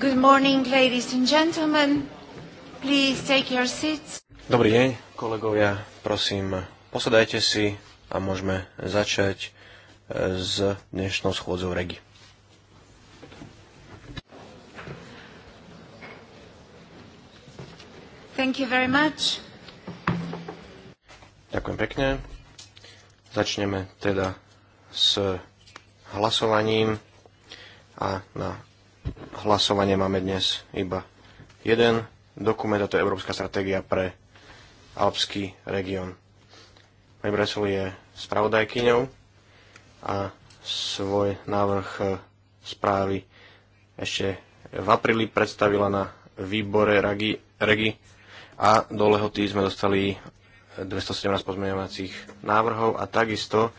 Good morning, ladies and gentlemen. Please take your seats. Dobrý deň, kolegovia. Prosím, posadajte si a môžeme začať e, s dnešnou schôdzou Regi. Thank you very much. Ďakujem pekne. Začneme teda s hlasovaním a na hlasovanie máme dnes iba jeden dokument, a to je Európska stratégia pre Alpský región. Pani Bresol je spravodajkyňou a svoj návrh e, správy ešte v apríli predstavila na výbore Regi, Regi a do lehoty sme dostali 217 pozmeňovacích návrhov a takisto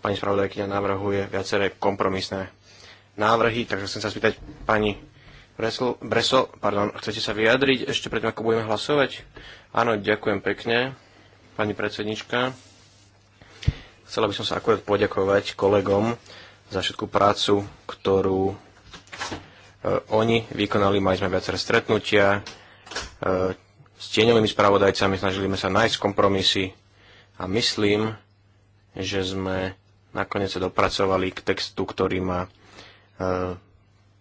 pani spravodajkyňa navrhuje viaceré kompromisné návrhy, takže chcem sa spýtať pani Bresl, Breso, pardon, chcete sa vyjadriť ešte predtým, ako budeme hlasovať? Áno, ďakujem pekne, pani predsednička. Chcela by som sa akurát poďakovať kolegom za všetkú prácu, ktorú e, oni vykonali. Mali sme viaceré stretnutia e, s tieňovými spravodajcami, snažili sme sa nájsť kompromisy a myslím, že sme nakoniec sa dopracovali k textu, ktorý má E,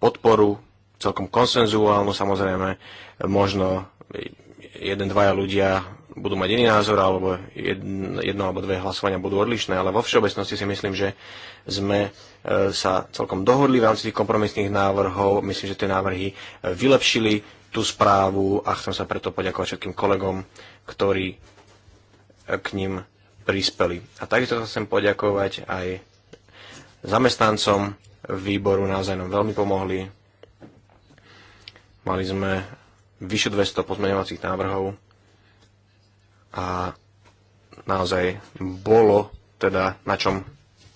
podporu, celkom konsenzuálnu samozrejme, možno jeden, dvaja ľudia budú mať iný názor, alebo jedno, jedno alebo dve hlasovania budú odlišné, ale vo všeobecnosti si myslím, že sme e, sa celkom dohodli v rámci tých kompromisných návrhov. Myslím, že tie návrhy e, vylepšili tú správu a chcem sa preto poďakovať všetkým kolegom, ktorí k ním prispeli. A takisto sa chcem poďakovať aj zamestnancom výboru, naozaj nám veľmi pomohli. Mali sme vyše 200 pozmeňovacích návrhov a naozaj bolo teda na čom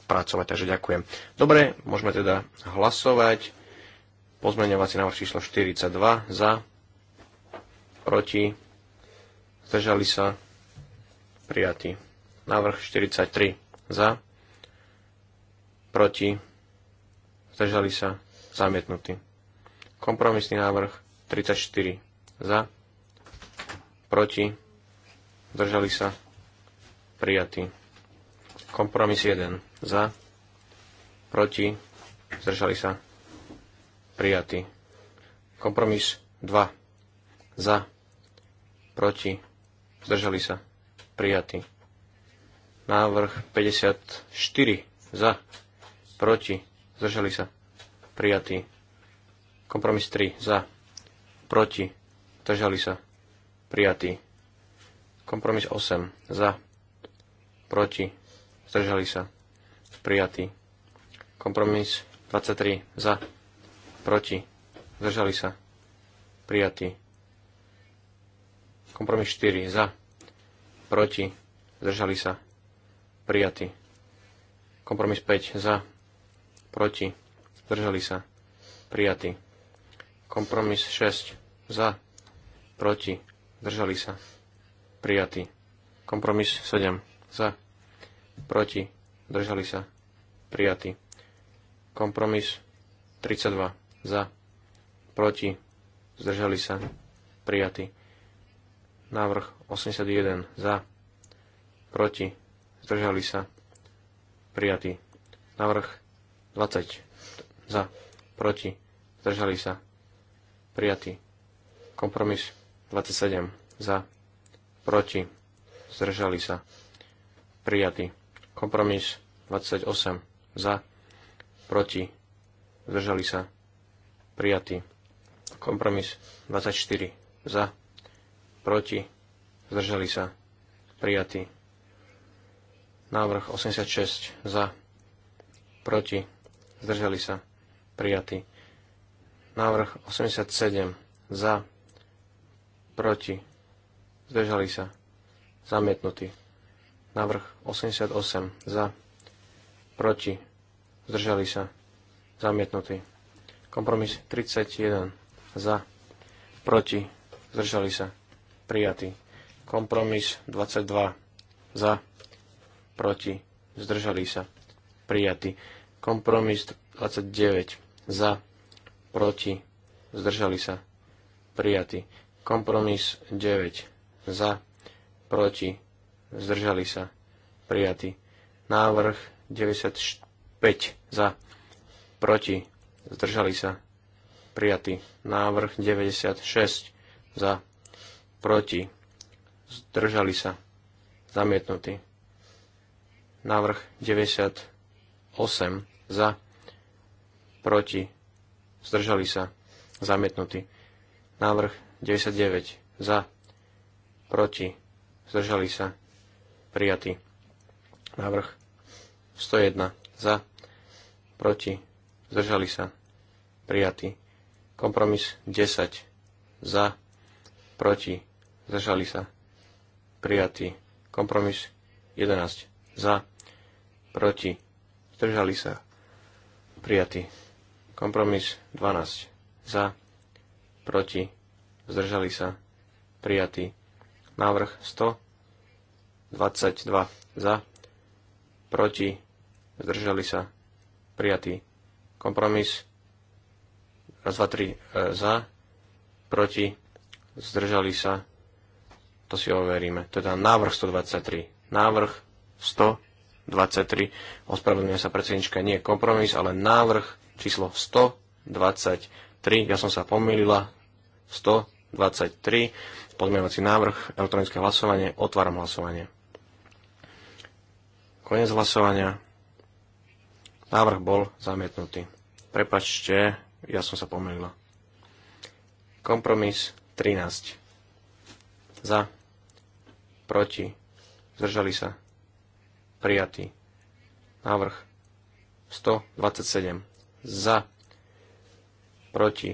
pracovať, takže ďakujem. Dobre, môžeme teda hlasovať. Pozmeňovací návrh číslo 42 za, proti, zdržali sa, prijatý. Návrh 43 za, proti, zdržali sa, zamietnutý. Kompromisný návrh 34 za, proti, zdržali sa, prijatý. Kompromis 1 za, proti, zdržali sa, prijatý. Kompromis 2 za, proti, zdržali sa, prijatý. Návrh 54 za, proti, zdržali sa, prijatý. Kompromis 3, za, proti, zdržali sa, prijatý. Kompromis 8, za, proti, zdržali sa, prijatý. Kompromis 23, za, proti, zdržali sa, prijatý. Kompromis 4, za, proti, zdržali sa, prijatý. Kompromis 5, za, proti, zdržali sa, prijatý. Kompromis 6, za, proti, zdržali sa, prijatý. Kompromis 7, za, proti, zdržali sa, prijatý. Kompromis 32, za, proti, zdržali sa, prijatý. Návrh 81, za, proti, zdržali sa, prijatý. Návrh 20 za, proti, zdržali sa, prijatý. Kompromis 27 za, proti, zdržali sa, prijatý. Kompromis 28 za, proti, zdržali sa, prijatý. Kompromis 24 za, proti, zdržali sa, prijatý. Návrh 86 za, proti, zdržali sa, prijatý. Návrh 87 za, proti, zdržali sa, zamietnutý. Návrh 88 za, proti, zdržali sa, zamietnutý. Kompromis 31 za, proti, zdržali sa, prijatý. Kompromis 22 za, proti, zdržali sa, prijatý. Kompromis 29 za, proti, zdržali sa, prijatý. Kompromis 9 za, proti, zdržali sa, prijatý. Návrh 95 za, proti, zdržali sa, prijatý. Návrh 96 za, proti, zdržali sa, zamietnutý. Návrh 98 za, proti, zdržali sa, zamietnutý. Návrh 99 za, proti, zdržali sa, prijatý. Návrh 101 za, proti, zdržali sa, prijatý. Kompromis 10 za, proti, zdržali sa, prijatý. Kompromis 11 za, proti, zdržali sa, prijatý. Kompromis 12 za, proti, zdržali sa, prijatý. Návrh 122 za, proti, zdržali sa, prijatý. Kompromis raz, dva, tri, e, za, proti, zdržali sa, to si overíme. Teda návrh 123. Návrh 123. 23. Ospravedlňujem sa predsednička, nie kompromis, ale návrh číslo 123. Ja som sa pomýlila. 123. Podmienovací návrh, elektronické hlasovanie. Otváram hlasovanie. Konec hlasovania. Návrh bol zamietnutý. Prepačte, ja som sa pomýlila. Kompromis 13. Za. Proti. Zdržali sa prijatý. Návrh 127 za, proti,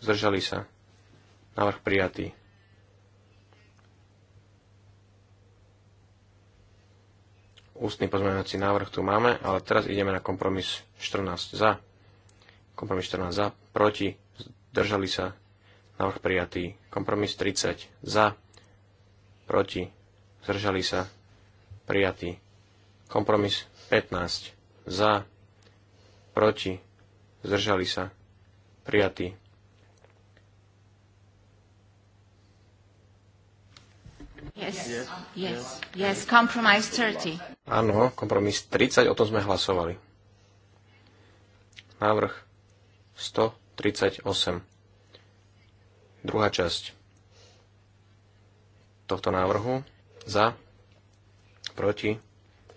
zdržali sa. Návrh prijatý. Ústny pozmeňovací návrh tu máme, ale teraz ideme na kompromis 14 za. Kompromis 14 za, proti, zdržali sa. Návrh prijatý. Kompromis 30 za, proti, zdržali sa. Prijatý Kompromis 15. Za, proti, zdržali sa, prijatý. Yes, yes, yes, compromise 30. Áno, kompromis 30, o tom sme hlasovali. Návrh 138. Druhá časť tohto návrhu. Za, proti,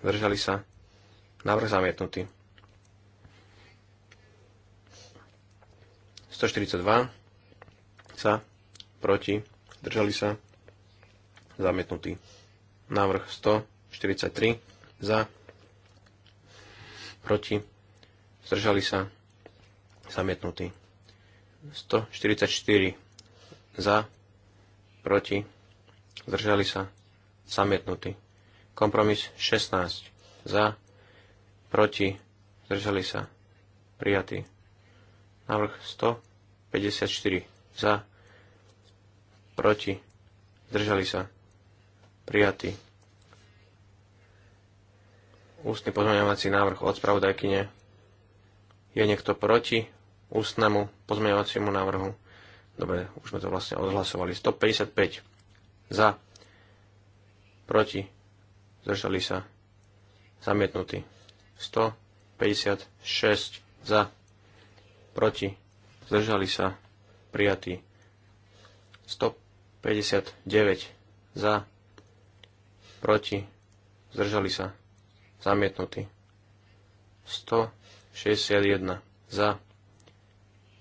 zdržali sa, návrh zamietnutý. 142 sa, proti, zdržali sa, zamietnutý. Návrh 143 za, proti, zdržali sa, zamietnutý. 144 za, proti, zdržali sa, zamietnutý. Kompromis 16. Za, proti, zdržali sa, prijatý. Návrh 154. Za, proti, zdržali sa, prijatý. Ústny pozmeňovací návrh od spravodajkyne. Je niekto proti ústnemu pozmeňovaciemu návrhu? Dobre, už sme to vlastne odhlasovali. 155 za, proti, zdržali sa, zamietnutí. 156 za, proti, zdržali sa, prijatí. 159 za, proti, zdržali sa, zamietnutí. 161 za,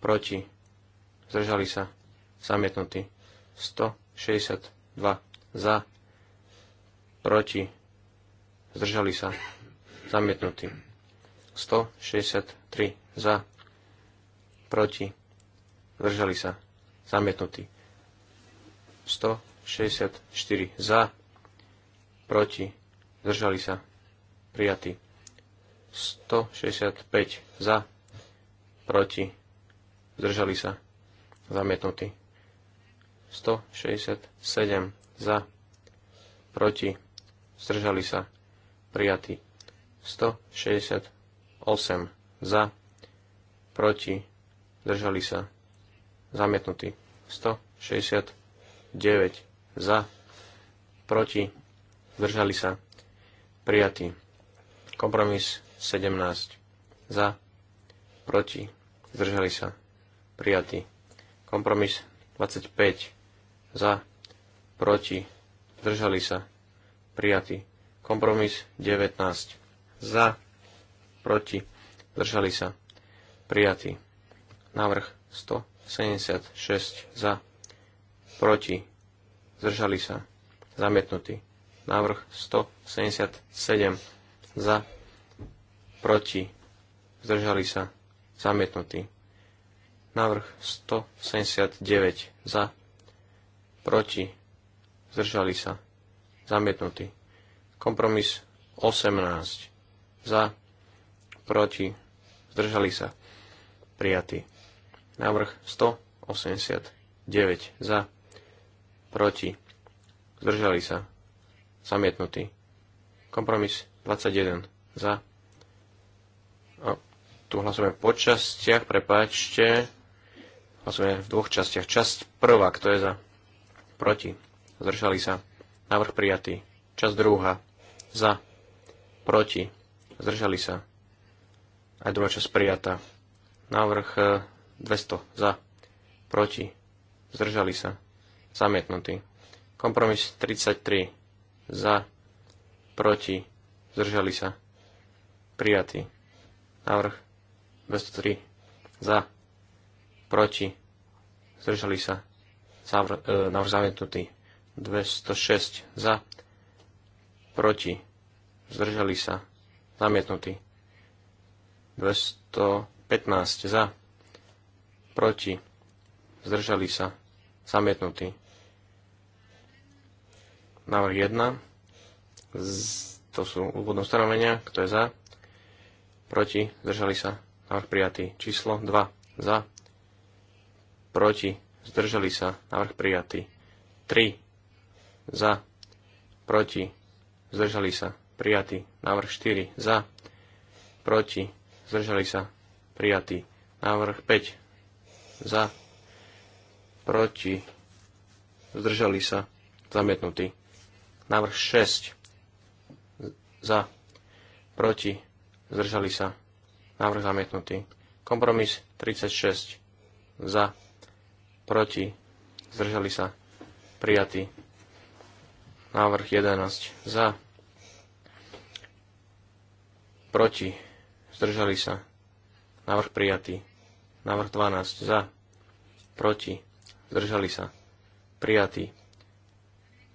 proti, zdržali sa, zamietnutí. 162 za, proti, zdržali sa, zamietnutí. 163 za, proti, zdržali sa, zamietnutí. 164 za, proti, zdržali sa, prijatí. 165 za, proti, zdržali sa, zamietnutí. 167 za, proti, zdržali sa, prijatý. 168 za, proti, držali sa, zamietnutý. 169 za, proti, držali sa, prijatý. Kompromis 17 za, proti, zdržali sa, prijatý. Kompromis 25 za, proti, zdržali sa, prijatý Kompromis 19. Za, proti, zdržali sa. Prijatý. Návrh 176. Za, proti, zdržali sa. Zamietnutý. Návrh 177. Za, proti, zdržali sa. Zamietnutý. Návrh 179. Za, proti, zdržali sa. Zamietnutý Kompromis 18. Za, proti, zdržali sa. Prijatý. Návrh 189. Za, proti, zdržali sa. Zamietnutý. Kompromis 21. Za. O, tu hlasujeme po častiach, prepáčte. Hlasujeme v dvoch častiach. Časť prvá, kto je za? Proti. Zdržali sa. Návrh prijatý. Časť druhá za, proti, zdržali sa. Aj druhá časť prijatá. Návrh 200 e, za, proti, zdržali sa, zamietnutý. Kompromis 33 za, proti, zdržali sa, prijatý. Návrh 203 za, proti, zdržali sa, Zavr, e, návrh zamietnutý. 206 za, proti, zdržali sa, zamietnutý. 215 za, proti, zdržali sa, zamietnutý. Návrh 1, to sú úvodné ustanovenia, kto je za, proti, zdržali sa, návrh prijatý. Číslo 2, za, proti, zdržali sa, návrh prijatý. 3, za, proti, zdržali sa, prijatý. Návrh 4 za, proti, zdržali sa, prijatý. Návrh 5 za, proti, zdržali sa, zamietnutý. Návrh 6 za, proti, zdržali sa, návrh zamietnutý. Kompromis 36 za, proti, zdržali sa, prijatý. Návrh 11 za. Proti. Zdržali sa. Návrh prijatý. Návrh 12 za. Proti. Zdržali sa. Prijatý.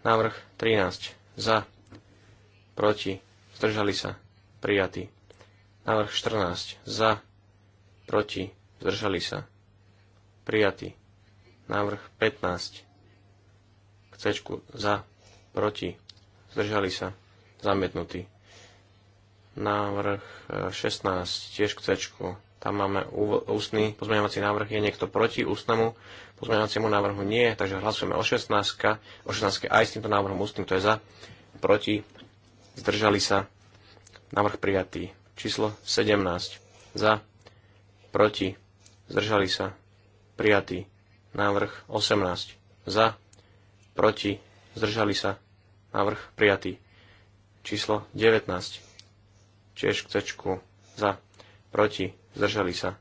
Návrh 13 za. Proti. Zdržali sa. Prijatý. Návrh 14 za. Proti. Zdržali sa. Prijatý. Návrh 15 k za proti, zdržali sa, zamietnutý. Návrh 16, e, tiež k cečku. Tam máme ústny pozmeňovací návrh. Je niekto proti ústnemu pozmeňovaciemu návrhu? Nie, takže hlasujeme o 16, o 16 aj s týmto návrhom ústnym, to je za, proti, zdržali sa, návrh prijatý. Číslo 17, za, proti, zdržali sa, prijatý. Návrh 18, za, proti, zdržali sa, Návrh prijatý. Číslo 19. Tiež k cečku. Za. Proti. Zdržali sa.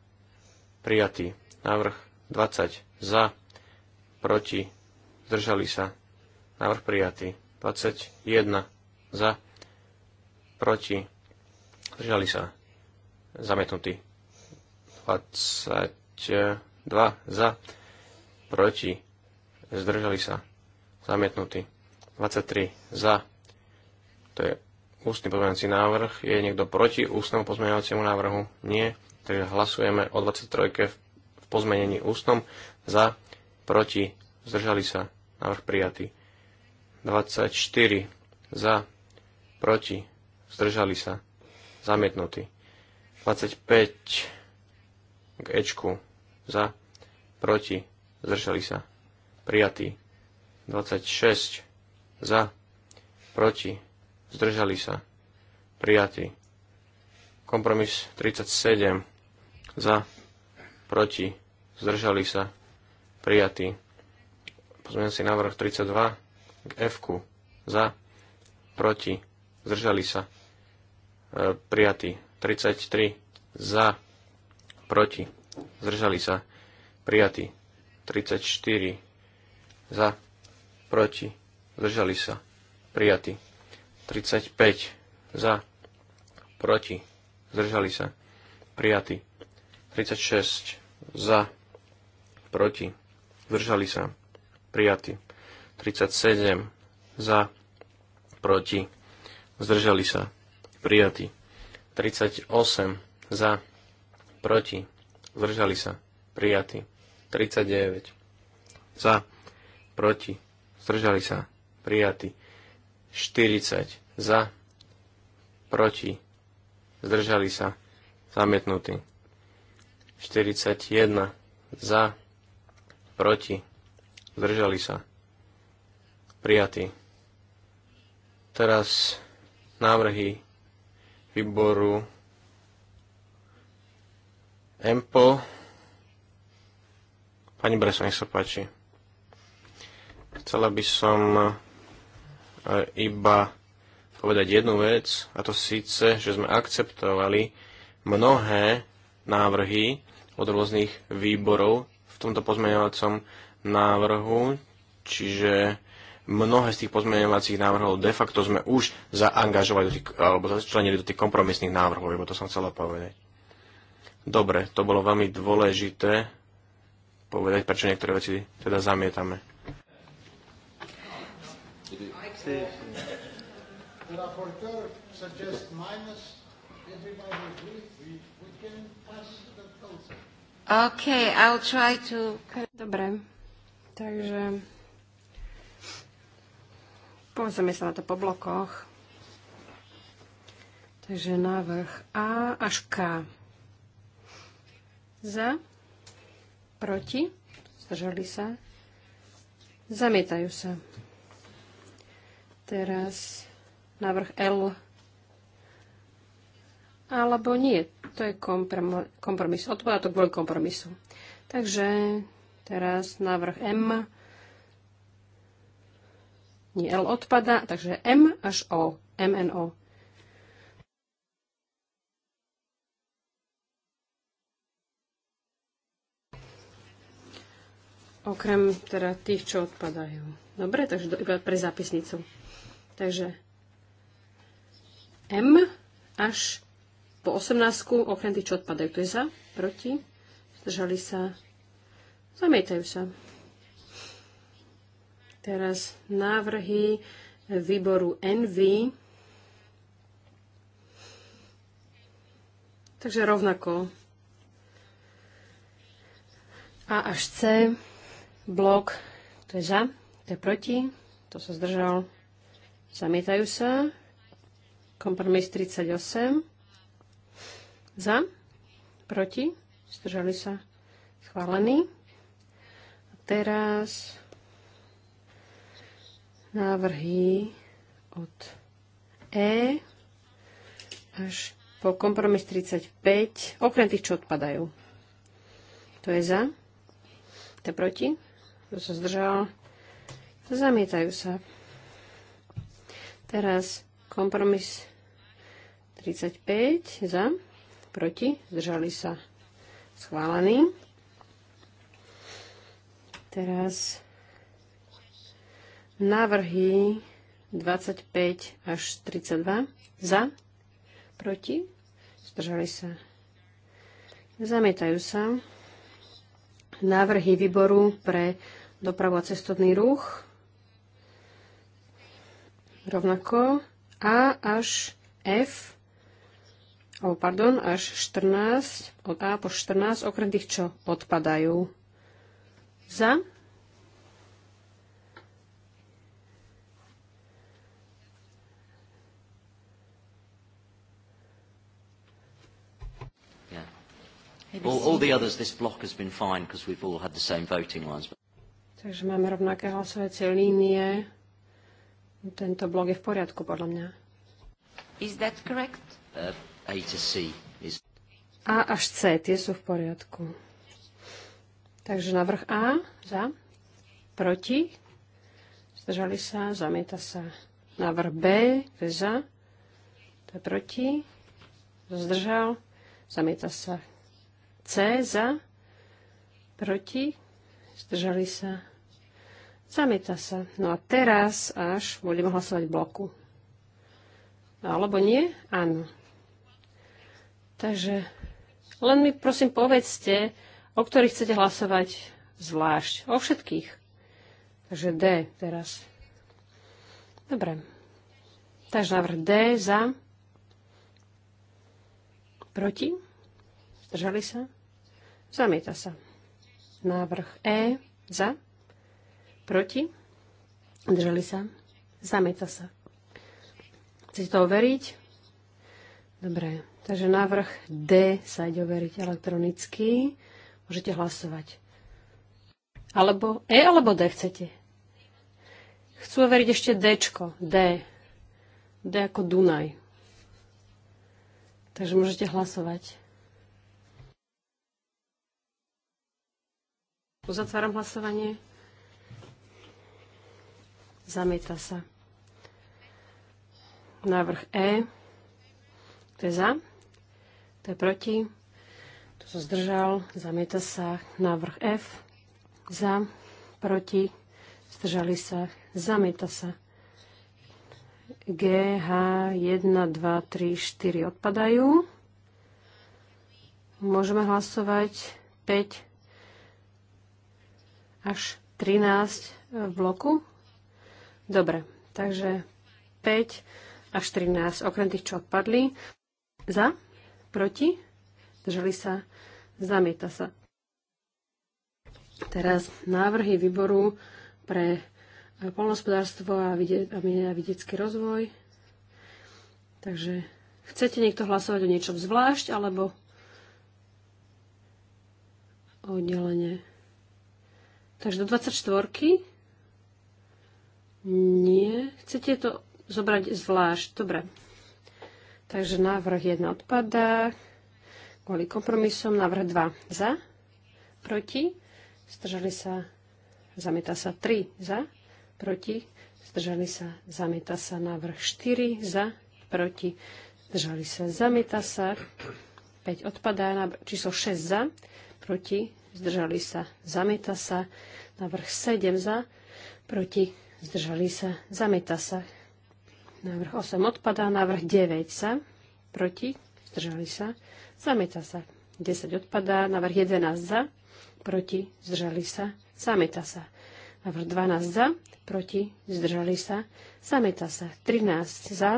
Prijatý. Návrh 20. Za. Proti. Zdržali sa. Návrh prijatý. 21. Za. Proti. Zdržali sa. Zametnutý. 22. Za. Proti. Zdržali sa. Zametnutý. 23 za. To je ústny pozmeňovací návrh. Je niekto proti ústnemu pozmeňovaciemu návrhu? Nie. Takže hlasujeme o 23 v pozmenení ústnom. Za, proti, zdržali sa. Návrh prijatý. 24 za, proti, zdržali sa. Zamietnutý. 25 k Ečku za, proti, zdržali sa. Prijatý. 26 za, proti, zdržali sa, prijatý. Kompromis 37, za, proti, zdržali sa, prijatý. si návrh 32 k F, -ku. za, proti, zdržali sa, e, prijatý. 33 za, proti, zdržali sa, prijatý. 34 za, proti, zdržali sa, prijatí. 35 za, proti, zdržali sa, prijatí. 36 za, proti, zdržali sa, prijatí. 37 za, proti, zdržali sa, prijatí. 38 za, proti, zdržali sa, prijatí. 39 za, proti, zdržali sa, prijatý. 40 za, proti, zdržali sa, zamietnutý. 41 za, proti, zdržali sa, prijatý. Teraz návrhy výboru EMPO. Pani Bresa, nech sa páči. Chcela by som iba povedať jednu vec, a to síce, že sme akceptovali mnohé návrhy od rôznych výborov v tomto pozmeňovacom návrhu, čiže mnohé z tých pozmeňovacích návrhov de facto sme už zaangažovali tých, alebo začlenili do tých kompromisných návrhov, lebo to som chcela povedať. Dobre, to bolo veľmi dôležité povedať, prečo niektoré veci teda zamietame. The rapporteur suggests minus. Everybody agrees. We, we can pass the I'll try to... Dobre, takže pozrieme sa na to po blokoch. Takže návrh A až K. Za, proti, zdržali sa, zamietajú sa. Teraz návrh L. Alebo nie. To je kompromis. Odpovedá to kvôli kompromisu. Takže teraz návrh M. Nie, L odpada, takže M až O. MNO. Okrem teda tých, čo odpadajú. Dobre, takže do, iba pre zápisnicu. Takže M až po 18, okrem tých, čo odpadajú. Kto je za? Proti? Zdržali sa? Zamietajú sa. Teraz návrhy výboru NV. Takže rovnako. A až C, blok, to je za, to je proti, to sa zdržal, Zamietajú sa. Kompromis 38. Za. Proti. Zdržali sa. Schválený. A teraz návrhy od E až po kompromis 35, okrem tých, čo odpadajú. To je za. To je proti. Kto sa zdržal? Zamietajú sa. Teraz kompromis 35 za, proti, zdržali sa schválený. Teraz návrhy 25 až 32 za, proti, zdržali sa, zamietajú sa. Návrhy výboru pre dopravu a cestovný ruch rovnako A až F, alebo pardon, až 14, od A po 14, okrem tých, čo odpadajú. Za. All, all the others, this block has been fine because we've all had the same voting lines. Takže máme rovnaké hlasovacie línie tento blok je v poriadku, podľa mňa. Is that correct? Uh, A to C is... A až C, tie sú v poriadku. Takže navrh A, za, proti, zdržali sa, zamieta sa. Navrh B, je za, to je proti, zdržal, zamieta sa. C, za, proti, zdržali sa, Zamieta sa. No a teraz až budeme hlasovať bloku. Alebo nie? Áno. Takže len mi prosím povedzte, o ktorých chcete hlasovať zvlášť. O všetkých. Takže D teraz. Dobre. Takže návrh D za. Proti. Zdržali sa. Zamieta sa. Návrh E za. Proti? Drželi sa? Zamieta sa. Chcete to overiť? Dobre. Takže návrh D sa ide overiť elektronicky. Môžete hlasovať. Alebo E alebo D chcete? Chcú overiť ešte D. D. D ako Dunaj. Takže môžete hlasovať. Uzatváram hlasovanie. Zamieta sa. Návrh E. To je za? Kto je proti? Kto sa zdržal? Zamieta sa. Návrh F. Za. Proti. Zdržali sa. Zamieta sa. G, H, 1, 2, 3, 4 odpadajú. Môžeme hlasovať 5 až 13 v bloku. Dobre, takže 5 až 13, okrem tých, čo odpadli. Za, proti, držali sa, zamieta sa. Teraz návrhy výboru pre eh, polnospodárstvo a, vide, a vidiecký rozvoj. Takže chcete niekto hlasovať o niečom zvlášť, alebo oddelenie. Takže do 24. Nie. Chcete to zobrať zvlášť? Dobre. Takže návrh 1 odpadá. Kvôli kompromisom návrh 2 za. Proti. Zdržali sa. Zamieta sa 3 za. Proti. Zdržali sa. Zamieta sa návrh 4 za. Proti. Zdržali sa. Zamieta sa. 5 odpadá. číslo 6 za. Proti. Zdržali sa. Zamieta sa. Návrh 7 za. Proti zdržali sa, zameta sa. Návrh 8 odpadá, návrh 9 sa, proti, zdržali sa, zameta sa. 10 odpadá, návrh 11 za, proti, zdržali sa, zameta sa. Návrh 12 za, proti, zdržali sa, zameta sa. 13 za,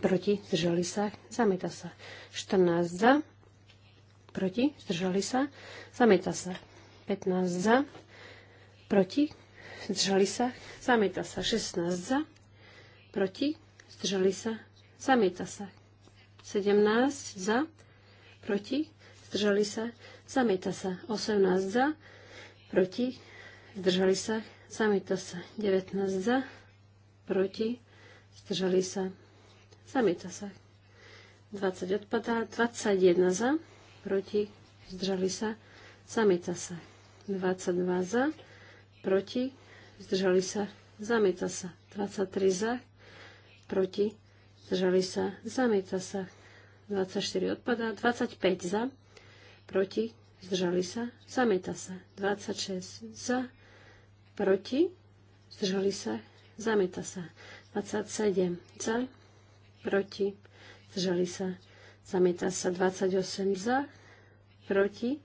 proti, zdržali sa, zameta sa. 14 za, proti, zdržali sa, zameta sa. 15 za, proti, zdržali sa, zamieta sa. 16 za, proti, zdržali sa, zamieta sa. 17 za, proti, zdržali sa, zamieta sa. 18 za, proti, zdržali sa, zamieta sa. 19 za, proti, zdržali sa, zamieta sa. 20 odpadá, 21 za, proti, zdržali sa, zamieta sa. 22 za, proti, zdržali sa, zamieta sa. 23 za, proti, zdržali sa, zamieta sa. 24 odpadá, 25 za, proti, zdržali sa, zamieta sa. 26 za, proti, zdržali sa, zamieta sa. 27 za, proti, zdržali sa, zamieta sa. 28 za, proti,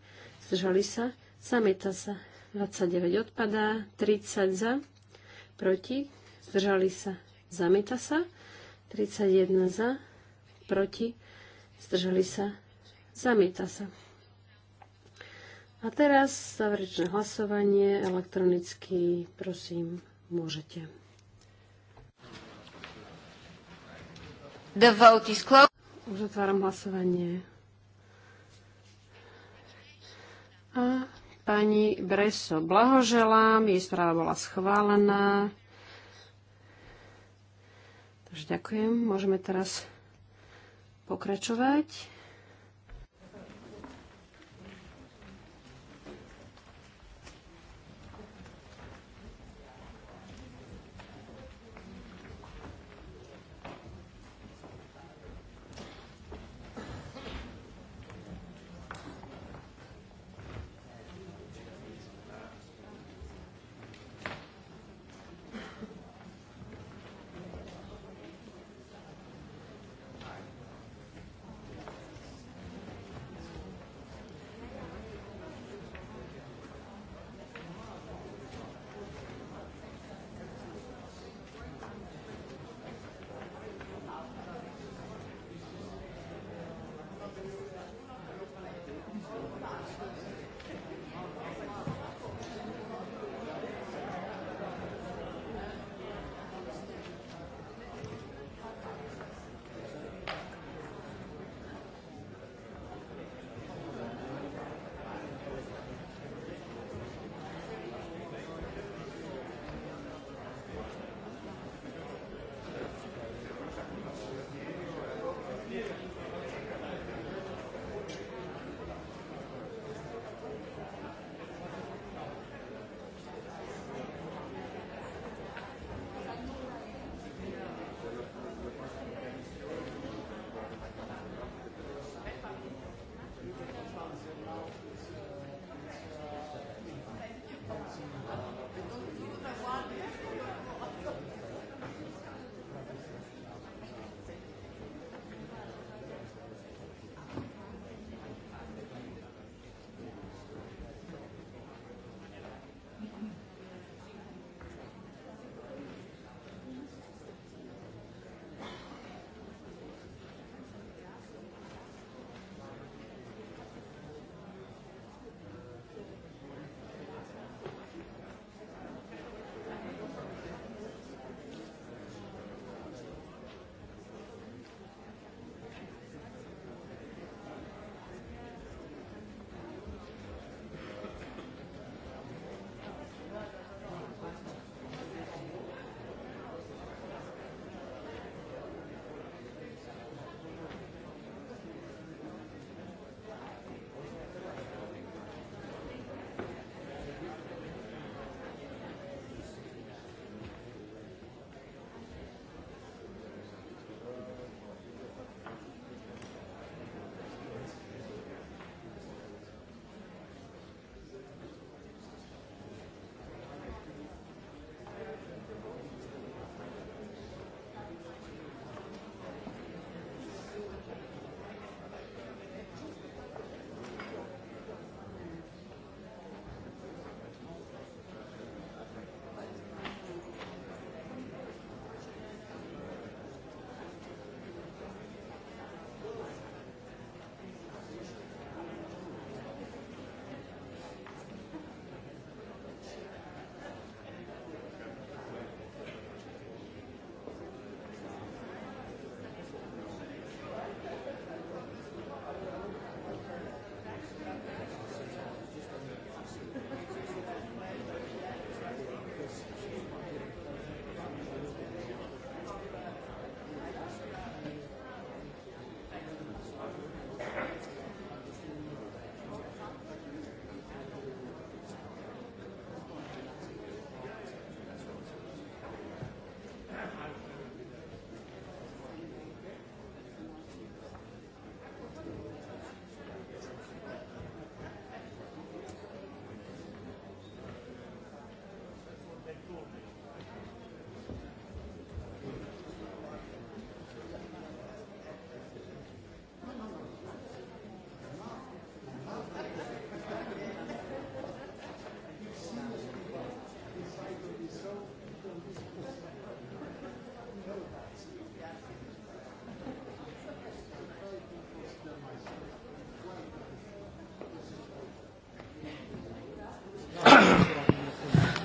zdržali sa, zamieta sa. 29 odpadá, 30 za, proti, zdržali sa, zamieta sa, 31 za, proti, zdržali sa, zamieta sa. A teraz záverečné hlasovanie elektronicky, prosím, môžete. The vote is closed. Už otváram hlasovanie. A Pani Breso, blahoželám, jej správa bola schválená. Takže ďakujem. Môžeme teraz pokračovať.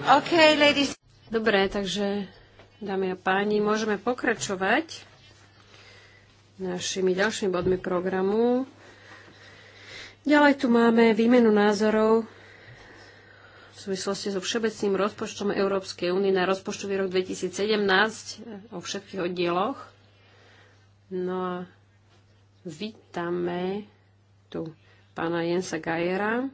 Okay, ladies. Dobre, takže dámy a páni, môžeme pokračovať našimi ďalšími bodmi programu. Ďalej tu máme výmenu názorov v súvislosti so všeobecným rozpočtom Európskej únie na rozpočtový rok 2017 o všetkých oddieloch. No a vítame tu pána Jensa Gajera,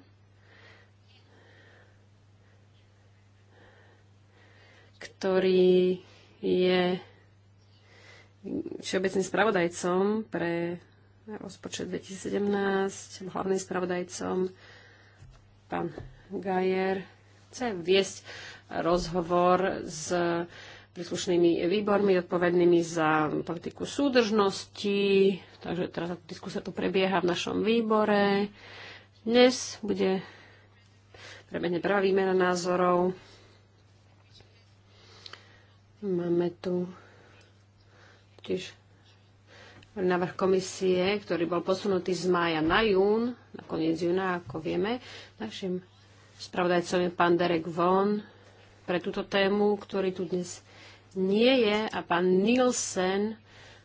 ktorý je všeobecným spravodajcom pre rozpočet 2017, hlavným spravodajcom pán Gajer. Chce viesť rozhovor s príslušnými výbormi odpovednými za politiku súdržnosti. Takže teraz diskusia tu prebieha v našom výbore. Dnes bude prebehne prvá výmena názorov Máme tu tiež návrh komisie, ktorý bol posunutý z mája na jún, na koniec júna, ako vieme. Našim spravodajcom je pán Derek Von pre túto tému, ktorý tu dnes nie je a pán Nielsen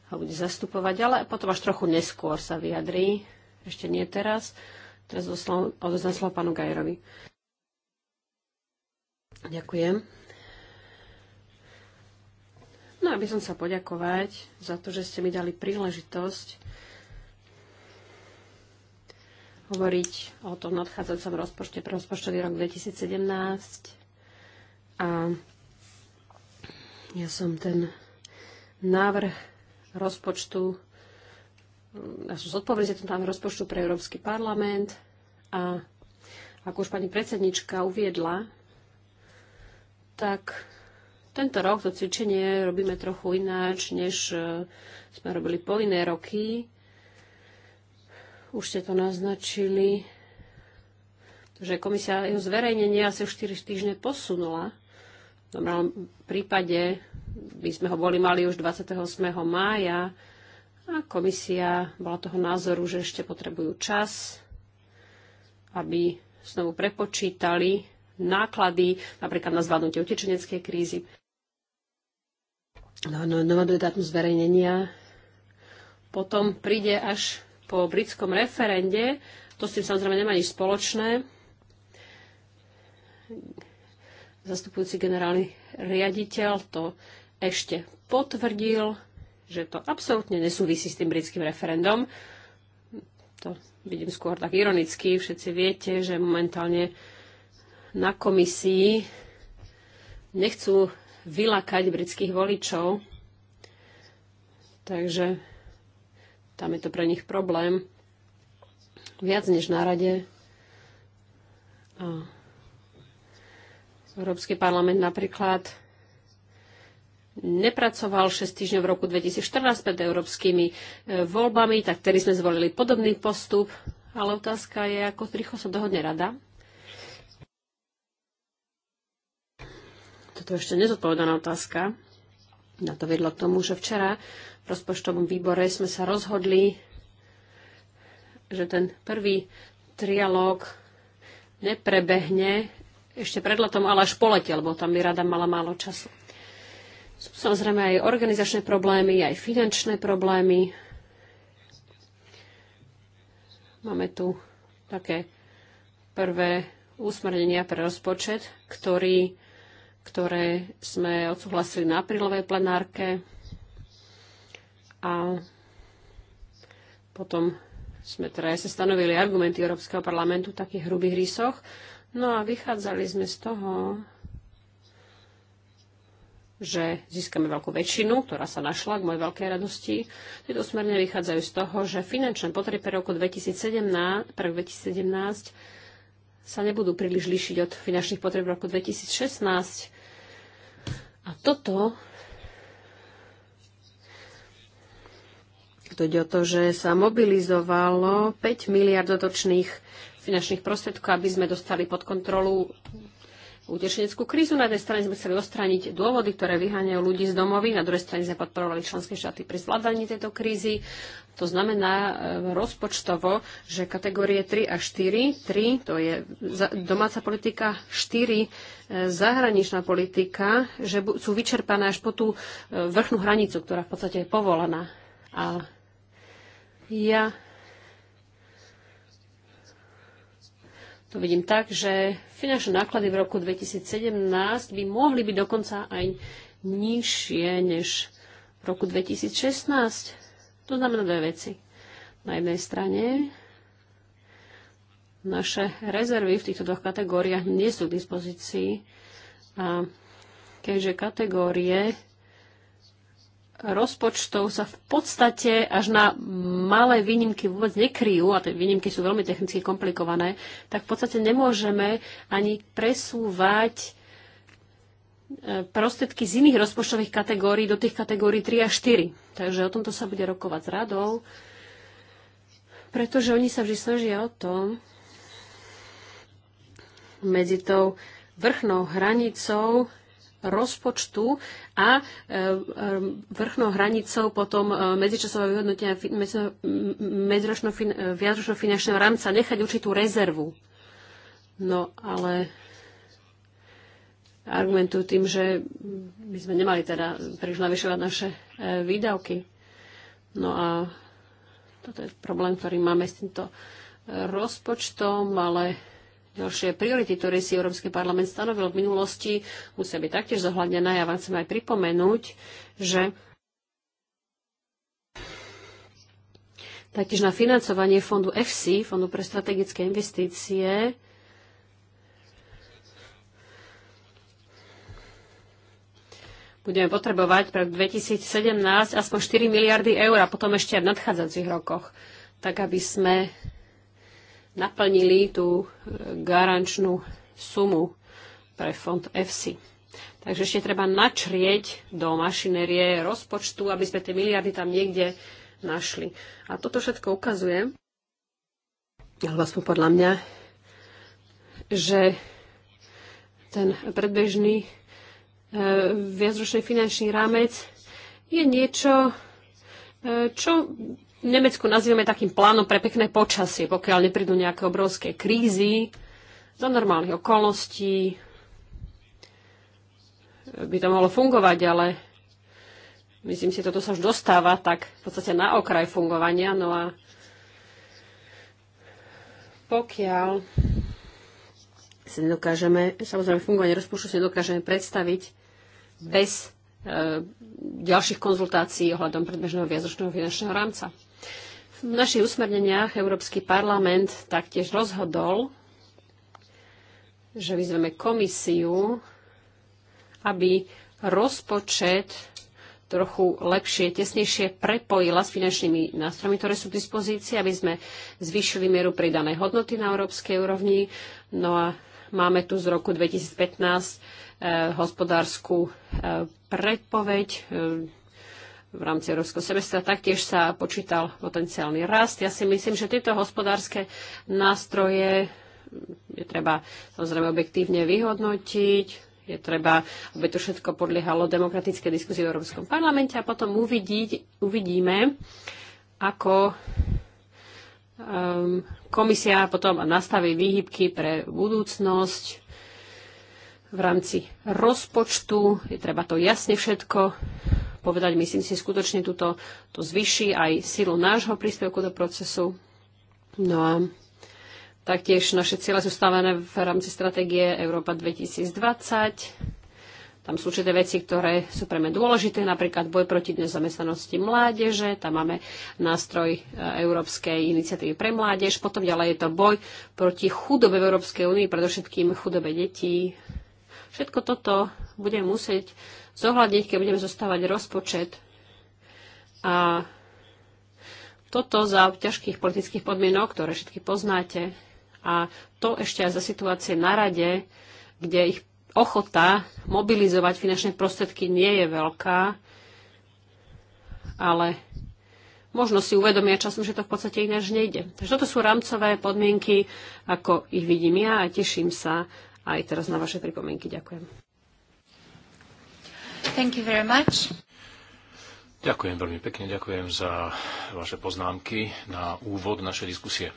ho bude zastupovať, ale potom až trochu neskôr sa vyjadrí, ešte nie teraz. Teraz odozdám slovo pánu Gajerovi. Ďakujem. No aby som sa poďakovať za to, že ste mi dali príležitosť hovoriť o tom nadchádzajúcom rozpočte pre rozpočtový rok 2017. A ja som ten návrh rozpočtu, ja som zodpovedný za ten návrh rozpočtu pre Európsky parlament a ako už pani predsednička uviedla, tak tento rok to cvičenie robíme trochu ináč, než e, sme robili po iné roky. Už ste to naznačili, Takže komisia jeho zverejnenie asi 4 týždne posunula. V normálnom prípade by sme ho boli mali už 28. mája a komisia bola toho názoru, že ešte potrebujú čas, aby znovu prepočítali náklady napríklad na zvládnutie utečeneckej krízy no, no, no, dátum zverejnenia potom príde až po britskom referende. To s tým samozrejme nemá nič spoločné. Zastupujúci generálny riaditeľ to ešte potvrdil, že to absolútne nesúvisí s tým britským referendom. To vidím skôr tak ironicky. Všetci viete, že momentálne na komisii nechcú vylakať britských voličov. Takže tam je to pre nich problém. Viac než na rade. A Európsky parlament napríklad nepracoval 6 týždňov v roku 2014 pred európskymi e, voľbami, tak tedy sme zvolili podobný postup, ale otázka je, ako rýchlo sa dohodne rada toto ešte nezodpovedaná otázka. Na to vedlo k tomu, že včera v rozpočtovom výbore sme sa rozhodli, že ten prvý trialóg neprebehne ešte pred letom, ale až po lete, lebo tam by rada mala málo času. Sú samozrejme aj organizačné problémy, aj finančné problémy. Máme tu také prvé úsmernenia pre rozpočet, ktorý ktoré sme odsúhlasili na aprílovej plenárke a potom sme teda sa stanovili argumenty Európskeho parlamentu v takých hrubých rysoch. No a vychádzali sme z toho, že získame veľkú väčšinu, ktorá sa našla k mojej veľkej radosti. Tieto smerne vychádzajú z toho, že finančné potreby pre roku 2017, pre 2017 sa nebudú príliš líšiť od finančných potreb roku 2016. A toto tu ide o to, že sa mobilizovalo 5 miliard finančných prostriedkov, aby sme dostali pod kontrolu utečeneckú krízu. Na jednej strane sme chceli odstrániť dôvody, ktoré vyháňajú ľudí z domovy, na druhej strane sme podporovali členské štáty pri zvládaní tejto krízy. To znamená e, rozpočtovo, že kategórie 3 a 4, 3 to je domáca politika, 4 e, zahraničná politika, že sú vyčerpané až po tú e, vrchnú hranicu, ktorá v podstate je povolená. A ja to vidím tak, že finančné náklady v roku 2017 by mohli byť dokonca aj nižšie než v roku 2016. To znamená dve veci. Na jednej strane naše rezervy v týchto dvoch kategóriách nie sú k dispozícii a keďže kategórie rozpočtov sa v podstate až na malé výnimky vôbec nekryjú, a tie výnimky sú veľmi technicky komplikované, tak v podstate nemôžeme ani presúvať e, prostriedky z iných rozpočtových kategórií do tých kategórií 3 a 4. Takže o tomto sa bude rokovať s radou, pretože oni sa vždy snažia o to, medzi tou vrchnou hranicou rozpočtu a e, e, vrchnou hranicou potom e, medzičasového vyhodnotenia viacročného finančného rámca nechať určitú rezervu. No ale argumentujú tým, že by sme nemali teda príliš navyšovať naše výdavky. No a toto je problém, ktorý máme s týmto rozpočtom, ale ďalšie priority, ktoré si Európsky parlament stanovil v minulosti, musia byť taktiež zohľadnené. Ja vám chcem aj pripomenúť, že taktiež na financovanie fondu FC, Fondu pre strategické investície, budeme potrebovať pre 2017 aspoň 4 miliardy eur a potom ešte aj v nadchádzajúcich rokoch, tak aby sme naplnili tú e, garančnú sumu pre fond EFSI. Takže ešte treba načrieť do mašinerie rozpočtu, aby sme tie miliardy tam niekde našli. A toto všetko ukazuje, alebo aspoň podľa mňa, že ten predbežný e, viacročný finančný rámec je niečo, e, čo v Nemecku nazývame takým plánom pre pekné počasie, pokiaľ neprídu nejaké obrovské krízy. Za normálnych okolností by to mohlo fungovať, ale myslím si, toto sa už dostáva tak v podstate na okraj fungovania. No a pokiaľ si nedokážeme, samozrejme fungovanie rozpočtu si nedokážeme predstaviť bez e, ďalších konzultácií ohľadom predbežného viazočného finančného rámca. V našich usmerneniach Európsky parlament taktiež rozhodol, že vyzveme komisiu, aby rozpočet trochu lepšie, tesnejšie prepojila s finančnými nástrojmi, ktoré sú k dispozícii, aby sme zvýšili mieru pridanej hodnoty na európskej úrovni. No a máme tu z roku 2015 eh, hospodárskú eh, predpoveď. Eh, v rámci Európskeho semestra. Taktiež sa počítal potenciálny rast. Ja si myslím, že tieto hospodárske nástroje je treba samozrejme objektívne vyhodnotiť, je treba, aby to všetko podliehalo demokratické diskusie v Európskom parlamente a potom uvidieť, uvidíme, ako um, komisia potom nastaví výhybky pre budúcnosť v rámci rozpočtu. Je treba to jasne všetko povedať, myslím si, skutočne túto, to zvyši aj silu nášho príspevku do procesu. No a taktiež naše ciele sú stavené v rámci stratégie Európa 2020. Tam sú určité veci, ktoré sú pre mňa dôležité, napríklad boj proti nezamestnanosti mládeže, tam máme nástroj e, Európskej iniciatívy pre mládež, potom ďalej je to boj proti chudobe v Európskej únii, predovšetkým chudobe detí. Všetko toto budeme musieť zohľadniť, keď budeme zostávať rozpočet. A toto za ťažkých politických podmienok, ktoré všetky poznáte. A to ešte aj za situácie na rade, kde ich ochota mobilizovať finančné prostriedky nie je veľká, ale možno si uvedomia časom, že to v podstate ináč nejde. Takže toto sú rámcové podmienky, ako ich vidím ja a teším sa aj teraz na vaše pripomienky. Ďakujem. Thank you very much. Ďakujem veľmi pekne, ďakujem za vaše poznámky na úvod našej diskusie.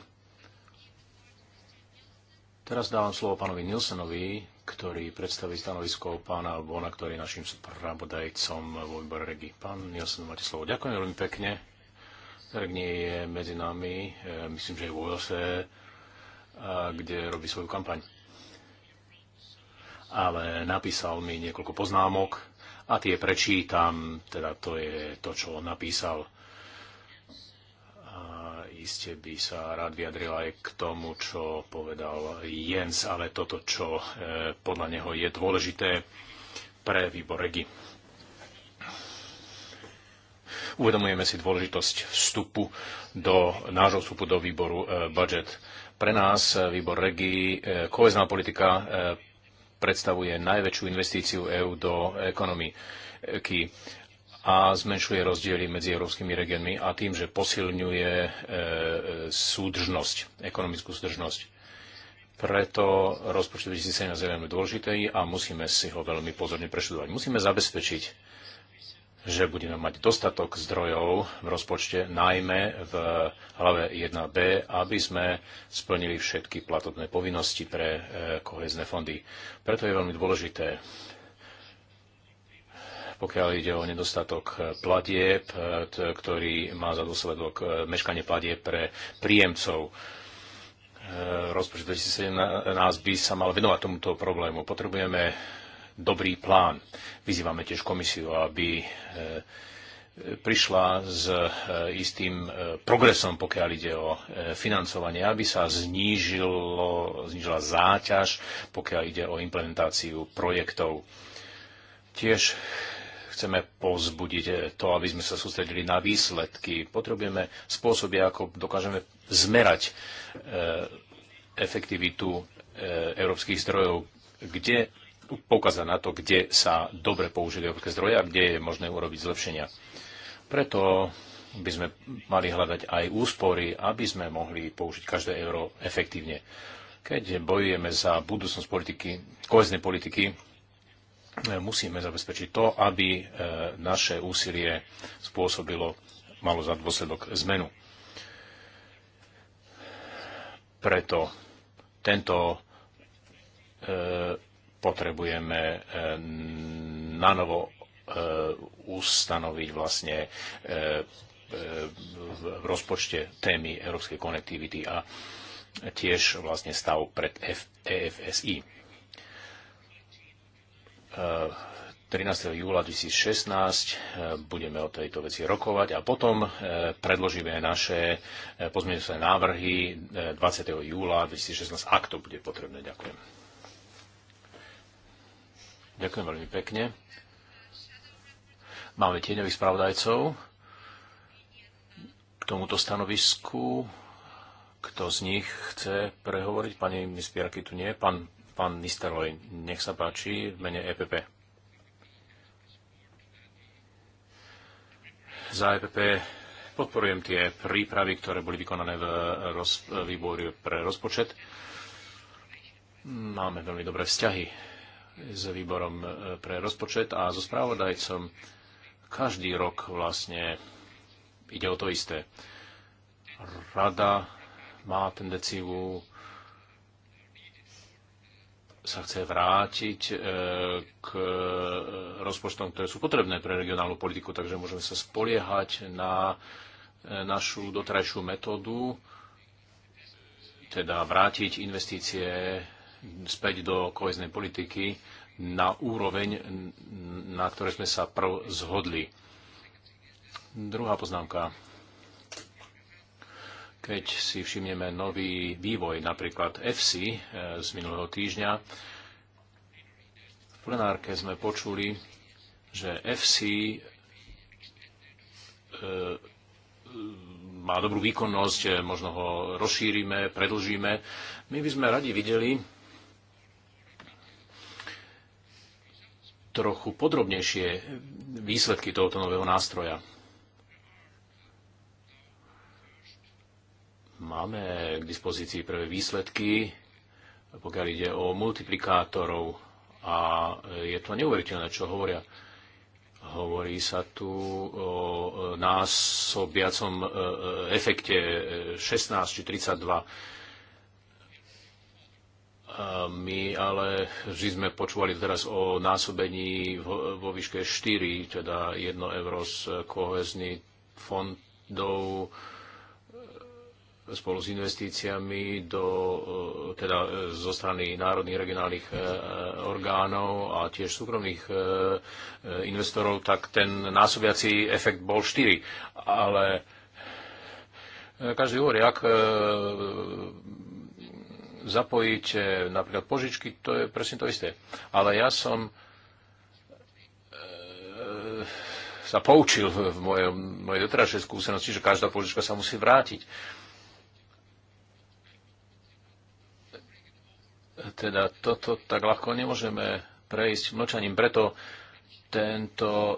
Teraz dávam slovo pánovi Nilsenovi, ktorý predstaví stanovisko pána Bona, ktorý je našim spravodajcom vo výbore regi. Pán Nilsen, máte slovo. Ďakujem veľmi pekne. Reg nie je medzi nami, e, myslím, že je vo Velse, e, kde robí svoju kampaň. Ale napísal mi niekoľko poznámok a tie prečítam, teda to je to, čo on napísal. A iste by sa rád vyjadril aj k tomu, čo povedal Jens, ale toto, čo e, podľa neho je dôležité pre výbor Regi. Uvedomujeme si dôležitosť vstupu do nášho vstupu do výboru e, budget. Pre nás e, výbor Regi, e, kohezná politika e, predstavuje najväčšiu investíciu EÚ do ekonomiky a zmenšuje rozdiely medzi európskymi regiónmi a tým, že posilňuje e, súdržnosť, ekonomickú súdržnosť. Preto rozpočet 2017 je veľmi dôležitý a musíme si ho veľmi pozorne preštudovať. Musíme zabezpečiť, že budeme mať dostatok zdrojov v rozpočte, najmä v hlave 1b, aby sme splnili všetky platobné povinnosti pre e, kohezné fondy. Preto je veľmi dôležité, pokiaľ ide o nedostatok e, platieb, e, ktorý má za dôsledok meškanie platieb pre príjemcov rozpočet 2017 by sa mal venovať tomuto problému. Potrebujeme dobrý plán. Vyzývame tiež komisiu, aby e, prišla s e, istým e, progresom, pokiaľ ide o financovanie, aby sa znížilo, znížila záťaž, pokiaľ ide o implementáciu projektov. Tiež chceme povzbudiť to, aby sme sa sústredili na výsledky. Potrebujeme spôsoby, ako dokážeme zmerať efektivitu európskych zdrojov, kde poukázať na to, kde sa dobre použili európske zdroje a kde je možné urobiť zlepšenia. Preto by sme mali hľadať aj úspory, aby sme mohli použiť každé euro efektívne. Keď bojujeme za budúcnosť politiky, koheznej politiky, musíme zabezpečiť to, aby e, naše úsilie spôsobilo, malo za dôsledok zmenu. Preto tento e, potrebujeme e, na novo e, ustanoviť vlastne e, v rozpočte témy európskej konektivity a tiež vlastne stav pred EFSI. 13. júla 2016 budeme o tejto veci rokovať a potom predložíme naše pozmeňujúce návrhy 20. júla 2016, ak to bude potrebné. Ďakujem. Ďakujem veľmi pekne. Máme tieňových spravodajcov k tomuto stanovisku. Kto z nich chce prehovoriť? Pani Mispierky tu nie. Pán, pán Nisterloj, nech sa páči v mene EPP. Za EPP podporujem tie prípravy, ktoré boli vykonané v roz, výbore pre rozpočet. Máme veľmi dobré vzťahy s výborom e, pre rozpočet a so správodajcom každý rok vlastne ide o to isté. Rada má tendenciu sa chce vrátiť e, k rozpočtom, ktoré sú potrebné pre regionálnu politiku, takže môžeme sa spoliehať na e, našu doterajšiu metódu, teda vrátiť investície späť do koheznej politiky na úroveň, na ktorej sme sa prv zhodli. Druhá poznámka. Keď si všimneme nový vývoj, napríklad FC eh, z minulého týždňa, v plenárke sme počuli, že FC eh, má dobrú výkonnosť, eh, možno ho rozšírime, predlžíme. My by sme radi videli, trochu podrobnejšie výsledky tohoto nového nástroja. Máme k dispozícii prvé výsledky, pokiaľ ide o multiplikátorov a je to neuveriteľné, čo hovoria. Hovorí sa tu o násobiacom e, e, efekte 16 či 32 my ale vždy sme počúvali teraz o násobení vo výške 4, teda 1 euro z kohezných fondov e, spolu s investíciami do, e, teda e, zo strany národných regionálnych orgánov a tiež súkromných investorov, tak ten násobiaci efekt bol 4. Ale každý hovorí, ak zapojiť e, napríklad požičky, to je presne to isté. Ale ja som e, sa poučil v mojej, mojej doterajšej skúsenosti, že každá požička sa musí vrátiť. Teda toto tak ľahko nemôžeme prejsť mlčaním. Preto tento e,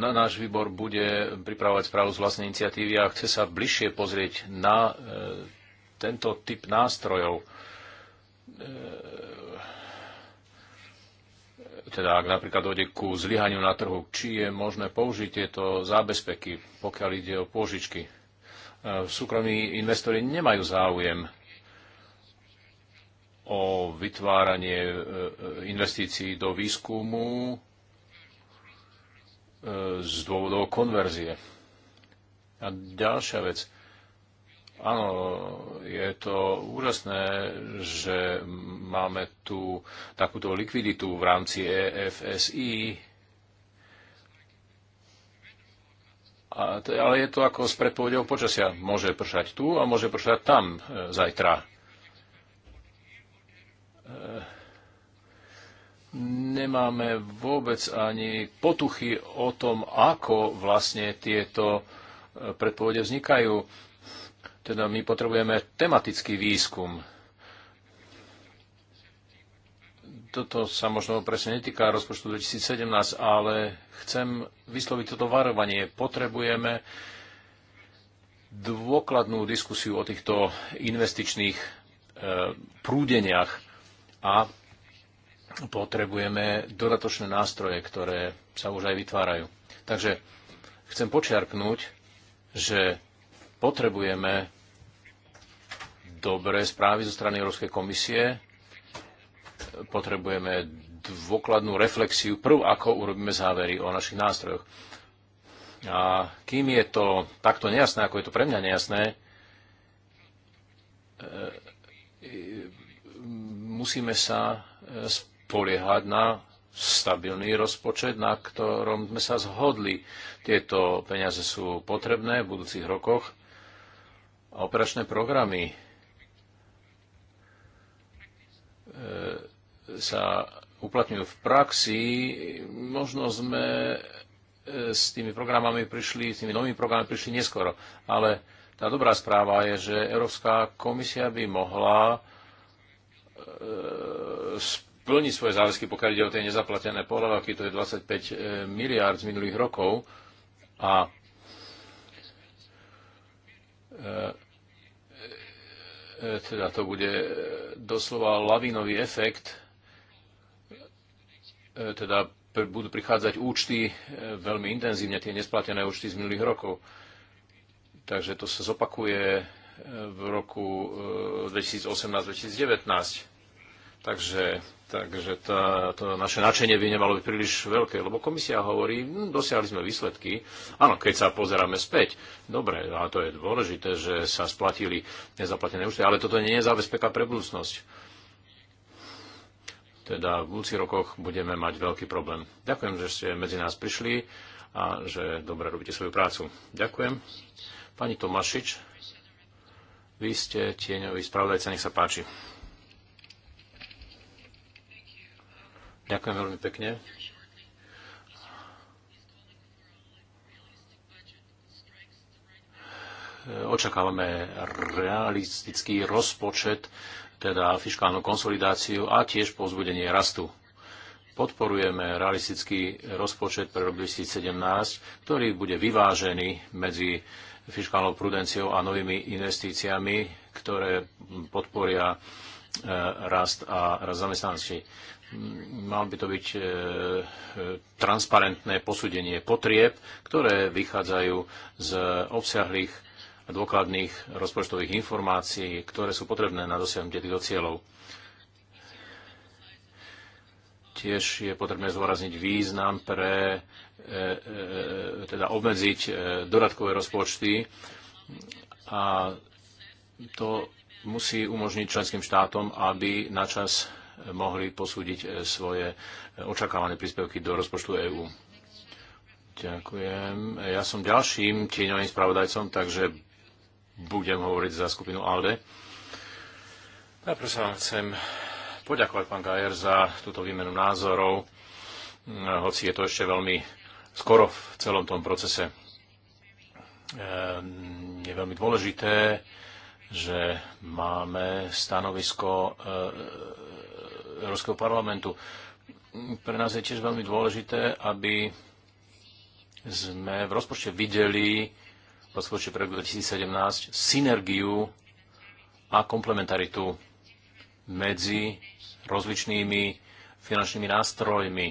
na náš výbor bude pripravovať správu z vlastnej iniciatívy a chce sa bližšie pozrieť na tento typ nástrojov. E, teda ak napríklad dojde ku zlyhaniu na trhu, či je možné použiť tieto zábezpeky, pokiaľ ide o pôžičky. E, súkromní investori nemajú záujem o vytváranie e, investícií do výskumu z dôvodov konverzie. A ďalšia vec. Áno, je to úžasné, že máme tu takúto likviditu v rámci EFSI, a, ale je to ako s predpovedou počasia. Môže pršať tu a môže pršať tam e, zajtra. E, nemáme vôbec ani potuchy o tom, ako vlastne tieto e, predpovede vznikajú teda my potrebujeme tematický výskum. Toto sa možno presne netýka rozpočtu 2017, ale chcem vysloviť toto varovanie. Potrebujeme dôkladnú diskusiu o týchto investičných e, prúdeniach a potrebujeme dodatočné nástroje, ktoré sa už aj vytvárajú. Takže chcem počiarknúť, že Potrebujeme dobré správy zo strany Európskej komisie, potrebujeme dôkladnú reflexiu prv, ako urobíme závery o našich nástrojoch. A kým je to takto nejasné, ako je to pre mňa nejasné, e, musíme sa e, spoliehať na stabilný rozpočet, na ktorom sme sa zhodli. Tieto peniaze sú potrebné v budúcich rokoch operačné programy e, sa uplatňujú v praxi, možno sme e, s tými programami prišli, s tými novými programami prišli neskoro. Ale tá dobrá správa je, že Európska komisia by mohla e, splniť svoje záväzky, pokiaľ ide o tie nezaplatené pohľadavky, to je 25 miliárd z minulých rokov. A E, e, teda to bude e, doslova lavinový efekt, teda budú prichádzať účty veľmi intenzívne, tie nesplatené účty z minulých rokov. Takže to sa zopakuje v roku 2018-2019. Takže, takže tá, to naše načenie by nemalo byť príliš veľké, lebo komisia hovorí, hm, dosiahli sme výsledky. Áno, keď sa pozeráme späť, dobre, a to je dôležité, že sa splatili nezaplatené účty, ale toto nie je zábezpeka pre budúcnosť. Teda v budúcich rokoch budeme mať veľký problém. Ďakujem, že ste medzi nás prišli a že dobre robíte svoju prácu. Ďakujem. Pani Tomašič, vy ste tieňový spravodajca, nech sa páči. Ďakujem veľmi pekne. Očakávame realistický rozpočet, teda fiskálnu konsolidáciu a tiež povzbudenie rastu. Podporujeme realistický rozpočet pre rok 2017, ktorý bude vyvážený medzi fiskálnou prudenciou a novými investíciami, ktoré podporia eh, rast a rast zamestnanosti mal by to byť e, e, transparentné posúdenie potrieb, ktoré vychádzajú z obsiahlých a dôkladných rozpočtových informácií, ktoré sú potrebné na dosiahnutie týchto cieľov. Tiež je potrebné zvorazniť význam pre e, teda obmedziť dodatkové rozpočty a to musí umožniť členským štátom, aby načas mohli posúdiť e, svoje e, očakávané príspevky do rozpočtu EÚ. Ďakujem. Ja som ďalším tieňovým spravodajcom, takže budem hovoriť za skupinu ALDE. Najprv sa vám chcem poďakovať, pán Gajer, za túto výmenu názorov, e, hoci je to ešte veľmi skoro v celom tom procese. Je veľmi dôležité, že máme stanovisko Európskeho parlamentu. Pre nás je tiež veľmi dôležité, aby sme v rozpočte videli v rozpočte pre 2017 synergiu a komplementaritu medzi rozličnými finančnými nástrojmi,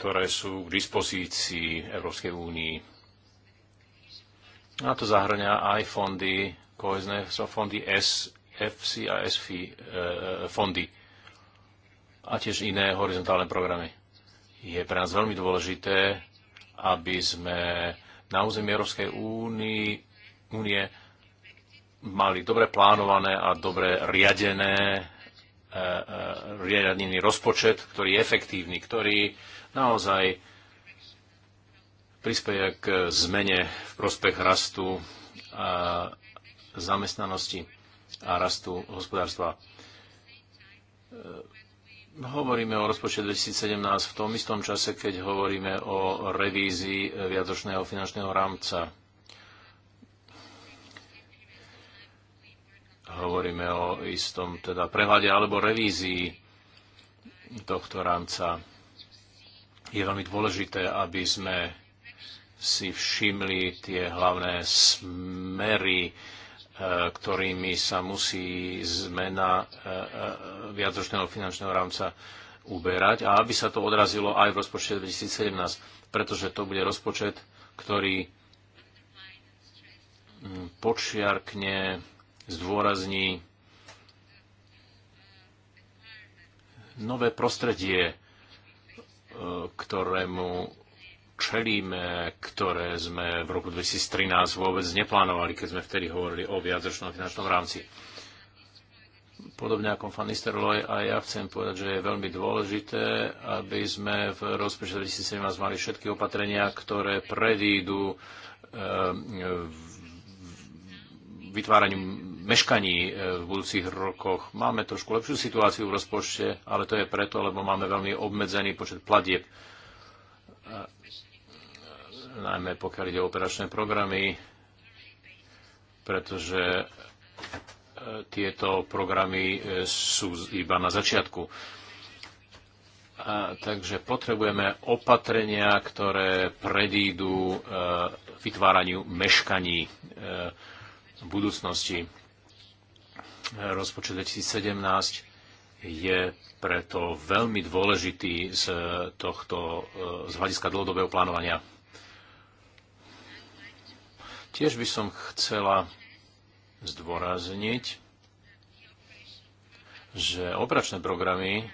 ktoré sú k dispozícii Európskej únii. A to zahrňa aj fondy, kohezné fondy SFC a SFI e, eh, eh, fondy a tiež iné horizontálne programy. Je pre nás veľmi dôležité, aby sme na území Európskej únie, mali dobre plánované a dobre riadené e, e, riadený rozpočet, ktorý je efektívny, ktorý naozaj prispieje k zmene v prospech rastu a zamestnanosti a rastu hospodárstva. E, Hovoríme o rozpočte 2017 v tom istom čase, keď hovoríme o revízii e, viacročného finančného rámca. Hovoríme o istom teda prehľade alebo revízii tohto rámca. Je veľmi dôležité, aby sme si všimli tie hlavné smery, E, ktorými sa musí zmena e, e, viacročného finančného rámca uberať a aby sa to odrazilo aj v rozpočte 2017, pretože to bude rozpočet, ktorý mm, počiarkne, zdôrazní nové prostredie, ktorému čelíme, ktoré sme v roku 2013 vôbec neplánovali, keď sme vtedy hovorili o viacročnom finančnom rámci. Podobne ako pán Nisterloj, a ja chcem povedať, že je veľmi dôležité, aby sme v rozpočte 2017 mali všetky opatrenia, ktoré predídu eh, vytváraniu meškaní eh, v budúcich rokoch. Máme trošku lepšiu situáciu v rozpočte, ale to je preto, lebo máme veľmi obmedzený počet platieb najmä pokiaľ ide o operačné programy, pretože e, tieto programy e, sú iba na začiatku. A, takže potrebujeme opatrenia, ktoré predídu e, vytváraniu meškaní e, v budúcnosti. Rozpočet 2017 je preto veľmi dôležitý z, tohto, e, z hľadiska dlhodobého plánovania. Tiež by som chcela zdôrazniť, že operačné programy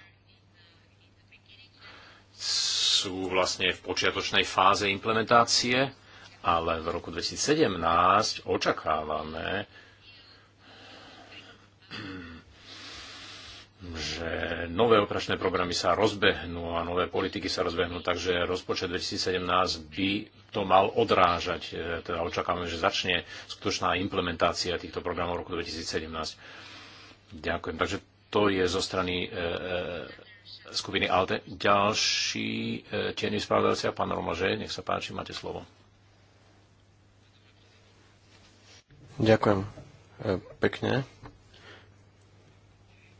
sú vlastne v počiatočnej fáze implementácie, ale v roku 2017 očakávame, že nové operačné programy sa rozbehnú a nové politiky sa rozbehnú, takže rozpočet 2017 by to mal odrážať. E, teda očakávame, že začne skutočná implementácia týchto programov roku 2017. Ďakujem. Takže to je zo strany e, e, skupiny Alte. Ďalší e, tieny spravodajcia, pán Romaže, nech sa páči, máte slovo. Ďakujem e, pekne.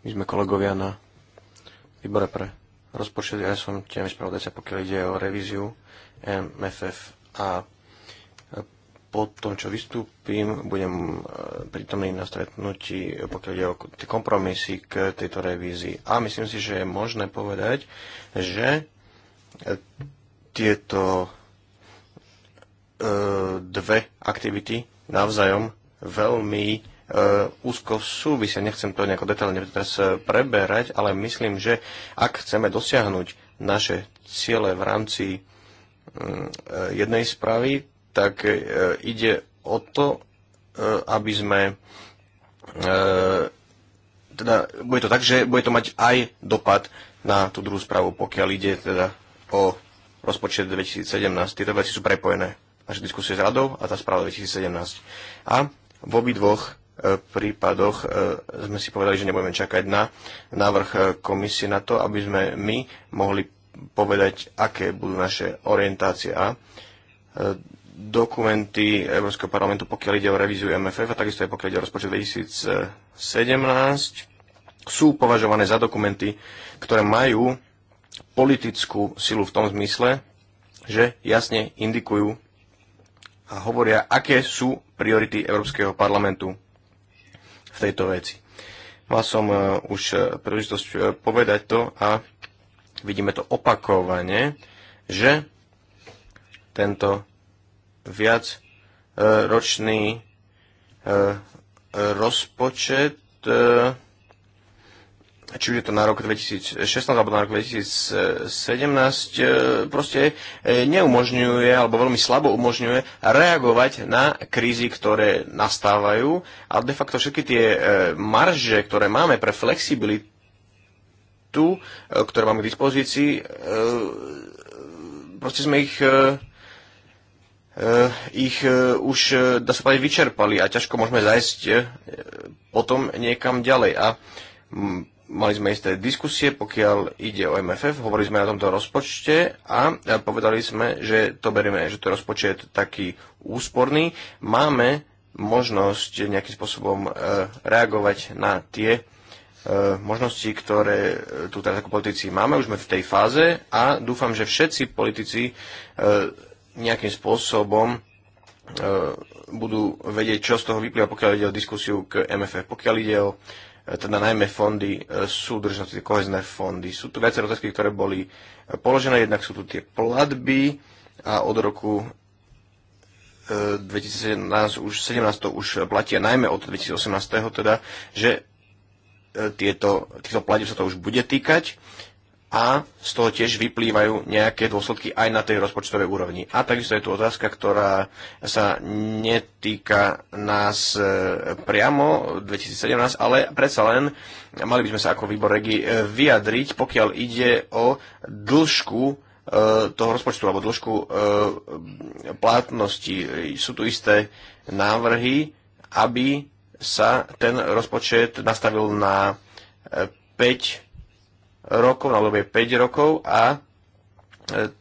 My sme kolegovia na výbore pre rozpočet. Ja som tiež spravodajca, pokiaľ ide o revíziu MFF a po tom, čo vystúpim, budem e, prítomný na stretnutí, pokiaľ ide o tie kompromisy k tejto revízii. A myslím si, že je možné povedať, že e, tieto e, dve aktivity navzájom veľmi úzko súvisia. Nechcem to nejako detailne teraz preberať, ale myslím, že ak chceme dosiahnuť naše ciele v rámci Eh, jednej správy, tak eh, ide o to, eh, aby sme teda bude to tak, že bude to mať aj dopad na tú druhú správu, pokiaľ ide teda o rozpočet 2017. Tieto veci sú prepojené. Naše diskusie s radou a tá správa 2017. A v obidvoch prípadoch sme si povedali, že nebudeme čakať na návrh komisie na to, aby sme my mohli povedať, aké budú naše orientácie a e, dokumenty Európskeho parlamentu, pokiaľ ide o revíziu MFF a takisto aj pokiaľ ide o rozpočet 2017, sú považované za dokumenty, ktoré majú politickú silu v tom zmysle, že jasne indikujú a hovoria, aké sú priority Európskeho parlamentu v tejto veci. Mal som e, už príležitosť e, povedať to a vidíme to opakovane, že tento viac e, ročný e, rozpočet, e, či už je to na rok 2016 alebo na rok 2017, proste neumožňuje alebo veľmi slabo umožňuje reagovať na krízy, ktoré nastávajú a de facto všetky tie marže, ktoré máme pre flexibilitu, tu, e, ktoré máme k dispozícii, e, proste sme ich e, ich už, dá sa povedať, vyčerpali a ťažko môžeme zajsť potom niekam ďalej. A mali sme isté diskusie, pokiaľ ide o MFF, hovorili sme na tomto rozpočte a povedali sme, že to berieme, že to rozpočet taký úsporný. Máme možnosť nejakým spôsobom reagovať na tie Eh, možností, ktoré eh, tu teraz ako politici máme. Už sme v tej fáze a dúfam, že všetci politici eh, nejakým spôsobom budú vedieť, čo z toho vyplýva, pokiaľ ide o diskusiu k MFF, pokiaľ ide o teda najmä fondy súdržnosti, kohezné fondy. Sú tu viaceré otázky, ktoré boli položené, jednak sú tu tie platby a od roku 2017 už 17 už platia najmä od 2018 teda, že tieto, týchto platieb sa to už bude týkať a z toho tiež vyplývajú nejaké dôsledky aj na tej rozpočtovej úrovni. A takisto je tu otázka, ktorá sa netýka nás e, priamo 2017, ale predsa len mali by sme sa ako výbor regi e, vyjadriť, pokiaľ ide o dĺžku e, toho rozpočtu alebo dĺžku platnosti. Sú tu isté návrhy, aby sa ten rozpočet nastavil na 5 e, rokov, alebo je 5 rokov a e,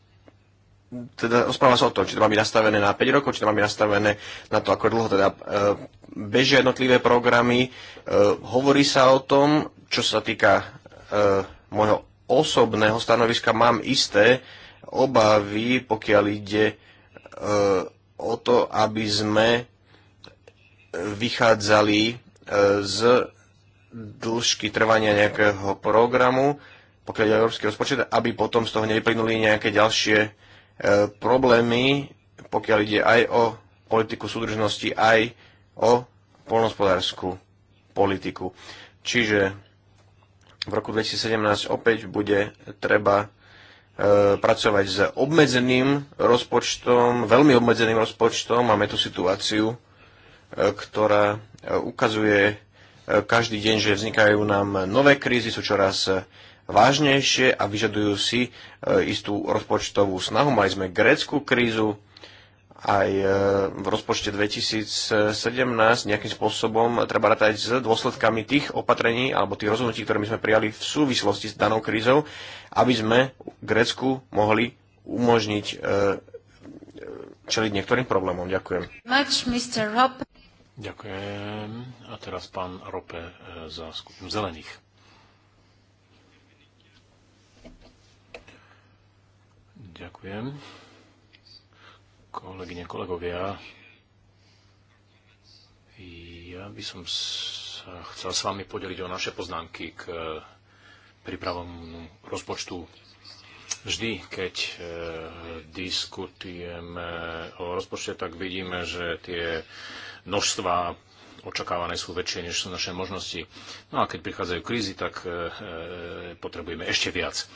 teda rozpráva sa o tom, či to má byť nastavené na 5 rokov, či to má byť nastavené na to, ako dlho teda e, bežia jednotlivé programy. Hovorí sa o tom, čo sa týka môjho osobného stanoviska, mám isté obavy, pokiaľ ide o to, aby sme vychádzali e, z dĺžky trvania nejakého programu, pokiaľ je európsky rozpočet, aby potom z toho nevyplynuli nejaké ďalšie e, problémy, pokiaľ ide aj o politiku súdržnosti, aj o polnospodárskú politiku. Čiže v roku 2017 opäť bude treba e, pracovať s obmedzeným rozpočtom, veľmi obmedzeným rozpočtom. Máme tu situáciu, ktorá e, ukazuje e, každý deň, že vznikajú nám nové krízy, sú čoraz e, vážnejšie a vyžadujú si istú rozpočtovú snahu. Mali sme grécku krízu, aj v rozpočte 2017 nejakým spôsobom treba rátať s dôsledkami tých opatrení alebo tých rozhodnutí, ktoré my sme prijali v súvislosti s danou krízou, aby sme Grécku mohli umožniť čeliť niektorým problémom. Ďakujem. Much, Ďakujem. A teraz pán Rope eh, za skupinu zelených. Ďakujem. Kolegyne, kolegovia, ja by som sa chcel s vami podeliť o naše poznámky k eh, prípravom rozpočtu. Vždy, keď eh, diskutujeme o rozpočte, tak vidíme, že tie množstva očakávané sú väčšie, než sú naše možnosti. No a keď prichádzajú krízy, tak e, e, potrebujeme ešte viac.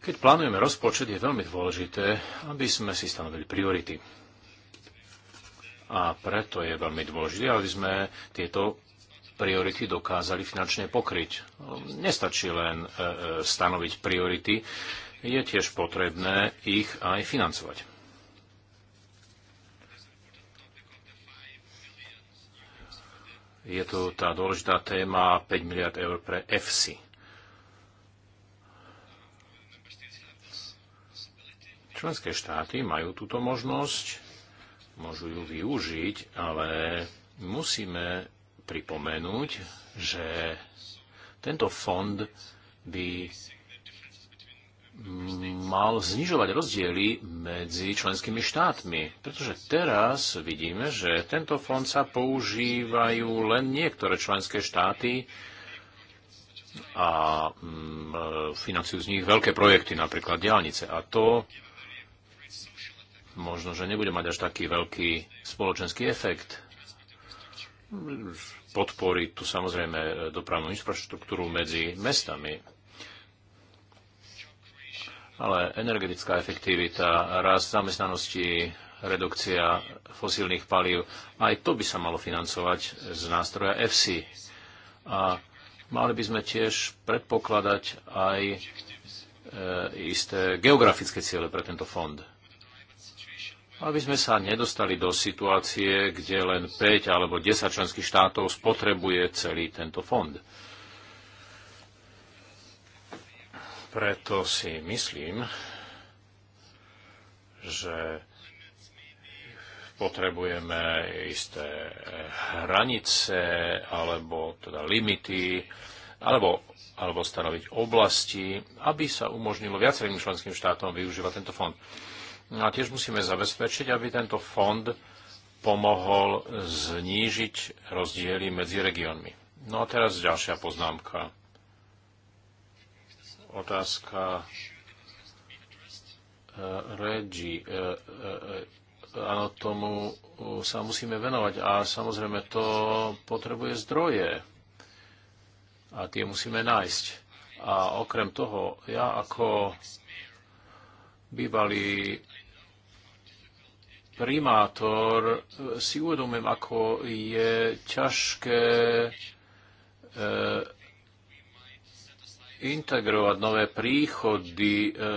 Keď plánujeme rozpočet, je veľmi dôležité, aby sme si stanovili priority. A preto je veľmi dôležité, aby sme tieto priority dokázali finančne pokryť. Nestačí len e, stanoviť priority, je tiež potrebné ich aj financovať. je tu tá dôležitá téma 5 miliard eur pre EFSI. Členské štáty majú túto možnosť, môžu ju využiť, ale musíme pripomenúť, že tento fond by mal znižovať rozdiely medzi členskými štátmi. Pretože teraz vidíme, že tento fond sa používajú len niektoré členské štáty a mm, e, financujú z nich veľké projekty, napríklad diálnice. A to možno, že nebude mať až taký veľký spoločenský efekt. Podporiť tu samozrejme dopravnú infraštruktúru medzi mestami ale energetická efektivita, rast zamestnanosti, redukcia fosílnych palív, aj to by sa malo financovať z nástroja FC. A mali by sme tiež predpokladať aj e, isté geografické ciele pre tento fond. Aby sme sa nedostali do situácie, kde len 5 alebo 10 členských štátov spotrebuje celý tento fond. Preto si myslím, že potrebujeme isté hranice alebo teda limity alebo, alebo stanoviť oblasti, aby sa umožnilo viacerým členským štátom využívať tento fond. No a tiež musíme zabezpečiť, aby tento fond pomohol znížiť rozdiely medzi regiónmi. No a teraz ďalšia poznámka otázka e, Regi. E, e, áno, tomu sa musíme venovať a samozrejme to potrebuje zdroje a tie musíme nájsť. A okrem toho, ja ako bývalý primátor si uvedomujem, ako je ťažké integrovať nové príchody. E, e,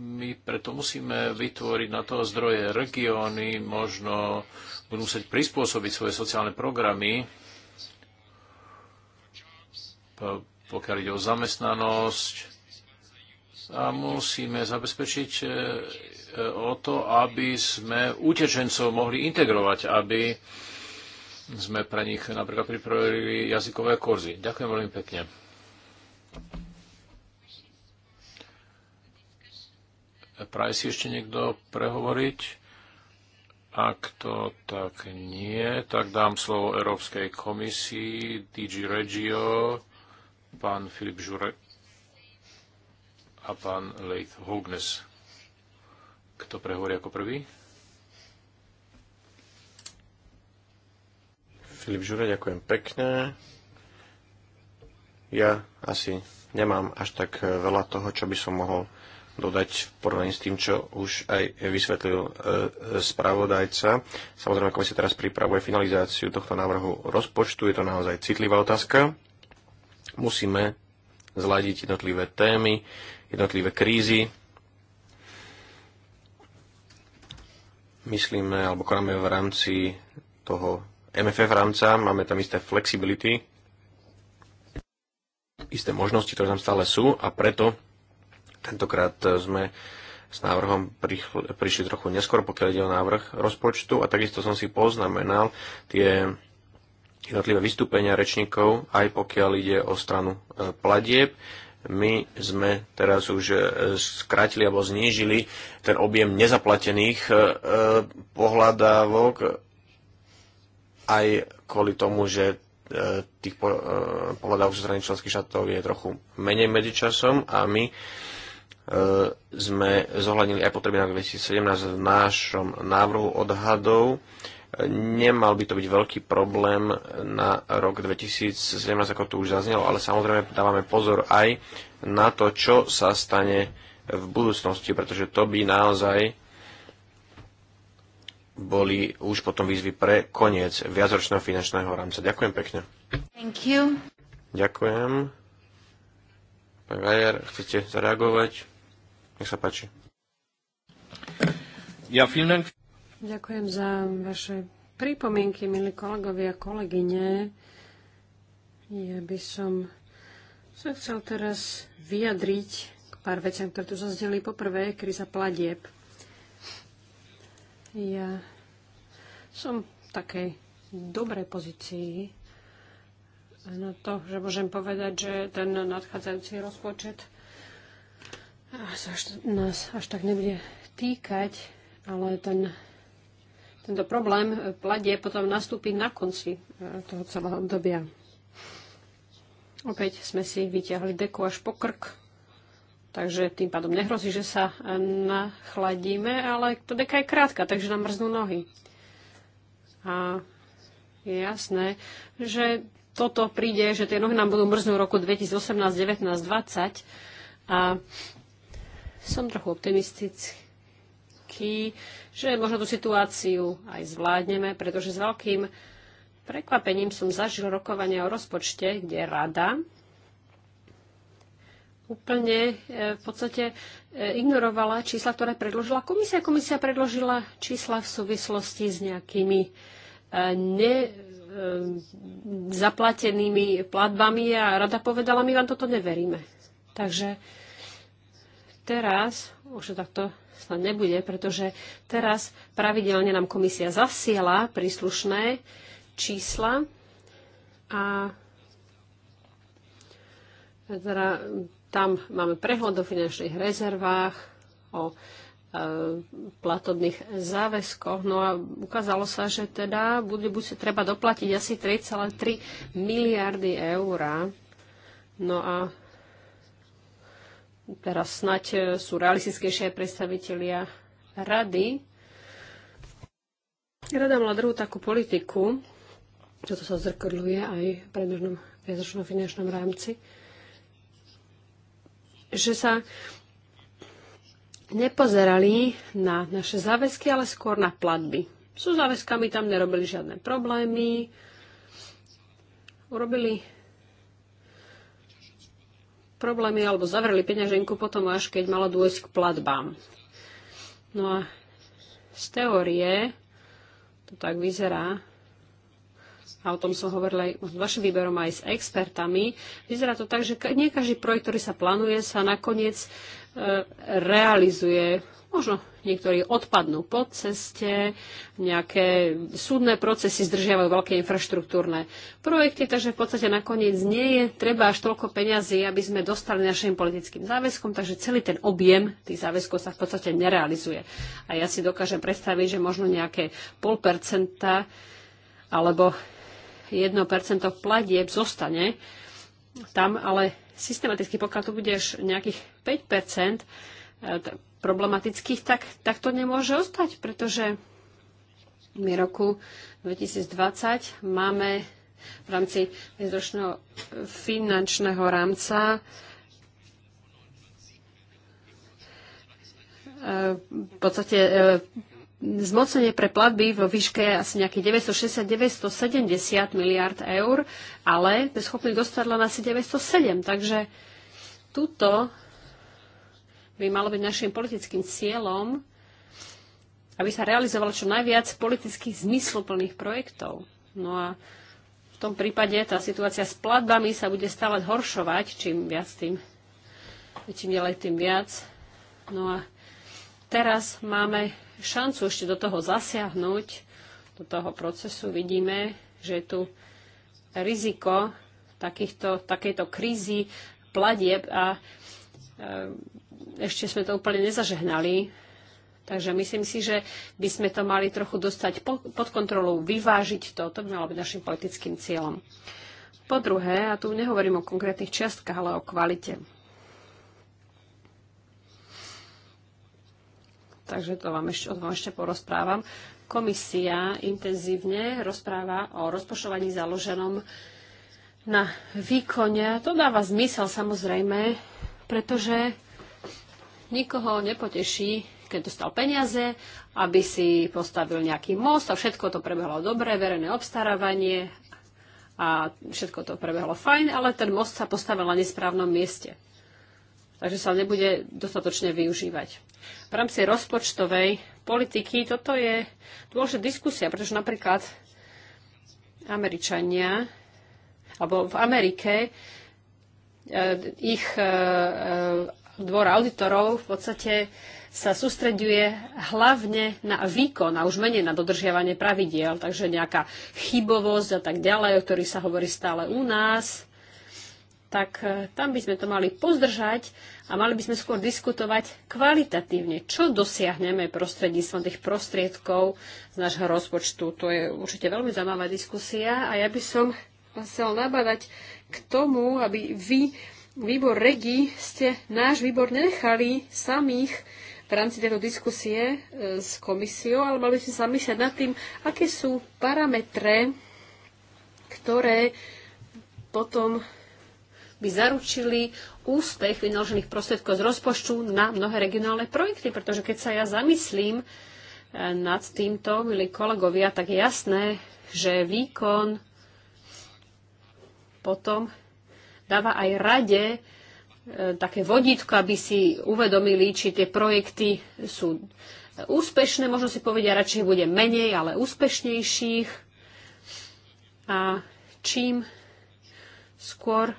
my preto musíme vytvoriť na to zdroje regióny, možno budú musieť prispôsobiť svoje sociálne programy, pokiaľ ide o zamestnanosť. A musíme zabezpečiť e, o to, aby sme utečencov mohli integrovať, aby sme pre nich napríklad pripravili jazykové kurzy. Ďakujem veľmi pekne. Praje si ešte niekto prehovoriť? Ak to tak nie, tak dám slovo Európskej komisii, DG Regio, pán Filip Žurek a pán Leith Hognes. Kto prehovorí ako prvý? Filip Žure, ďakujem pekne. Ja asi nemám až tak e, veľa toho, čo by som mohol dodať v porovnaní s tým, čo už aj vysvetlil e, e, spravodajca. Samozrejme, komisia teraz pripravuje finalizáciu tohto návrhu rozpočtu. Je to naozaj citlivá otázka. Musíme zladiť jednotlivé témy, jednotlivé krízy. Myslíme, alebo konáme v rámci toho MFF rámca, máme tam isté flexibility, isté možnosti, ktoré tam stále sú a preto tentokrát e, sme s návrhom prišli trochu neskôr, pokiaľ ide o návrh rozpočtu a takisto som si poznamenal tie jednotlivé vystúpenia rečníkov, aj pokiaľ ide o stranu e, platieb. My sme teraz už e, skrátili alebo znížili ten objem nezaplatených pohľadávok aj kvôli tomu, že E, tých e, pohľadávok zo strany členských štátov je trochu menej medzičasom a my e, sme zohľadnili aj potreby na 2017 v našom návrhu odhadov. Nemal by to byť veľký problém na rok 2017, ako to už zaznelo, ale samozrejme dávame pozor aj na to, čo sa stane v budúcnosti, pretože to by naozaj boli už potom výzvy pre koniec viacročného finančného rámca. Ďakujem pekne. Thank you. Ďakujem. Pán Gajer, chcete zareagovať? Nech sa páči. Ja, vielen Ďakujem za vaše pripomienky, milí kolegovia a kolegyne. Ja by som sa chcel teraz vyjadriť k pár veciam, ktoré tu zazdeli. Poprvé, kríza pladieb. Ja som v takej dobrej pozícii na to, že môžem povedať, že ten nadchádzajúci rozpočet sa až, nás až tak nebude týkať, ale ten, tento problém pladie potom nastúpi na konci e, toho celého obdobia. Opäť sme si vyťahli deku až po krk Takže tým pádom nehrozí, že sa e, nachladíme, ale to deka je krátka, takže nám mrznú nohy. A je jasné, že toto príde, že tie nohy nám budú mrznúť v roku 2018, 2019, 2020. A som trochu optimistický že možno tú situáciu aj zvládneme, pretože s veľkým prekvapením som zažil rokovania o rozpočte, kde rada úplne e, v podstate e, ignorovala čísla, ktoré predložila komisia. Komisia predložila čísla v súvislosti s nejakými e, ne, zaplatenými platbami a rada povedala, my vám toto neveríme. Takže teraz už takto snad nebude, pretože teraz pravidelne nám komisia zasiela príslušné čísla a teda tam máme prehľad o finančných rezervách, o e, platobných záväzkoch. No a ukázalo sa, že teda bude buď sa treba doplatiť asi 3,3 miliardy eur. No a teraz snať e, sú realistickejšie predstavitelia rady. Rada mala druhú takú politiku, to sa zrkodluje aj v predmežnom finančnom rámci, že sa nepozerali na naše záväzky, ale skôr na platby. Sú záväzkami tam nerobili žiadne problémy. Urobili problémy alebo zavreli peňaženku potom až keď malo dôjsť k platbám. No a z teórie to tak vyzerá, a o tom som hovorila aj s vašim výberom aj s expertami, vyzerá to tak, že nie každý projekt, ktorý sa plánuje, sa nakoniec e, realizuje. Možno niektorí odpadnú po ceste, nejaké súdne procesy zdržiavajú veľké infraštruktúrne projekty, takže v podstate nakoniec nie je treba až toľko peňazí, aby sme dostali našim politickým záväzkom, takže celý ten objem tých záväzkov sa v podstate nerealizuje. A ja si dokážem predstaviť, že možno nejaké pol percenta alebo 1% platieb zostane tam, ale systematicky, pokiaľ tu budeš nejakých 5% e, problematických, tak, tak to nemôže ostať, pretože my roku 2020 máme v rámci medziročného finančného rámca e, v podstate e, zmocnenie pre platby vo výške asi nejakých 960-970 miliard eur, ale sme schopní dostať len asi 907. Takže tuto by malo byť našim politickým cieľom, aby sa realizovalo čo najviac politických zmysluplných projektov. No a v tom prípade tá situácia s platbami sa bude stále horšovať, čím viac tým, čím ďalej tým viac. No a teraz máme šancu ešte do toho zasiahnuť, do toho procesu vidíme, že je tu riziko takýchto, takejto krízy pladieb a e, ešte sme to úplne nezažehnali. Takže myslím si, že by sme to mali trochu dostať pod kontrolou. vyvážiť to. To by malo byť našim politickým cieľom. Po druhé, a tu nehovorím o konkrétnych čiastkách, ale o kvalite. takže to vám ešte, o tom ešte porozprávam. Komisia intenzívne rozpráva o rozpočtovaní založenom na výkone. To dáva zmysel samozrejme, pretože nikoho nepoteší, keď dostal peniaze, aby si postavil nejaký most a všetko to prebehlo dobre, verejné obstarávanie a všetko to prebehlo fajn, ale ten most sa postavil na nesprávnom mieste takže sa nebude dostatočne využívať. V rámci rozpočtovej politiky toto je dôležitá diskusia, pretože napríklad Američania alebo v Amerike e, ich e, e, dvor auditorov v podstate sa sústreďuje hlavne na výkon a už menej na dodržiavanie pravidiel, takže nejaká chybovosť a tak ďalej, o ktorých sa hovorí stále u nás tak e, tam by sme to mali pozdržať a mali by sme skôr diskutovať kvalitatívne, čo dosiahneme prostredníctvom tých prostriedkov z nášho rozpočtu. To je určite veľmi zaujímavá diskusia a ja by som vás chcel nabadať k tomu, aby vy, výbor REGI, ste náš výbor nenechali samých v rámci tejto diskusie e, s komisiou, ale mali by sme sa myslieť nad tým, aké sú parametre, ktoré potom by zaručili úspech vynaložených prostriedkov z rozpočtu na mnohé regionálne projekty. Pretože keď sa ja zamyslím eh, nad týmto, milí kolegovia, tak je jasné, že výkon potom dáva aj rade eh, také vodítko, aby si uvedomili, či tie projekty sú úspešné. Možno si povedia, radšej bude menej, ale úspešnejších. A čím skôr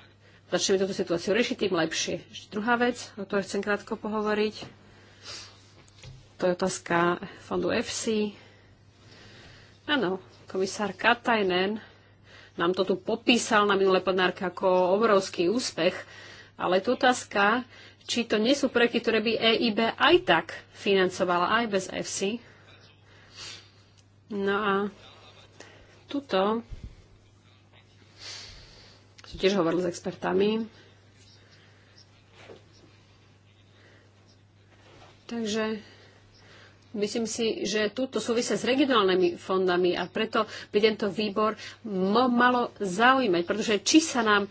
začneme túto situáciu riešiť, tým lepšie. Ešte druhá vec, o ktorej chcem krátko pohovoriť, to je otázka fondu FC. Áno, komisár Katajnen nám to tu popísal na minulé plenárke ako obrovský úspech, ale tu otázka, či to nie sú projekty, ktoré by EIB aj tak financovala, aj bez FC. No a tuto som tiež hovoril s expertami. Takže myslím si, že túto súvisia s regionálnymi fondami a preto by tento výbor malo zaujímať, pretože či sa nám,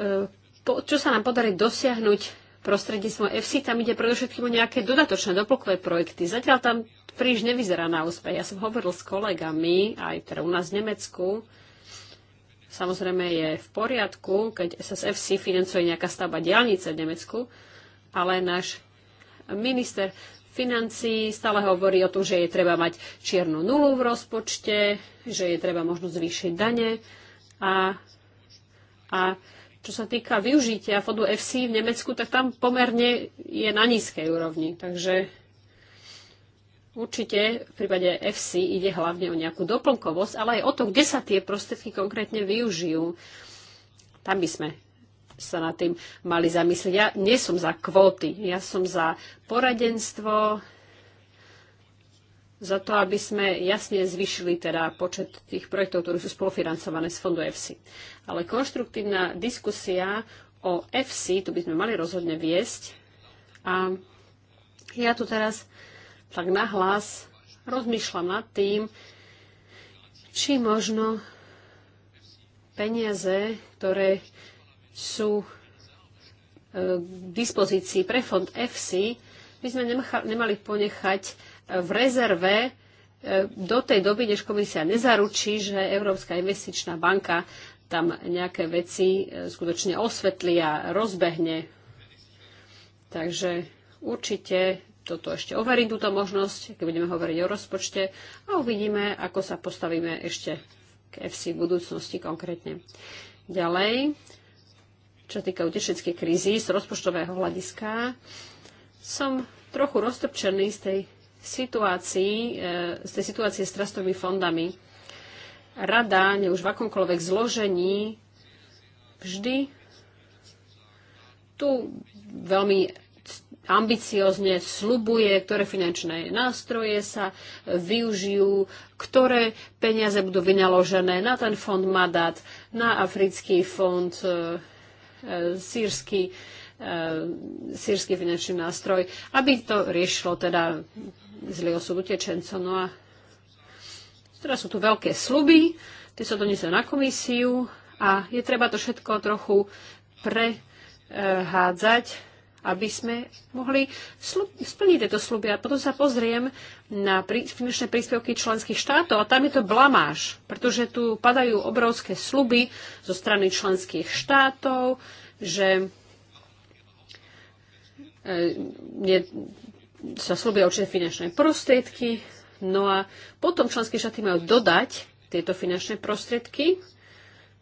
e, čo sa nám podarí dosiahnuť prostredníctvom FC, tam ide predovšetkým o nejaké dodatočné doplkové projekty. Zatiaľ tam príliš nevyzerá na úspech. Ja som hovoril s kolegami, aj teda u nás v Nemecku, Samozrejme je v poriadku, keď SSFC financuje nejaká stavba diálnice v Nemecku, ale náš minister financí stále hovorí o tom, že je treba mať čiernu nulu v rozpočte, že je treba možno zvýšiť dane a, a čo sa týka využitia fondu FC v Nemecku, tak tam pomerne je na nízkej úrovni. Takže Určite v prípade FC ide hlavne o nejakú doplnkovosť, ale aj o to, kde sa tie prostriedky konkrétne využijú. Tam by sme sa nad tým mali zamyslieť. Ja nie som za kvóty, ja som za poradenstvo, za to, aby sme jasne zvyšili teda počet tých projektov, ktoré sú spolufinancované z fondu FC. Ale konštruktívna diskusia o FC, tu by sme mali rozhodne viesť. A ja tu teraz tak nahlas rozmýšľam nad tým, či možno peniaze, ktoré sú e, k dispozícii pre fond FC, by sme nemali ponechať e, v rezerve e, do tej doby, než komisia nezaručí, že Európska investičná banka tam nejaké veci skutočne osvetlí a rozbehne. Takže určite toto ešte overím, túto možnosť, keď budeme hovoriť o rozpočte a uvidíme, ako sa postavíme ešte k FC v budúcnosti konkrétne. Ďalej, čo týka utečeckej krízy z rozpočtového hľadiska, som trochu roztrpčený z tej situácii, e, z tej situácie s trastovými fondami. Rada, ne už v akomkoľvek zložení, vždy tu veľmi ambiciozne slubuje, ktoré finančné nástroje sa využijú, ktoré peniaze budú vynaložené na ten fond Madat, na Africký fond, e, sírsky, e, sírsky e, finančný nástroj, aby to riešilo teda zlý osud utečenco. No a teraz sú tu veľké sluby, tie sa donesú na komisiu a je treba to všetko trochu prehádzať aby sme mohli splniť tieto sluby. A potom sa pozriem na finančné príspevky členských štátov a tam je to blamáž, pretože tu padajú obrovské sluby zo strany členských štátov, že e, sa slúbia určite finančné prostriedky, no a potom členské štáty majú dodať tieto finančné prostriedky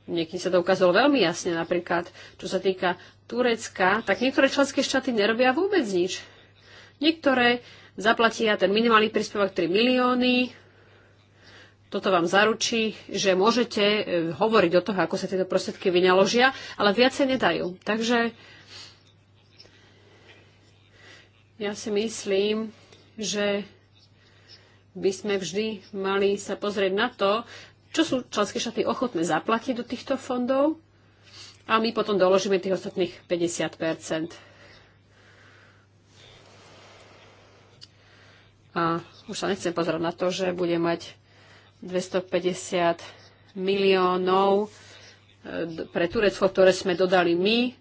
niekým sa to ukázalo veľmi jasne, napríklad čo sa týka Turecka, tak niektoré členské štáty nerobia vôbec nič. Niektoré zaplatia ten minimálny príspevok 3 milióny, toto vám zaručí, že môžete e, hovoriť o toho, ako sa tieto prostriedky vynaložia, ale viac nedajú. Takže ja si myslím, že by sme vždy mali sa pozrieť na to, čo sú členské štáty ochotné zaplatiť do týchto fondov a my potom doložíme tých ostatných 50 A už sa nechcem pozerať na to, že bude mať 250 miliónov e, pre Turecko, ktoré sme dodali my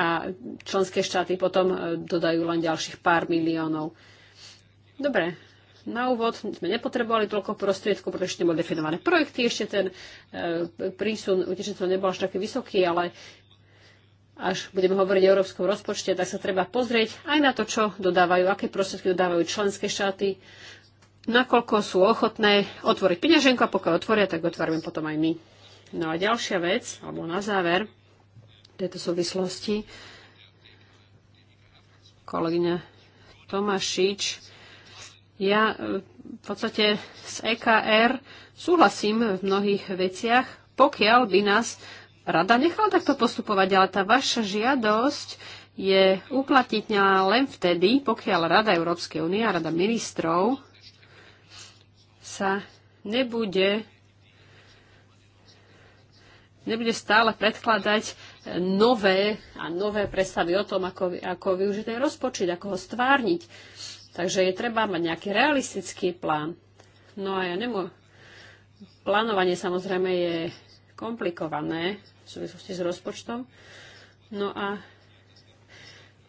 a členské štáty potom e, dodajú len ďalších pár miliónov. Dobre, na úvod sme nepotrebovali toľko prostriedkov, pretože ešte boli definované projekty, ešte ten e, prísun utečencov nebol až taký vysoký, ale až budeme hovoriť o európskom rozpočte, tak sa treba pozrieť aj na to, čo dodávajú, aké prostriedky dodávajú členské štáty, nakoľko sú ochotné otvoriť peňaženku a pokiaľ otvoria, tak otvárame potom aj my. No a ďalšia vec, alebo na záver tejto súvislosti, kolegyňa Tomášič. Ja e, v podstate z EKR súhlasím v mnohých veciach, pokiaľ by nás rada nechala takto postupovať, ale tá vaša žiadosť je uplatniteľná len vtedy, pokiaľ Rada Európskej únie a Rada ministrov sa nebude nebude stále predkladať nové a nové predstavy o tom, ako, ako využiť ten rozpočet, ako ho stvárniť. Takže je treba mať nejaký realistický plán. No a ja nemô... Plánovanie samozrejme je komplikované v súvislosti s rozpočtom. No a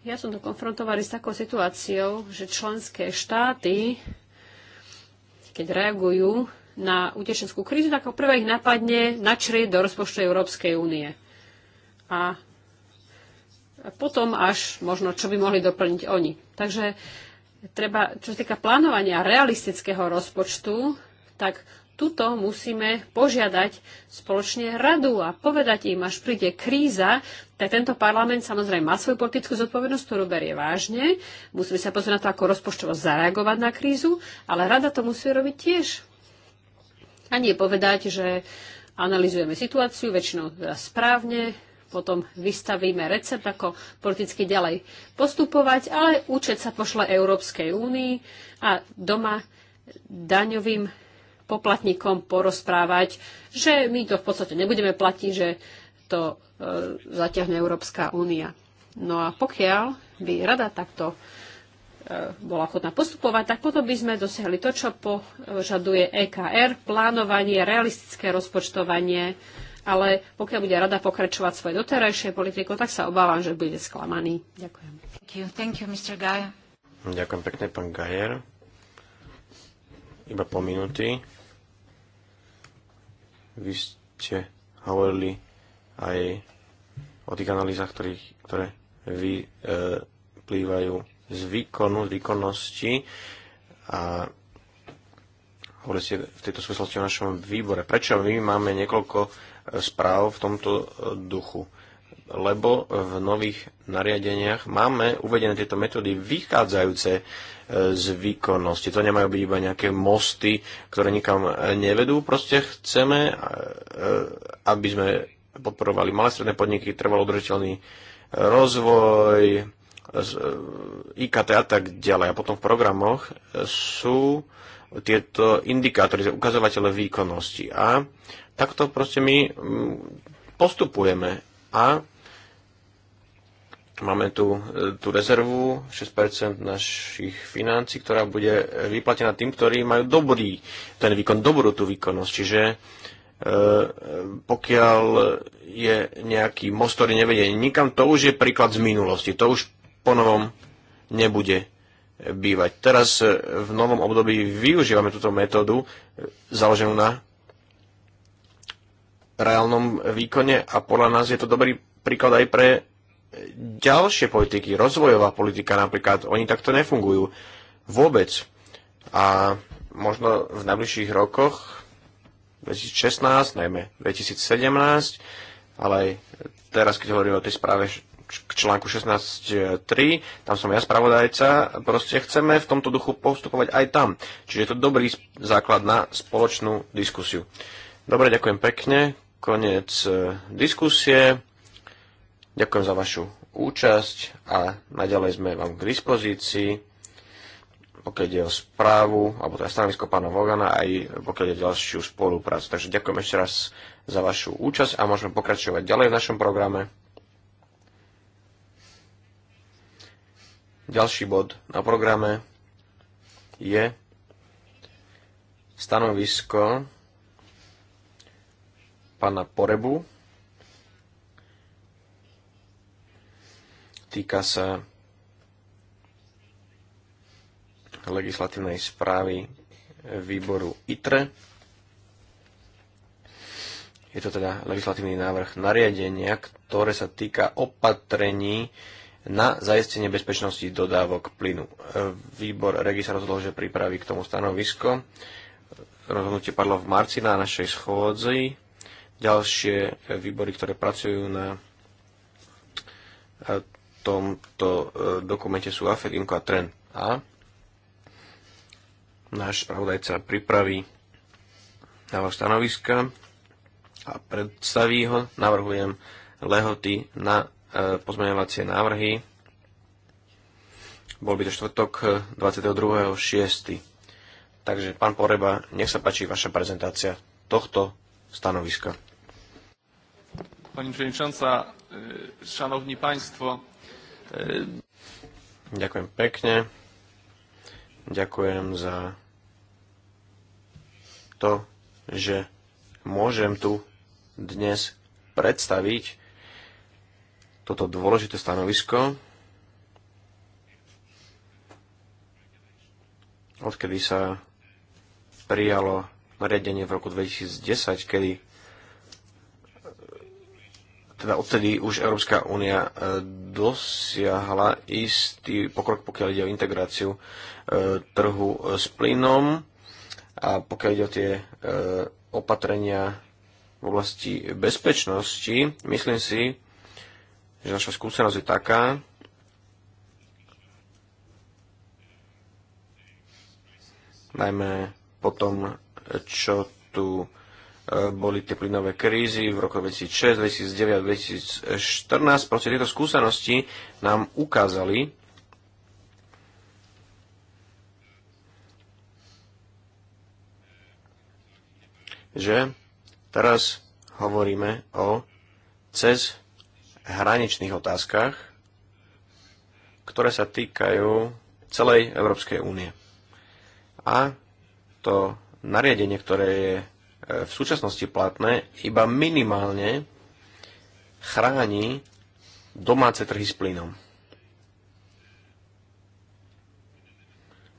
ja som to konfrontovaný s takou situáciou, že členské štáty, keď reagujú na utečenskú krízu, tak prvé ich napadne načrieť do rozpočtu Európskej únie. A potom až možno, čo by mohli doplniť oni. Takže treba, čo sa týka plánovania realistického rozpočtu, tak tuto musíme požiadať spoločne radu a povedať im, až príde kríza, tak tento parlament samozrejme má svoju politickú zodpovednosť, ktorú berie vážne. Musíme sa pozrieť na to, ako rozpočtovo zareagovať na krízu, ale rada to musí robiť tiež. A nie povedať, že analizujeme situáciu, väčšinou teda správne, potom vystavíme recept, ako politicky ďalej postupovať, ale účet sa pošle Európskej únii a doma daňovým poplatníkom porozprávať, že my to v podstate nebudeme platiť, že to e, zaťahne Európska únia. No a pokiaľ by rada takto e, bola ochotná postupovať, tak potom by sme dosiahli to, čo požaduje EKR, plánovanie, realistické rozpočtovanie ale pokiaľ bude rada pokračovať svoje doterajšie politiku, tak sa obávam, že bude sklamaný. Ďakujem. Thank you. Thank you, Mr. Ďakujem pekne, pán Gajer. Iba po minúty. Vy ste hovorili aj o tých analýzach, ktorých, ktoré vy, e, plývajú z výkonu, z výkonnosti a hovorili ste v tejto súvislosti o našom výbore. Prečo my máme niekoľko správ v tomto e, duchu. Lebo v nových nariadeniach máme uvedené tieto metódy vychádzajúce e, z výkonnosti. To nemajú byť iba nejaké mosty, ktoré nikam e, nevedú. Proste chceme, aby sme podporovali malé stredné podniky, trvalo udržateľný rozvoj, IKT a tak ďalej. A potom v programoch sú tieto indikátory, ukazovatele výkonnosti. A Takto proste my mm, postupujeme a máme tu e, tú rezervu 6% našich financí, ktorá bude vyplatená tým, ktorí majú dobrý ten výkon, dobrú tú výkonnosť. Čiže e, e, pokiaľ je nejaký most, ktorý nevedie nikam, to už je príklad z minulosti. To už ponovom nebude bývať. Teraz v novom období využívame túto metódu založenú na reálnom výkone a podľa nás je to dobrý príklad aj pre ďalšie politiky, rozvojová politika napríklad, oni takto nefungujú vôbec. A možno v najbližších rokoch, 2016, najmä 2017, ale aj teraz, keď hovorím o tej správe k článku 16.3, tam som ja spravodajca, proste chceme v tomto duchu postupovať aj tam. Čiže je to dobrý základ na spoločnú diskusiu. Dobre, ďakujem pekne koniec e, diskusie. Ďakujem za vašu účasť a naďalej sme vám k dispozícii, pokiaľ ide o správu, alebo teda stanovisko pána Vogana, aj pokiaľ ide o ďalšiu spoluprácu. Takže ďakujem ešte raz za vašu účasť a môžeme pokračovať ďalej v našom programe. Ďalší bod na programe je stanovisko pána Porebu. Týka sa legislatívnej správy výboru ITRE. Je to teda legislatívny návrh nariadenia, ktoré sa týka opatrení na zaistenie bezpečnosti dodávok plynu. Výbor Regi sa rozhodol, že pripraví k tomu stanovisko. Rozhodnutie padlo v marci na našej schôdzi ďalšie výbory, ktoré pracujú na eh, tomto eh, dokumente sú AFED, a TREN. A náš spravodajca pripraví návrh stanoviska a predstaví ho. Navrhujem lehoty na eh, pozmeňovacie návrhy. Bol by to štvrtok 22.6. Takže, pán Poreba, nech sa páči vaša prezentácia tohto stanoviska. Pani Przewodnicząca, e, Szanowni Państwo. E, Ďakujem pekne. Ďakujem za to, že môžem tu dnes predstaviť toto dôležité stanovisko, odkedy sa prijalo riadenie v roku 2010, kedy teda odtedy už Európska únia e, dosiahla istý pokrok, pokiaľ ide o integráciu e, trhu e, s plynom a pokiaľ ide o tie opatrenia v oblasti bezpečnosti. Myslím si, že naša skúsenosť je taká, najmä potom, čo tu boli tie plynové krízy v roku 2006, 2009, 2014. Proste tieto skúsenosti nám ukázali, že teraz hovoríme o cez hraničných otázkach, ktoré sa týkajú celej Európskej únie. A to nariadenie, ktoré je v súčasnosti platné iba minimálne chráni domáce trhy s plynom.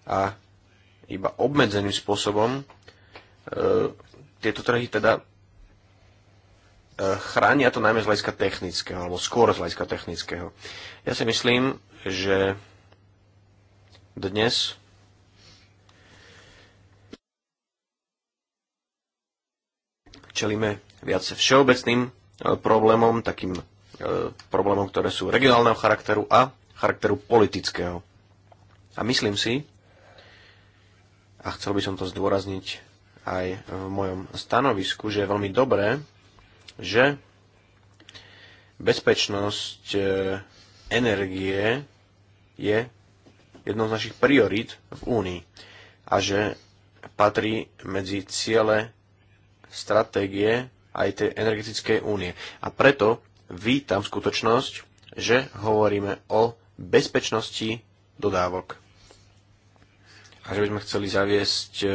A iba obmedzeným spôsobom e, tieto trhy teda e, chránia to najmä z hľadiska technického, alebo skôr z hľadiska technického. Ja si myslím, že dnes čelíme viac všeobecným e, problémom, takým e, problémom, ktoré sú regionálneho charakteru a charakteru politického. A myslím si, a chcel by som to zdôrazniť aj v mojom stanovisku, že je veľmi dobré, že bezpečnosť e, energie je jednou z našich priorít v Únii a že patrí medzi ciele stratégie aj tej energetickej únie. A preto vítam skutočnosť, že hovoríme o bezpečnosti dodávok. A že by sme chceli zaviesť e,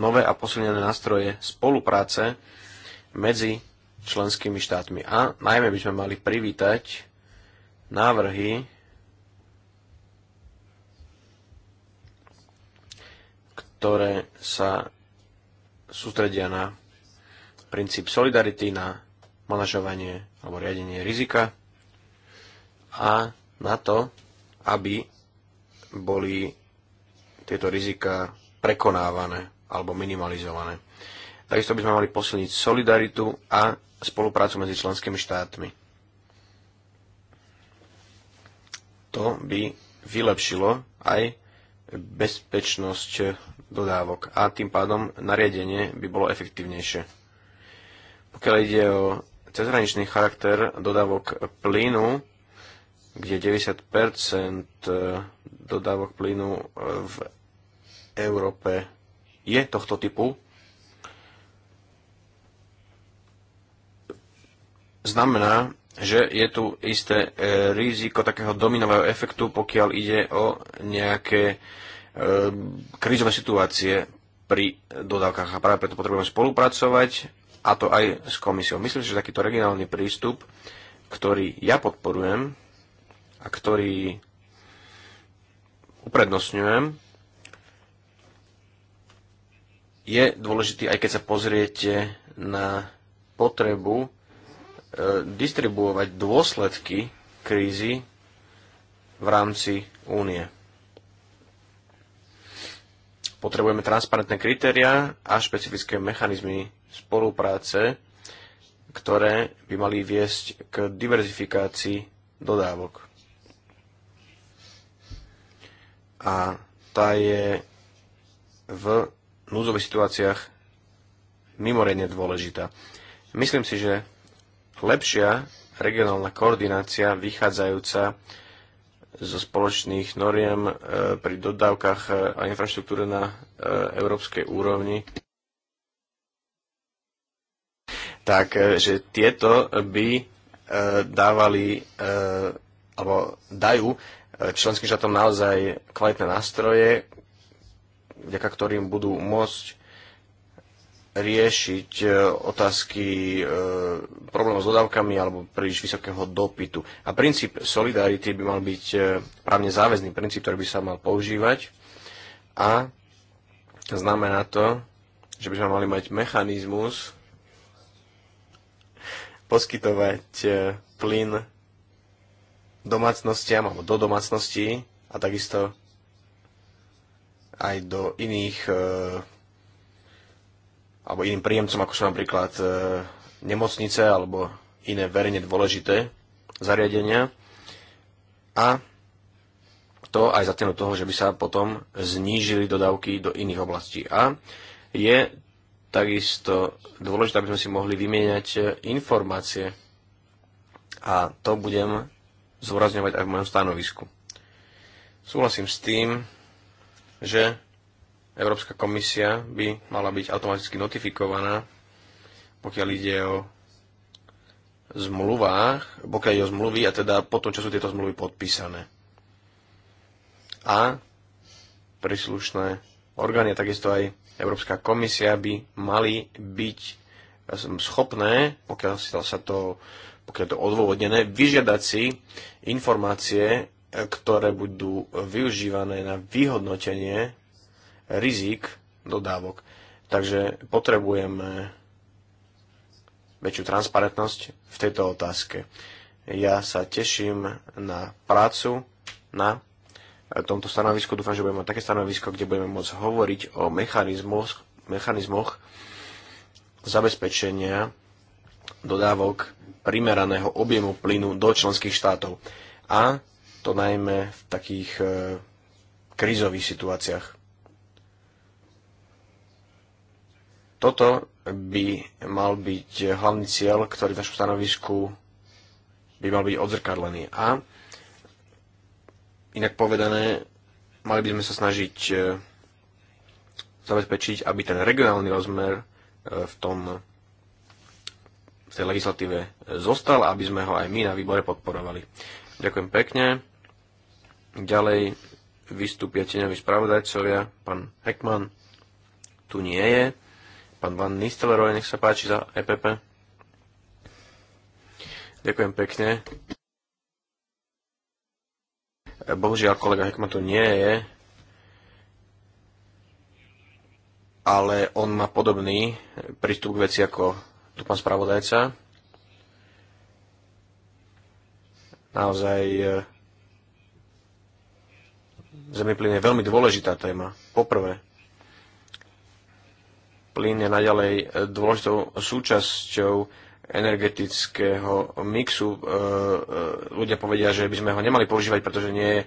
nové a posilnené nástroje spolupráce medzi členskými štátmi. A najmä by sme mali privítať návrhy, ktoré sa sústredia na princíp solidarity, na manažovanie alebo riadenie rizika a na to, aby boli tieto rizika prekonávané alebo minimalizované. Takisto by sme mali posilniť solidaritu a spoluprácu medzi členskými štátmi. To by vylepšilo aj bezpečnosť dodávok a tým pádom nariadenie by bolo efektívnejšie. Pokiaľ ide o cezhraničný charakter dodávok plynu, kde 90 dodávok plynu v Európe je tohto typu, znamená, že je tu isté e, riziko takého dominového efektu, pokiaľ ide o nejaké Ehm, krízové situácie pri dodávkach a práve preto potrebujeme spolupracovať a to aj s komisiou. Myslím si, že takýto regionálny prístup, ktorý ja podporujem a ktorý uprednostňujem, je dôležitý, aj keď sa pozriete na potrebu e, distribuovať dôsledky krízy v rámci únie. Potrebujeme transparentné kritéria a špecifické mechanizmy spolupráce, ktoré by mali viesť k diverzifikácii dodávok. A tá je v núzových situáciách mimoriadne dôležitá. Myslím si, že lepšia regionálna koordinácia vychádzajúca zo spoločných noriem e, pri dodávkach e, a infraštruktúre na e, európskej úrovni. Takže tieto by dávali alebo dajú členským štátom naozaj kvalitné nástroje, vďaka ktorým budú môcť riešiť e, otázky e, problémov s dodávkami alebo príliš vysokého dopytu. A princíp solidarity by mal byť e, právne záväzný princíp, ktorý by sa mal používať a znamená to, že by sme mali mať mechanizmus poskytovať plyn domácnostiam alebo do domácností a takisto aj do iných alebo iným príjemcom, ako sú napríklad e, nemocnice alebo iné verejne dôležité zariadenia. A to aj za cenu toho, že by sa potom znížili dodávky do iných oblastí. A je takisto dôležité, aby sme si mohli vymieňať e, informácie. A to budem zúrazňovať aj v mojom stanovisku. Súhlasím s tým, že Európska komisia by mala byť automaticky notifikovaná, pokiaľ ide o zmluvách, pokiaľ ide o zmluvy a teda potom, čo sú tieto zmluvy podpísané. A príslušné orgány, takisto aj Európska komisia by mali byť schopné, pokiaľ sa to, pokiaľ to odôvodnené, vyžiadať si informácie, ktoré budú využívané na vyhodnotenie rizik dodávok. Takže potrebujeme väčšiu transparentnosť v tejto otázke. Ja sa teším na prácu na tomto stanovisku. Dúfam, že budeme mať také stanovisko, kde budeme môcť hovoriť o mechanizmoch, mechanizmoch zabezpečenia dodávok primeraného objemu plynu do členských štátov. A to najmä v takých e, krízových situáciách. Toto by mal byť hlavný cieľ, ktorý v našom stanovisku by mal byť odzrkadlený. A inak povedané, mali by sme sa snažiť e, zabezpečiť, aby ten regionálny rozmer e, v tom v tej legislatíve e, zostal, aby sme ho aj my na výbore podporovali. Ďakujem pekne. Ďalej vystúpia tieňoví spravodajcovia. Pán Hekman tu nie je. Pán Van Nistelrooy, nech sa páči za EPP. Ďakujem pekne. Bohužiaľ, kolega Hekman tu nie je, ale on má podobný prístup k veci ako tu pán spravodajca. Naozaj e, zemeplyn je veľmi dôležitá téma. Poprvé, Plyn je naďalej e, dôležitou súčasťou energetického mixu. E, e, ľudia povedia, že by sme ho nemali používať, pretože nie je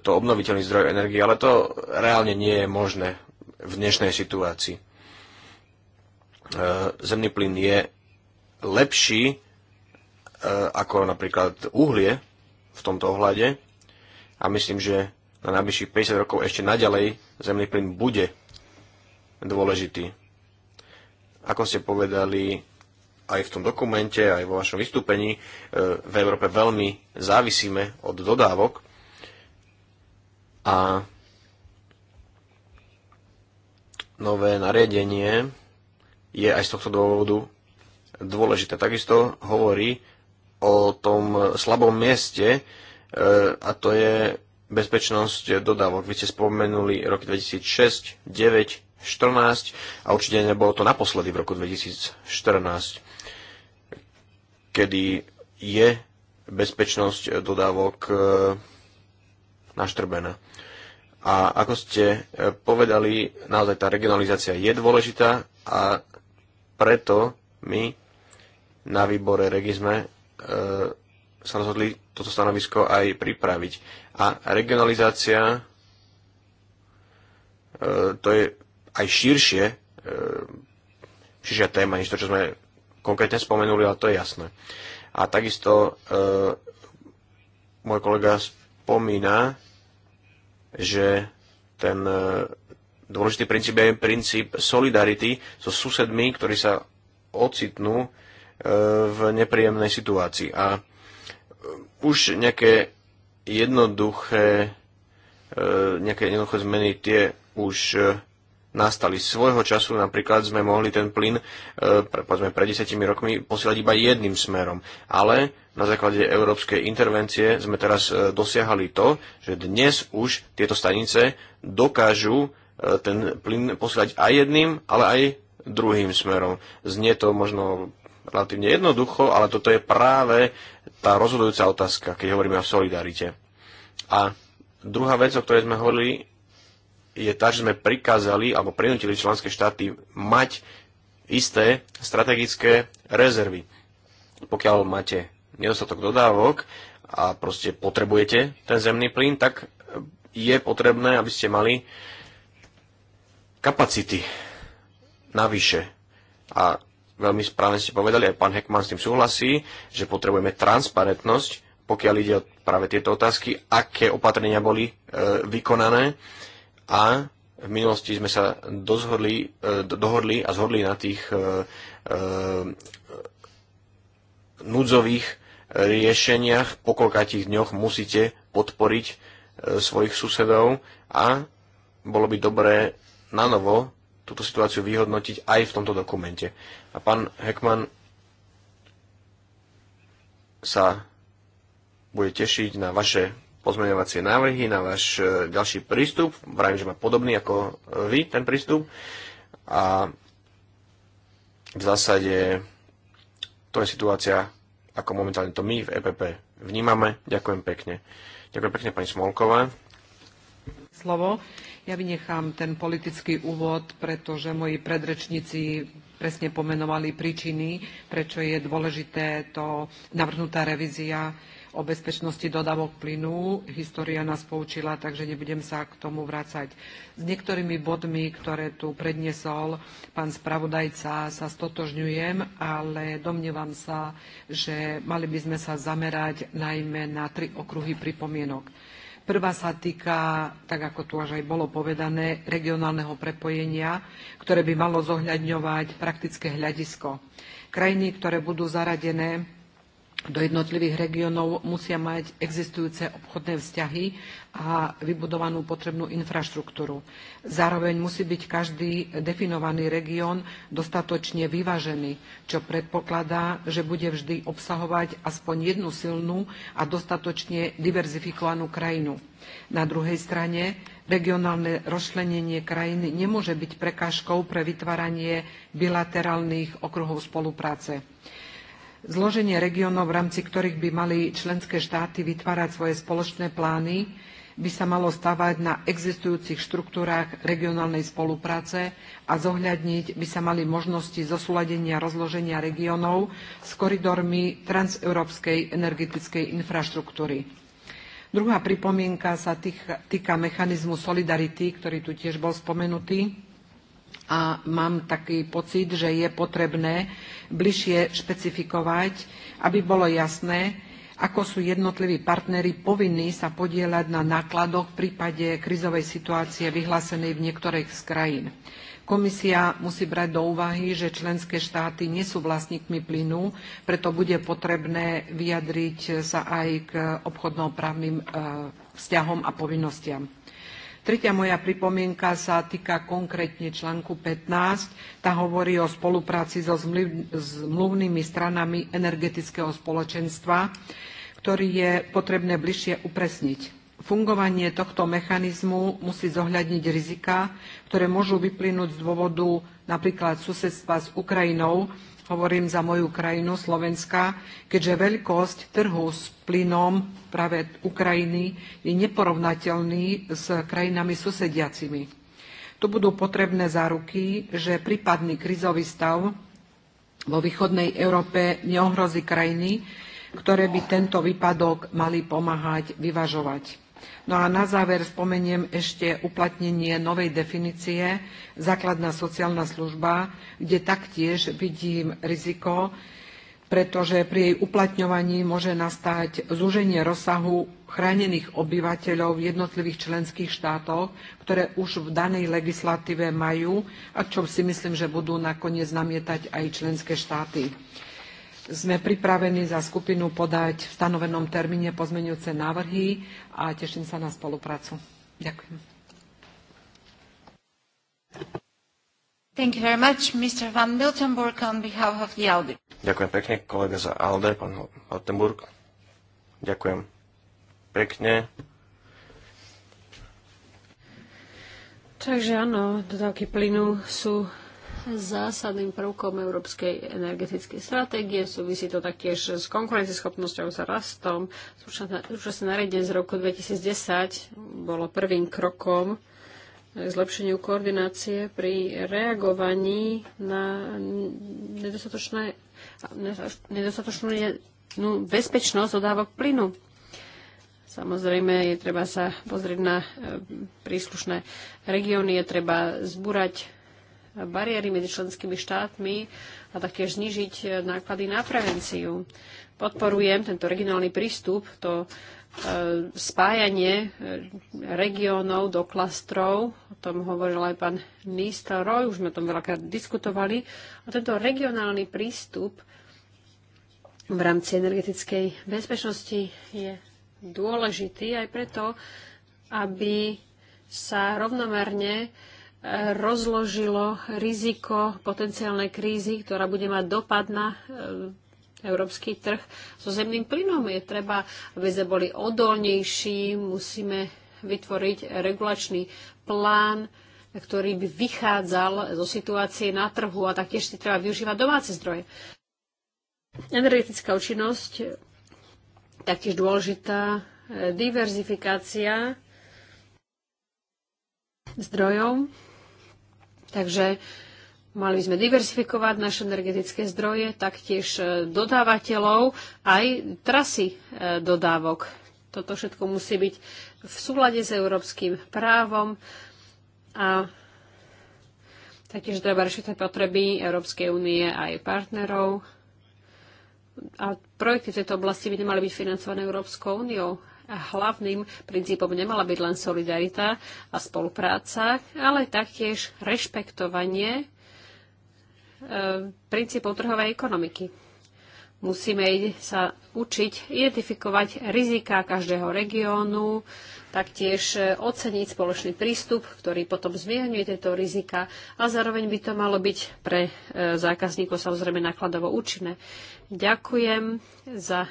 to obnoviteľný zdroj energie, ale to reálne nie je možné v dnešnej situácii. Zemný plyn je lepší ako napríklad uhlie v tomto ohľade a myslím, že na najbližších 50 rokov ešte naďalej zemný plyn bude dôležitý ako ste povedali aj v tom dokumente, aj vo vašom vystúpení, e, v Európe veľmi závisíme od dodávok a nové nariadenie je aj z tohto dôvodu dôležité. Takisto hovorí o tom slabom mieste e, a to je bezpečnosť dodávok. Vy ste spomenuli roky 2006, 2009 2014 a určite nebolo to naposledy v roku 2014, kedy je bezpečnosť dodávok e, naštrbená. A ako ste e, povedali, naozaj tá regionalizácia je dôležitá a preto my na výbore regi e, sa rozhodli toto stanovisko aj pripraviť. A regionalizácia to je aj širšie, e, širšia téma, než to, čo sme konkrétne spomenuli, ale to je jasné. A takisto e, môj kolega spomína, že ten e, dôležitý princíp je princíp solidarity so susedmi, ktorí sa ocitnú v nepríjemnej situácii. A už nejaké jednoduché, nejaké jednoduché zmeny tie už nastali. Svojho času napríklad sme mohli ten plyn, e, povedzme pred desiatimi rokmi, posielať iba jedným smerom. Ale na základe európskej intervencie sme teraz e, dosiahali to, že dnes už tieto stanice dokážu e, ten plyn posielať aj jedným, ale aj druhým smerom. Znie to možno relatívne jednoducho, ale toto je práve tá rozhodujúca otázka, keď hovoríme o solidarite. A druhá vec, o ktorej sme hovorili, je tá, že sme prikázali alebo prinútili členské štáty mať isté strategické rezervy. Pokiaľ máte nedostatok dodávok a proste potrebujete ten zemný plyn, tak je potrebné, aby ste mali kapacity navyše. A veľmi správne ste povedali, aj pán Heckman s tým súhlasí, že potrebujeme transparentnosť, pokiaľ ide o práve tieto otázky, aké opatrenia boli e, vykonané a v minulosti sme sa dozhodli, e, dohodli a zhodli na tých e, e, núdzových riešeniach, po koľkých dňoch musíte podporiť svojich susedov a bolo by dobré na novo túto situáciu vyhodnotiť aj v tomto dokumente. A pán Heckman sa bude tešiť na vaše pozmeňovacie návrhy, na váš e, ďalší prístup. Vravím, že má podobný ako e, vy ten prístup. A v zásade to je situácia, ako momentálne to my v EPP vnímame. Ďakujem pekne. Ďakujem pekne pani Smolková. Slovo. Ja vynechám ten politický úvod, pretože moji predrečníci presne pomenovali príčiny, prečo je dôležité to navrhnutá revízia o bezpečnosti dodávok plynu. História nás poučila, takže nebudem sa k tomu vrácať. S niektorými bodmi, ktoré tu predniesol pán spravodajca, sa stotožňujem, ale domnievam sa, že mali by sme sa zamerať najmä na tri okruhy pripomienok. Prvá sa týka, tak ako tu až aj bolo povedané, regionálneho prepojenia, ktoré by malo zohľadňovať praktické hľadisko. Krajiny, ktoré budú zaradené do jednotlivých regiónov musia mať existujúce obchodné vzťahy a vybudovanú potrebnú infraštruktúru. Zároveň musí byť každý definovaný región dostatočne vyvážený, čo predpokladá, že bude vždy obsahovať aspoň jednu silnú a dostatočne diverzifikovanú krajinu. Na druhej strane regionálne rozšlenenie krajiny nemôže byť prekážkou pre vytváranie bilaterálnych okruhov spolupráce zloženie regiónov, v rámci ktorých by mali členské štáty vytvárať svoje spoločné plány, by sa malo stavať na existujúcich štruktúrách regionálnej spolupráce a zohľadniť by sa mali možnosti zosúladenia rozloženia regiónov s koridormi transeurópskej energetickej infraštruktúry. Druhá pripomienka sa týka, týka mechanizmu solidarity, ktorý tu tiež bol spomenutý a mám taký pocit, že je potrebné bližšie špecifikovať, aby bolo jasné, ako sú jednotliví partnery povinní sa podieľať na nákladoch v prípade krizovej situácie vyhlásenej v niektorých z krajín. Komisia musí brať do úvahy, že členské štáty nie sú vlastníkmi plynu, preto bude potrebné vyjadriť sa aj k obchodnoprávnym e, vzťahom a povinnostiam. Tretia moja pripomienka sa týka konkrétne článku 15. Tá hovorí o spolupráci so zmluvnými stranami energetického spoločenstva, ktorý je potrebné bližšie upresniť. Fungovanie tohto mechanizmu musí zohľadniť rizika, ktoré môžu vyplynúť z dôvodu napríklad susedstva s Ukrajinou, hovorím za moju krajinu Slovenska, keďže veľkosť trhu s plynom práve Ukrajiny je neporovnateľný s krajinami susediacimi. Tu budú potrebné záruky, že prípadný krizový stav vo východnej Európe neohrozí krajiny, ktoré by tento výpadok mali pomáhať vyvažovať. No a na záver spomeniem ešte uplatnenie novej definície základná sociálna služba, kde taktiež vidím riziko, pretože pri jej uplatňovaní môže nastať zúženie rozsahu chránených obyvateľov v jednotlivých členských štátoch, ktoré už v danej legislatíve majú a čo si myslím, že budú nakoniec namietať aj členské štáty sme pripravení za skupinu podať v stanovenom termíne pozmeňujúce návrhy a teším sa na spoluprácu. Ďakujem. Thank you very much, Mr. Van Miltenburg on behalf of the ALDE. Ďakujem pekne, kolega za ALDE, pán Miltenburg. Ďakujem pekne. Takže áno, dodávky plynu sú zásadným prvkom európskej energetickej stratégie. Súvisí to taktiež s konkurencieschopnosťou, s rastom. Súčasné nariadenie z roku 2010 bolo prvým krokom zlepšeniu koordinácie pri reagovaní na nedostatočnú nedostatočnú bezpečnosť dodávok plynu. Samozrejme, je treba sa pozrieť na e, príslušné regióny, je treba zbúrať bariéry medzi členskými štátmi a taktiež znižiť náklady na prevenciu. Podporujem tento regionálny prístup, to e, spájanie e, regiónov do klastrov, o tom hovoril aj pán Nistelrooy, už sme o tom veľakrát diskutovali, a tento regionálny prístup v rámci energetickej bezpečnosti je dôležitý aj preto, aby sa rovnomerne rozložilo riziko potenciálnej krízy, ktorá bude mať dopad na e, európsky trh so zemným plynom. Je treba, aby sme boli odolnejší, musíme vytvoriť regulačný plán, ktorý by vychádzal zo situácie na trhu a taktiež si treba využívať domáce zdroje. Energetická účinnosť, taktiež dôležitá e, diverzifikácia zdrojov Takže mali by sme diversifikovať naše energetické zdroje, taktiež e, dodávateľov, aj trasy e, dodávok. Toto všetko musí byť v súlade s európskym právom a taktiež treba rešiť potreby Európskej únie aj partnerov a projekty v tejto oblasti by nemali byť financované Európskou úniou, hlavným princípom nemala byť len solidarita a spolupráca, ale taktiež rešpektovanie e, princípov trhovej ekonomiky. Musíme sa učiť identifikovať rizika každého regiónu, taktiež e, oceniť spoločný prístup, ktorý potom zmierňuje tieto rizika a zároveň by to malo byť pre e, zákazníkov samozrejme nákladovo účinné. Ďakujem za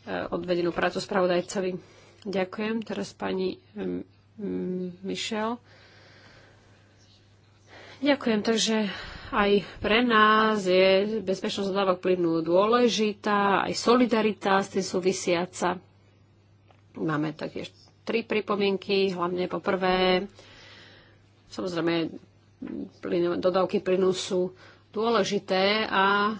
E, odvedenú prácu spravodajcovi. Ďakujem. Teraz pani e, Michel. Ďakujem. Takže aj pre nás je bezpečnosť dodávok plynu dôležitá, aj solidarita s tým súvisiaca. Máme taktiež tri pripomienky, hlavne po prvé. Samozrejme, dodávky plynu sú dôležité a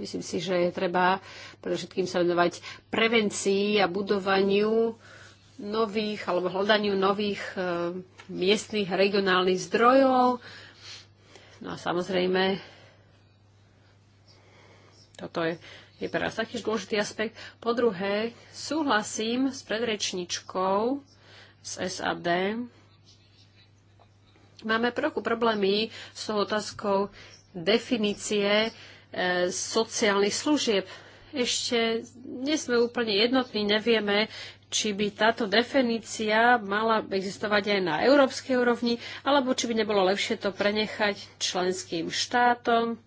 Myslím si, že je treba predovšetkým sa venovať prevencii a budovaniu nových alebo hľadaniu nových e, a regionálnych zdrojov. No a samozrejme, toto je, je pre nás taký dôležitý aspekt. Po druhé, súhlasím s predrečničkou z SAD. Máme trochu problémy s tou otázkou definície sociálnych služieb. Ešte nie sme úplne jednotní, nevieme, či by táto definícia mala existovať aj na európskej úrovni, alebo či by nebolo lepšie to prenechať členským štátom.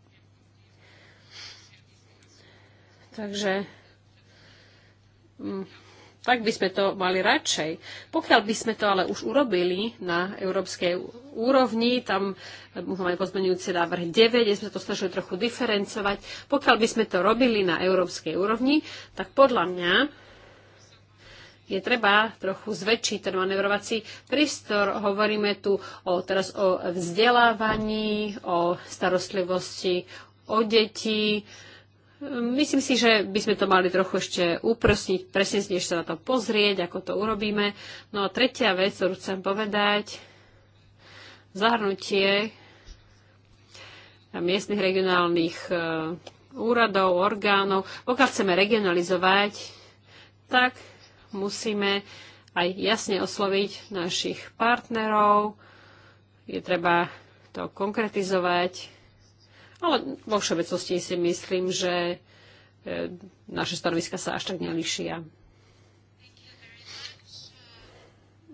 Takže mm, tak by sme to mali radšej. Pokiaľ by sme to ale už urobili na európskej úrovni, tam eh, máme pozmeňujúci návrh 9, kde sme to snažili trochu diferencovať. Pokiaľ by sme to robili na európskej úrovni, tak podľa mňa je treba trochu zväčšiť ten manevrovací prístor. Hovoríme tu o, teraz o vzdelávaní, o starostlivosti o deti, Myslím si, že by sme to mali trochu ešte uprosniť, presne si sa na to pozrieť, ako to urobíme. No a tretia vec, ktorú chcem povedať, zahrnutie miestnych regionálnych e, úradov, orgánov. Pokiaľ chceme regionalizovať, tak musíme aj jasne osloviť našich partnerov. Je treba to konkretizovať, ale vo všeobecnosti si myslím, že e, naše stanoviska sa až tak nelišia.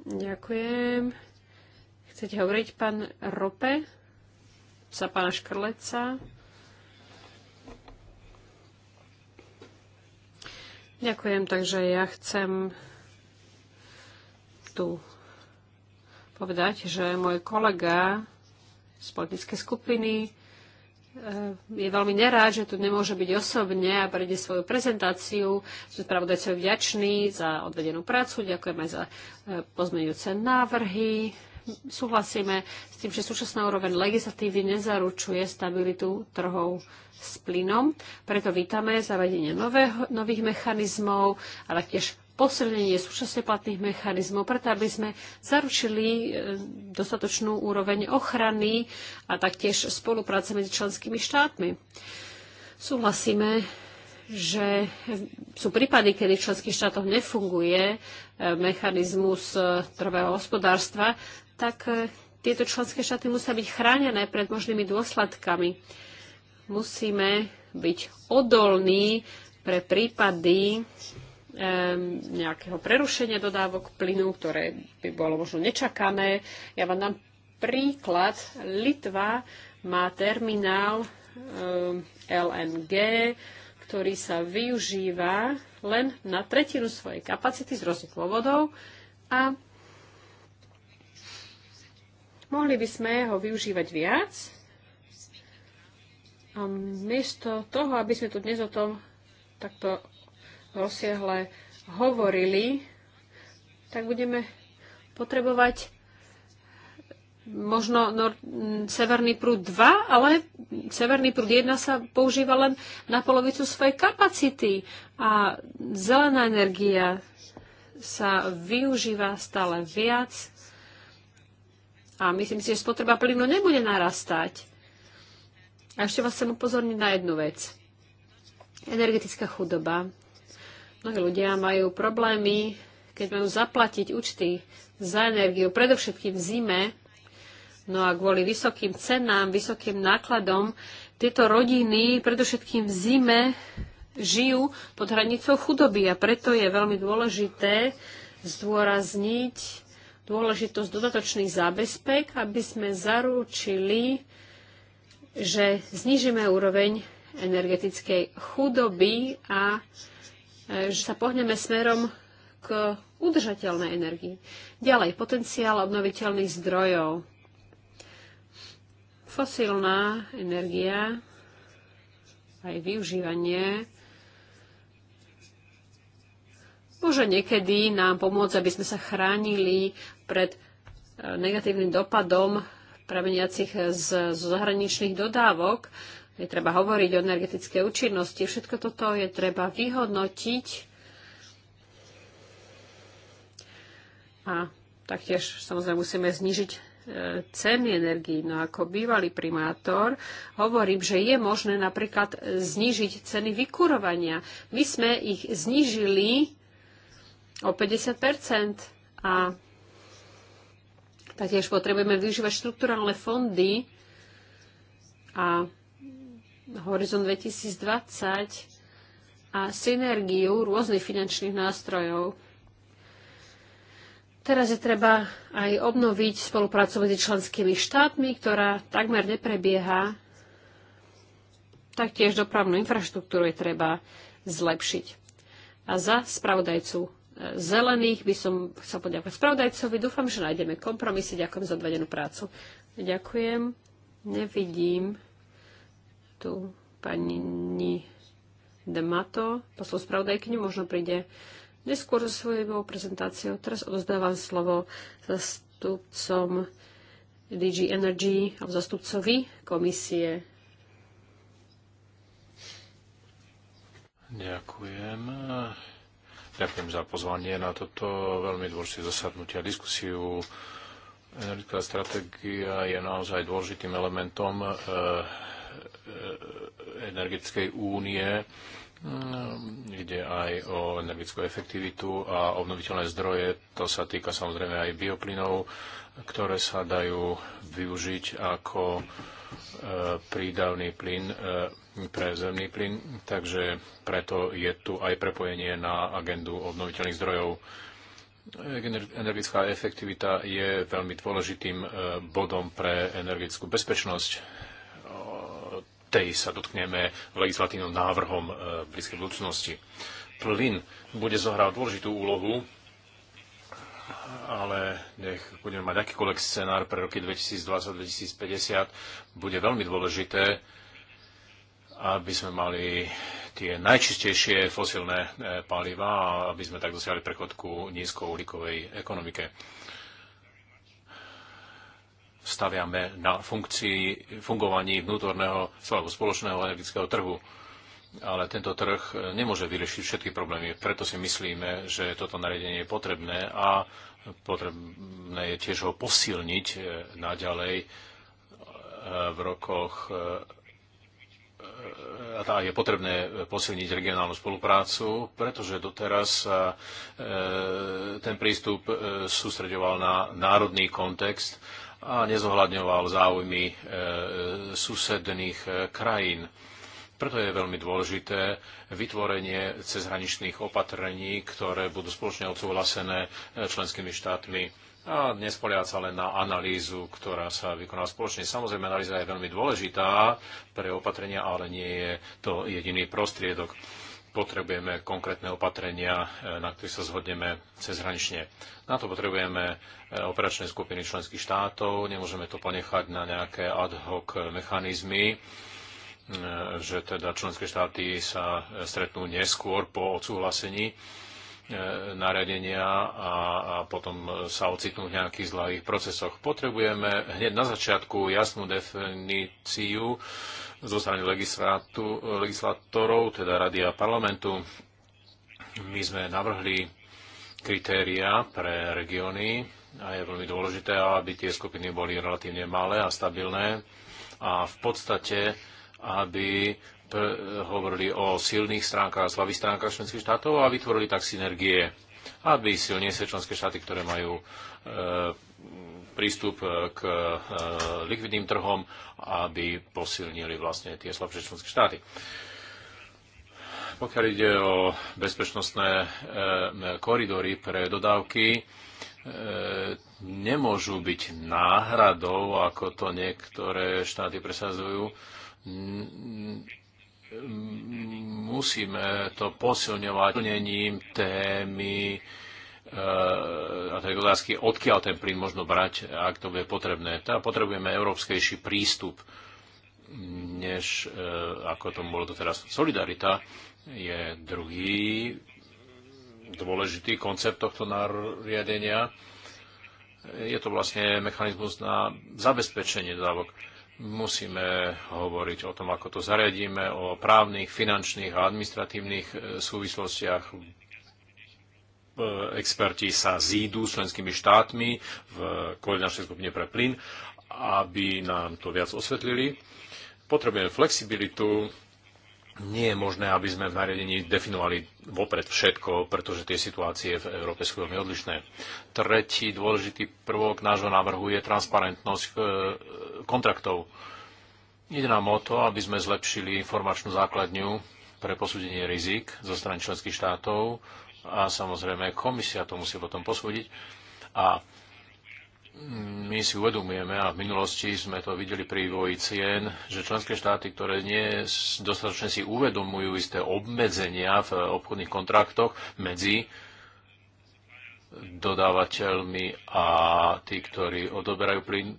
Ďakujem. Chcete hovoriť pán Rope za pána Škrleca? Ďakujem, takže ja chcem tu povedať, že môj kolega z politickej skupiny je veľmi nerád, že tu nemôže byť osobne a prejde svoju prezentáciu. Sme spravodajcovi vďační za odvedenú prácu, ďakujem aj za e, pozmeňujúce návrhy. Súhlasíme s tým, že súčasná úroveň legislatívy nezaručuje stabilitu trhov s plynom, preto vítame zavedenie nového, nových mechanizmov a taktiež posilnenie súčasne platných mechanizmov, preto aby sme zaručili e, dostatočnú úroveň ochrany a taktiež spolupráce medzi členskými štátmi. Súhlasíme, že sú prípady, kedy v členských štátoch nefunguje e, mechanizmus e, trvého hospodárstva, tak tieto členské štáty musia byť chránené pred možnými dôsledkami. Musíme byť odolní pre prípady, nejakého prerušenia dodávok plynu, ktoré by bolo možno nečakané. Ja vám dám príklad. Litva má terminál LNG, ktorý sa využíva len na tretinu svojej kapacity z rôznych dôvodov a mohli by sme ho využívať viac. A miesto toho, aby sme tu dnes o tom takto rozsiahle hovorili, tak budeme potrebovať možno nor- Severný prúd 2, ale Severný prúd 1 sa používa len na polovicu svojej kapacity a zelená energia sa využíva stále viac a myslím si, že spotreba plynu nebude narastať. A ešte vás chcem upozorniť na jednu vec. Energetická chudoba. Mnohí ľudia majú problémy, keď majú zaplatiť účty za energiu, predovšetkým v zime, no a kvôli vysokým cenám, vysokým nákladom, tieto rodiny, predovšetkým v zime, žijú pod hranicou chudoby a preto je veľmi dôležité zdôrazniť dôležitosť dodatočných zábezpek, aby sme zaručili, že znižíme úroveň energetickej chudoby a E, že sa pohneme smerom k udržateľnej energii. Ďalej, potenciál obnoviteľných zdrojov. Fosílna energia, aj využívanie, môže niekedy nám pomôcť, aby sme sa chránili pred e, negatívnym dopadom prameniacich z, z zahraničných dodávok, je treba hovoriť o energetickej účinnosti. Všetko toto je treba vyhodnotiť a taktiež samozrejme musíme znižiť e, ceny energií. No ako bývalý primátor hovorím, že je možné napríklad znižiť ceny vykurovania. My sme ich znižili o 50 a taktiež potrebujeme využívať štruktúralne fondy a Horizon 2020 a synergiu rôznych finančných nástrojov. Teraz je treba aj obnoviť spoluprácu medzi členskými štátmi, ktorá takmer neprebieha. Taktiež dopravnú infraštruktúru je treba zlepšiť. A za spravodajcu e, zelených by som chcel poďakovať spravodajcovi. Dúfam, že nájdeme kompromisy. Ďakujem za odvedenú prácu. Ďakujem. Nevidím tu pani Demato, poslú spravodajkyňu, možno príde neskôr so svojou prezentáciou. Teraz odozdávam slovo zastupcom DG Energy a zastupcovi komisie. Ďakujem. Ďakujem za pozvanie na toto veľmi dôležité zasadnutie a diskusiu. Energetická stratégia je naozaj dôležitým elementom e, Eh, energetickej únie, eh, ide aj o energetickú efektivitu a obnoviteľné zdroje. To sa týka samozrejme aj bioplynov, ktoré sa dajú využiť ako eh, prídavný plyn pre zemný plyn, takže preto je tu aj prepojenie na agendu obnoviteľných zdrojov. Energetická efektivita je veľmi dôležitým bodom pre energetickú bezpečnosť tej sa dotkneme legislatívnym návrhom v e, blízkej budúcnosti. Plyn bude zohrávať dôležitú úlohu, ale nech budeme mať akýkoľvek scenár pre roky 2020-2050, bude veľmi dôležité, aby sme mali tie najčistejšie fosilné e, paliva a aby sme tak dosiahli prechod ku nízkouhlíkovej ekonomike staviame na funkcii, fungovaní vnútorného celého spoločného energetického trhu. Ale tento trh e, nemôže vyriešiť všetky problémy. Preto si myslíme, že toto nariadenie je potrebné a potrebné je tiež ho posilniť e, naďalej e, v rokoch a je potrebné posilniť regionálnu spoluprácu, pretože doteraz ten prístup sústreďoval na národný kontext a nezohľadňoval záujmy e, susedných e, krajín. Preto je veľmi dôležité vytvorenie cezhraničných opatrení, ktoré budú spoločne odsúhlasené e, členskými štátmi a nespoliať sa len na analýzu, ktorá sa vykoná spoločne. Samozrejme, analýza je veľmi dôležitá pre opatrenia, ale nie je to jediný prostriedok potrebujeme konkrétne opatrenia, e, na ktorých sa zhodneme cezhranične. Na to potrebujeme e, operačné skupiny členských štátov, nemôžeme to ponechať na nejaké ad hoc mechanizmy, e, že teda členské štáty sa stretnú neskôr po odsúhlasení nariadenia a, a potom sa ocitnú v nejakých zlých procesoch. Potrebujeme hneď na začiatku jasnú definíciu zo strany legislátorov, teda Rady a parlamentu. My sme navrhli kritéria pre regióny a je veľmi dôležité, aby tie skupiny boli relatívne malé a stabilné a v podstate, aby hovorili o silných stránkach a slabých stránkach členských štátov a vytvorili tak synergie, aby silnejšie členské štáty, ktoré majú e, prístup e, k e, likvidným trhom, aby posilnili vlastne tie slabšie členské štáty. Pokiaľ ide o bezpečnostné e, koridory pre dodávky, nemôžu byť náhradou, ako to niektoré štáty presadzujú. Musíme to posilňovať plnením témy Eh, a tej otázky, odkiaľ ten plyn možno brať, ak to bude potrebné. Tá teda potrebujeme európskejší prístup, než eh, ako tomu bolo to teraz. Solidarita je druhý dôležitý koncept tohto nariadenia. Je to vlastne mechanizmus na zabezpečenie dávok. Musíme hovoriť o tom, ako to zariadíme, o právnych, finančných a administratívnych eh, súvislostiach E, experti sa zídu s členskými štátmi v koordinačnej skupine pre plyn, aby nám to viac osvetlili. Potrebujeme flexibilitu. Nie je možné, aby sme v nariadení definovali vopred všetko, pretože tie situácie v Európe sú veľmi odlišné. Tretí dôležitý prvok nášho návrhu je transparentnosť e, kontraktov. Ide nám o to, aby sme zlepšili informačnú základňu pre posúdenie rizik zo strany členských štátov, a samozrejme komisia to musí potom posúdiť a my si uvedomujeme, a v minulosti sme to videli pri vývoji cien, že členské štáty, ktoré nie dostatočne si uvedomujú isté obmedzenia v obchodných kontraktoch medzi dodávateľmi a tí, ktorí odoberajú plyn,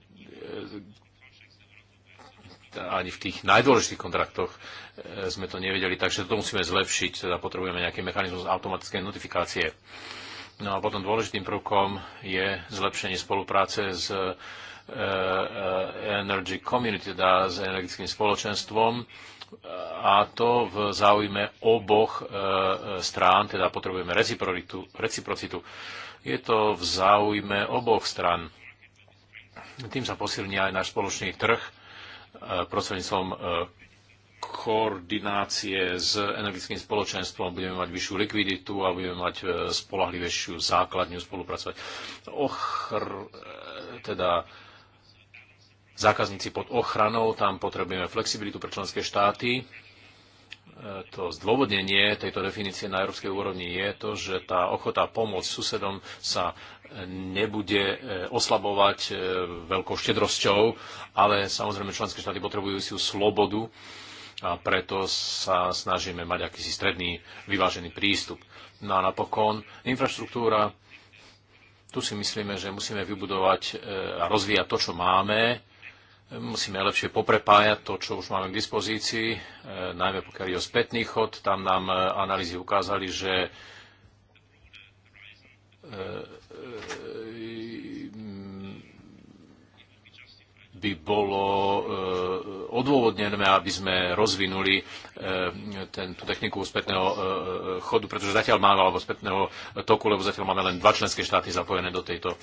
ani v tých najdôležitých kontraktoch e, sme to nevedeli, takže to musíme zlepšiť, teda potrebujeme nejaký mechanizmus automatickej notifikácie. No a potom dôležitým prvkom je zlepšenie spolupráce s e, e, Energy Community, teda s energetickým spoločenstvom a to v záujme oboch strán, teda potrebujeme reciprocitu. Je to v záujme oboch strán. Tým sa posilní aj náš spoločný trh prostredníctvom e, koordinácie s energetickým spoločenstvom budeme mať vyššiu likviditu a budeme mať e, spolahlivejšiu základňu spolupracovať. Ochr, e, teda zákazníci pod ochranou, tam potrebujeme flexibilitu pre členské štáty to zdôvodnenie tejto definície na európskej úrovni je to, že tá ochota pomôcť susedom sa nebude e, oslabovať e, veľkou štedrosťou, ale samozrejme členské štáty potrebujú si slobodu a preto sa snažíme mať akýsi stredný vyvážený prístup. No a napokon infraštruktúra, tu si myslíme, že musíme vybudovať e, a rozvíjať to, čo máme, Musíme lepšie poprepájať to, čo už máme k dispozícii, e, najmä pokiaľ je o spätný chod. Tam nám e, analýzy ukázali, že e, by bolo eh, odôvodnené, aby sme rozvinuli eh, ten, tú techniku spätného eh, chodu, pretože zatiaľ máme, alebo spätného toku, lebo zatiaľ máme len dva členské štáty zapojené do, tejto,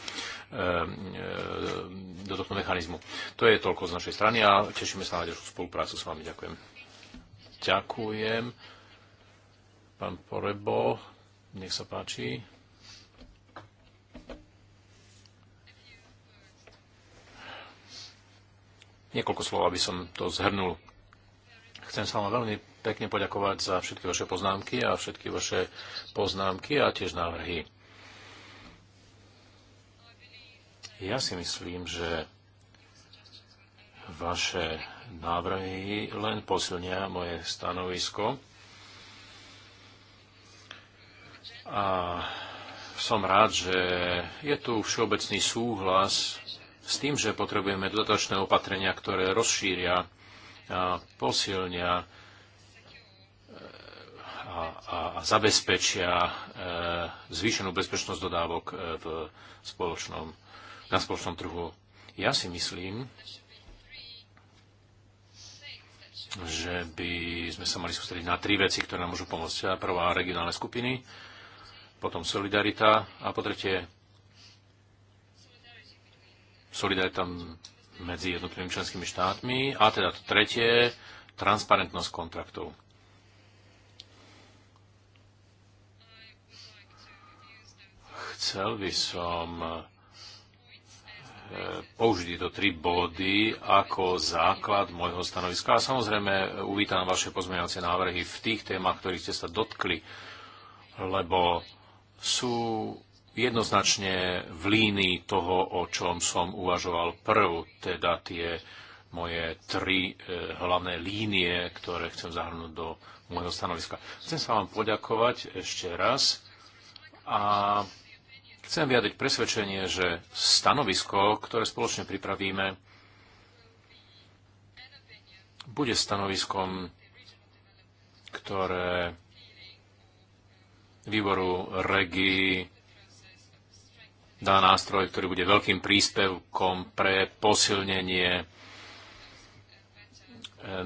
do tohto mechanizmu. To je toľko z našej strany a tešíme sa na ďalšiu spoluprácu s vami. Ďakujem. Ďakujem. Pán Porebo, nech sa páči. Niekoľko slov, aby som to zhrnul. Chcem sa vám veľmi pekne poďakovať za všetky vaše poznámky a všetky vaše poznámky a tiež návrhy. Ja si myslím, že vaše návrhy len posilnia moje stanovisko a som rád, že je tu všeobecný súhlas s tým, že potrebujeme dodatočné opatrenia, ktoré rozšíria, a posilnia e, a, a, a zabezpečia e, zvýšenú bezpečnosť dodávok e, v spoločnom, na spoločnom trhu. Ja si myslím, že by sme sa mali sústrediť na tri veci, ktoré nám môžu pomôcť. Prvá, regionálne skupiny, potom solidarita a po tretie, solidarita medzi jednotlivými členskými štátmi a teda to tretie, transparentnosť kontraktov. Chcel by som e, použiť tieto tri body ako základ môjho stanoviska. A samozrejme, uvítam vaše pozmeňovacie návrhy v tých témach, ktorých ste sa dotkli, lebo sú jednoznačne v línii toho, o čom som uvažoval prv, teda tie moje tri e, hlavné línie, ktoré chcem zahrnúť do môjho stanoviska. Chcem sa vám poďakovať ešte raz a chcem vyjadriť presvedčenie, že stanovisko, ktoré spoločne pripravíme, bude stanoviskom, ktoré výboru regii dá nástroj, ktorý bude veľkým príspevkom pre posilnenie e,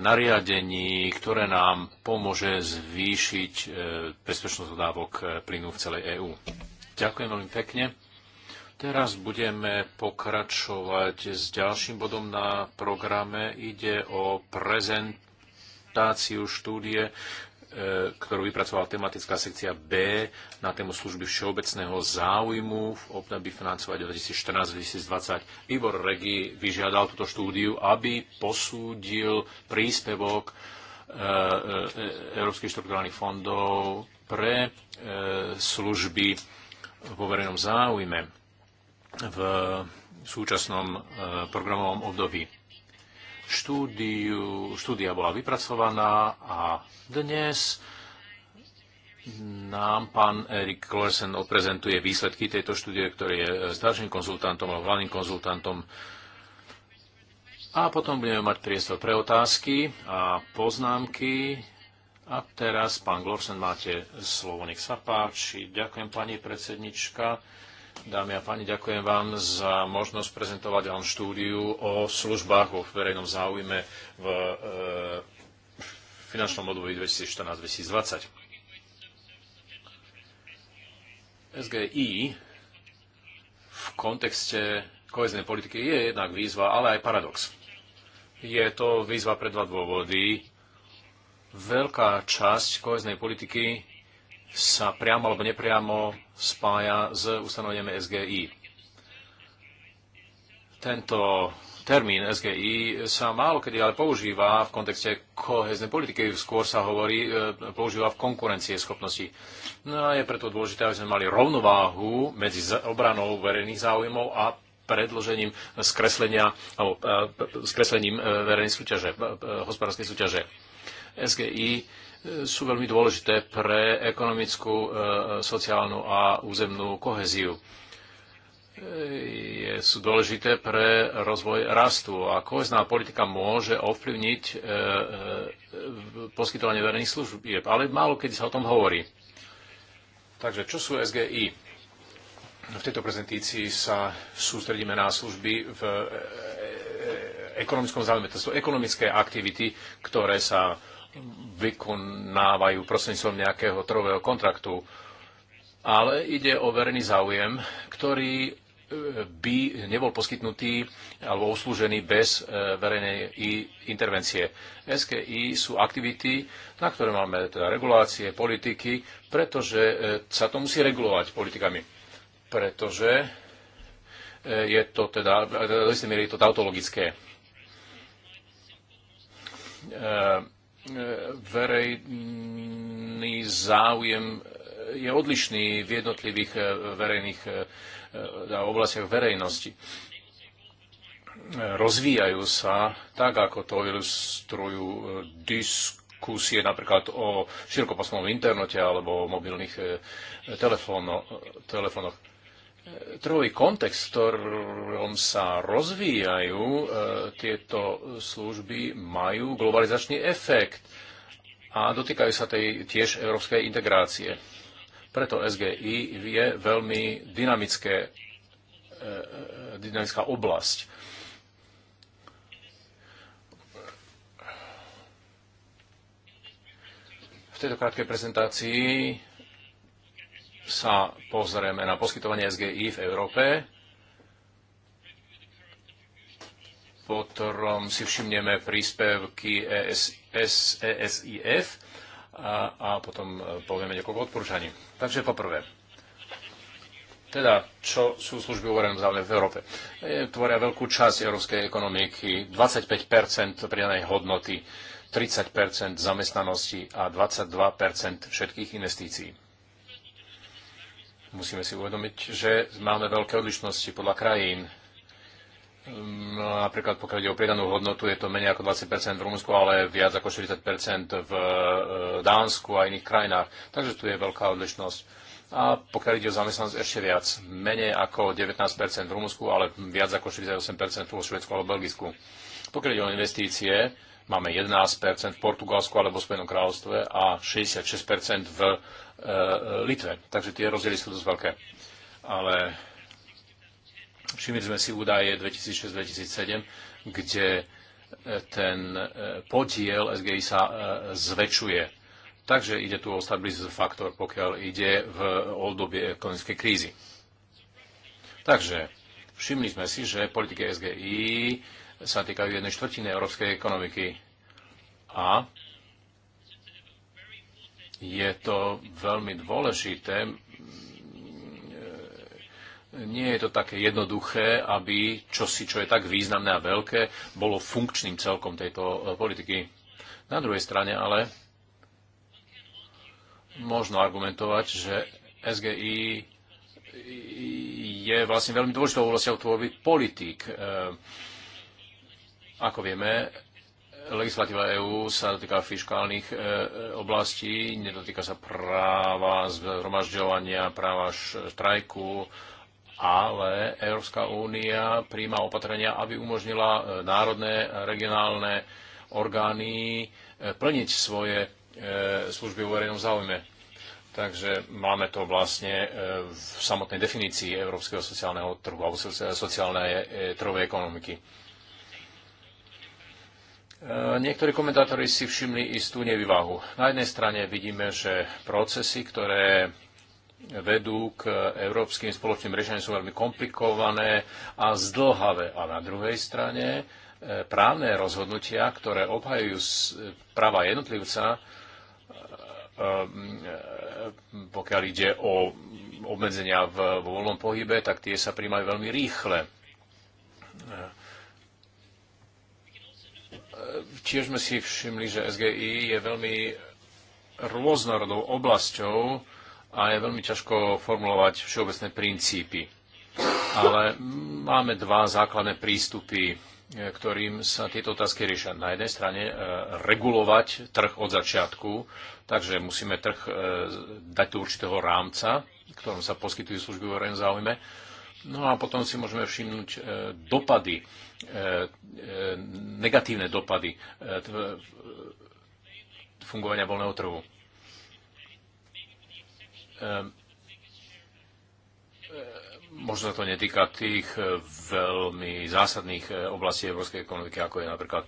nariadení, ktoré nám pomôže zvýšiť e, bezpečnosť dodávok e, plynu v celej EÚ. Ďakujem veľmi pekne. Teraz budeme pokračovať s ďalším bodom na programe. Ide o prezentáciu štúdie E, ktorú vypracovala tematická sekcia B na tému služby všeobecného záujmu v období financovať 2014-2020. Výbor Regi vyžiadal túto štúdiu, aby posúdil príspevok e, e, Európskych štrukturálnych fondov pre služby vo verejnom záujme v súčasnom programovom období štúdiu, štúdia bola vypracovaná a dnes nám pán Erik Klorsen oprezentuje výsledky tejto štúdie, ktorý je starším konzultantom alebo hlavným konzultantom. A potom budeme mať priestor pre otázky a poznámky. A teraz, pán Glorsen, máte slovo, nech sa páči. Ďakujem, pani predsednička. Dámy a páni, ďakujem vám za možnosť prezentovať vám štúdiu o službách vo verejnom záujme v e, finančnom období 2014-2020. SGI v kontekste koheznej politiky je jednak výzva, ale aj paradox. Je to výzva pre dva dôvody. Veľká časť koheznej politiky sa priamo alebo nepriamo spája s ustanoveniami SGI. Tento termín SGI sa málo kedy ale používa v kontexte koheznej politiky, skôr sa hovorí, e, používa v konkurencie schopnosti. No a je preto dôležité, aby sme mali rovnováhu medzi obranou verejných záujmov a predložením skreslenia, alebo e, skreslením e, verejnej súťaže, hospodárskej súťaže. SGI sú veľmi dôležité pre ekonomickú, e, sociálnu a územnú koheziu. E, je, sú dôležité pre rozvoj rastu a kohezná politika môže ovplyvniť e, e, poskytovanie verejných služieb, ale málo kedy sa o tom hovorí. Takže čo sú SGI? V tejto prezentácii sa sústredíme na služby v e, ekonomickom záujme. To sú ekonomické aktivity, ktoré sa vykonávajú prostredníctvom nejakého trhového kontraktu. Ale ide o verejný záujem, ktorý e, by nebol poskytnutý alebo uslúžený bez e, verejnej intervencie. SKI sú aktivity, na ktoré máme teda regulácie, politiky, pretože e, sa to musí regulovať politikami. Pretože je to teda, do istej miery je to tautologické verejný záujem je odlišný v jednotlivých eh, verejných eh, oblastiach verejnosti. Rozvíjajú sa tak, ako to ilustrujú eh, diskusie napríklad o širokopasmovom internete alebo o mobilných telefónoch trhový kontext, v ktorom sa rozvíjajú e, tieto služby, majú globalizačný efekt a dotýkajú sa tej tiež európskej integrácie. Preto SGI je veľmi dynamické, e, e, dynamická oblasť. V tejto krátkej prezentácii sa pozrieme na poskytovanie SGI v Európe, potom si všimneme príspevky ESS, ESIF a, a potom povieme niekoľko odporúčaní. Takže poprvé, teda čo sú služby uverejného záujmu v Európe. E, tvoria veľkú časť európskej ekonomiky, 25 pridanej hodnoty, 30 zamestnanosti a 22 všetkých investícií. Musíme si uvedomiť, že máme veľké odlišnosti podľa krajín. Mm, napríklad pokiaľ ide o pridanú hodnotu, je to menej ako 20% v Rumunsku, ale viac ako 40% v e, Dánsku a iných krajinách. Takže tu je veľká odlišnosť. A pokiaľ ide o zamestnanosť ešte viac, menej ako 19% v Rumunsku, ale viac ako 48% vo Švedsku alebo Belgisku. Pokiaľ ide o investície, máme 11% v Portugalsku alebo Spojenom kráľovstve a 66% v Eh, Litve. Takže tie rozdiely sú dosť veľké. Ale všimli sme si údaje 2006-2007, kde eh, ten eh, podiel SGI sa zväčšuje. Takže ide tu o stabilizujúci faktor, pokiaľ ide v obdobie ekonomickej krízy. Takže všimli sme si, že politiky SGI sa týkajú jednej štvrtiny európskej ekonomiky a je to veľmi dôležité. Nie je to také jednoduché, aby čosi, čo je tak významné a veľké, bolo funkčným celkom tejto e, politiky. Na druhej strane ale možno argumentovať, že SGI je vlastne veľmi dôležitou oblasťou tvorby politik. E, ako vieme, legislatíva EÚ sa dotýka fiskálnych e, e, oblastí, nedotýka sa práva zhromažďovania, práva štrajku, ale Európska únia príjma opatrenia, aby umožnila e, národné, regionálne orgány plniť svoje služby v verejnom záujme. Takže máme to vlastne v samotnej definícii Európskeho sociálneho trhu alebo sociálnej trhovej ekonomiky. E, niektorí komentátori si všimli istú nevyvahu. Na jednej strane vidíme, že procesy, ktoré vedú k európskym spoločným riešeniam, sú veľmi komplikované a zdlhavé. A na druhej strane e, právne rozhodnutia, ktoré obhajujú práva jednotlivca, e, pokiaľ ide o obmedzenia v voľnom pohybe, tak tie sa príjmajú veľmi rýchle tiež sme si všimli, že SGI je veľmi rôznorodou oblasťou a je veľmi ťažko formulovať všeobecné princípy. Ale máme dva základné prístupy, e, ktorým sa tieto otázky riešia. Na jednej strane e, regulovať trh od začiatku, takže musíme trh e, dať do určitého rámca, ktorom sa poskytujú služby v verejnom záujme. No a potom si môžeme všimnúť dopady E, e, negatívne dopady e, fungovania voľného trhu. Možno sa to netýka tých veľmi zásadných oblastí európskej ekonomiky, ako je napríklad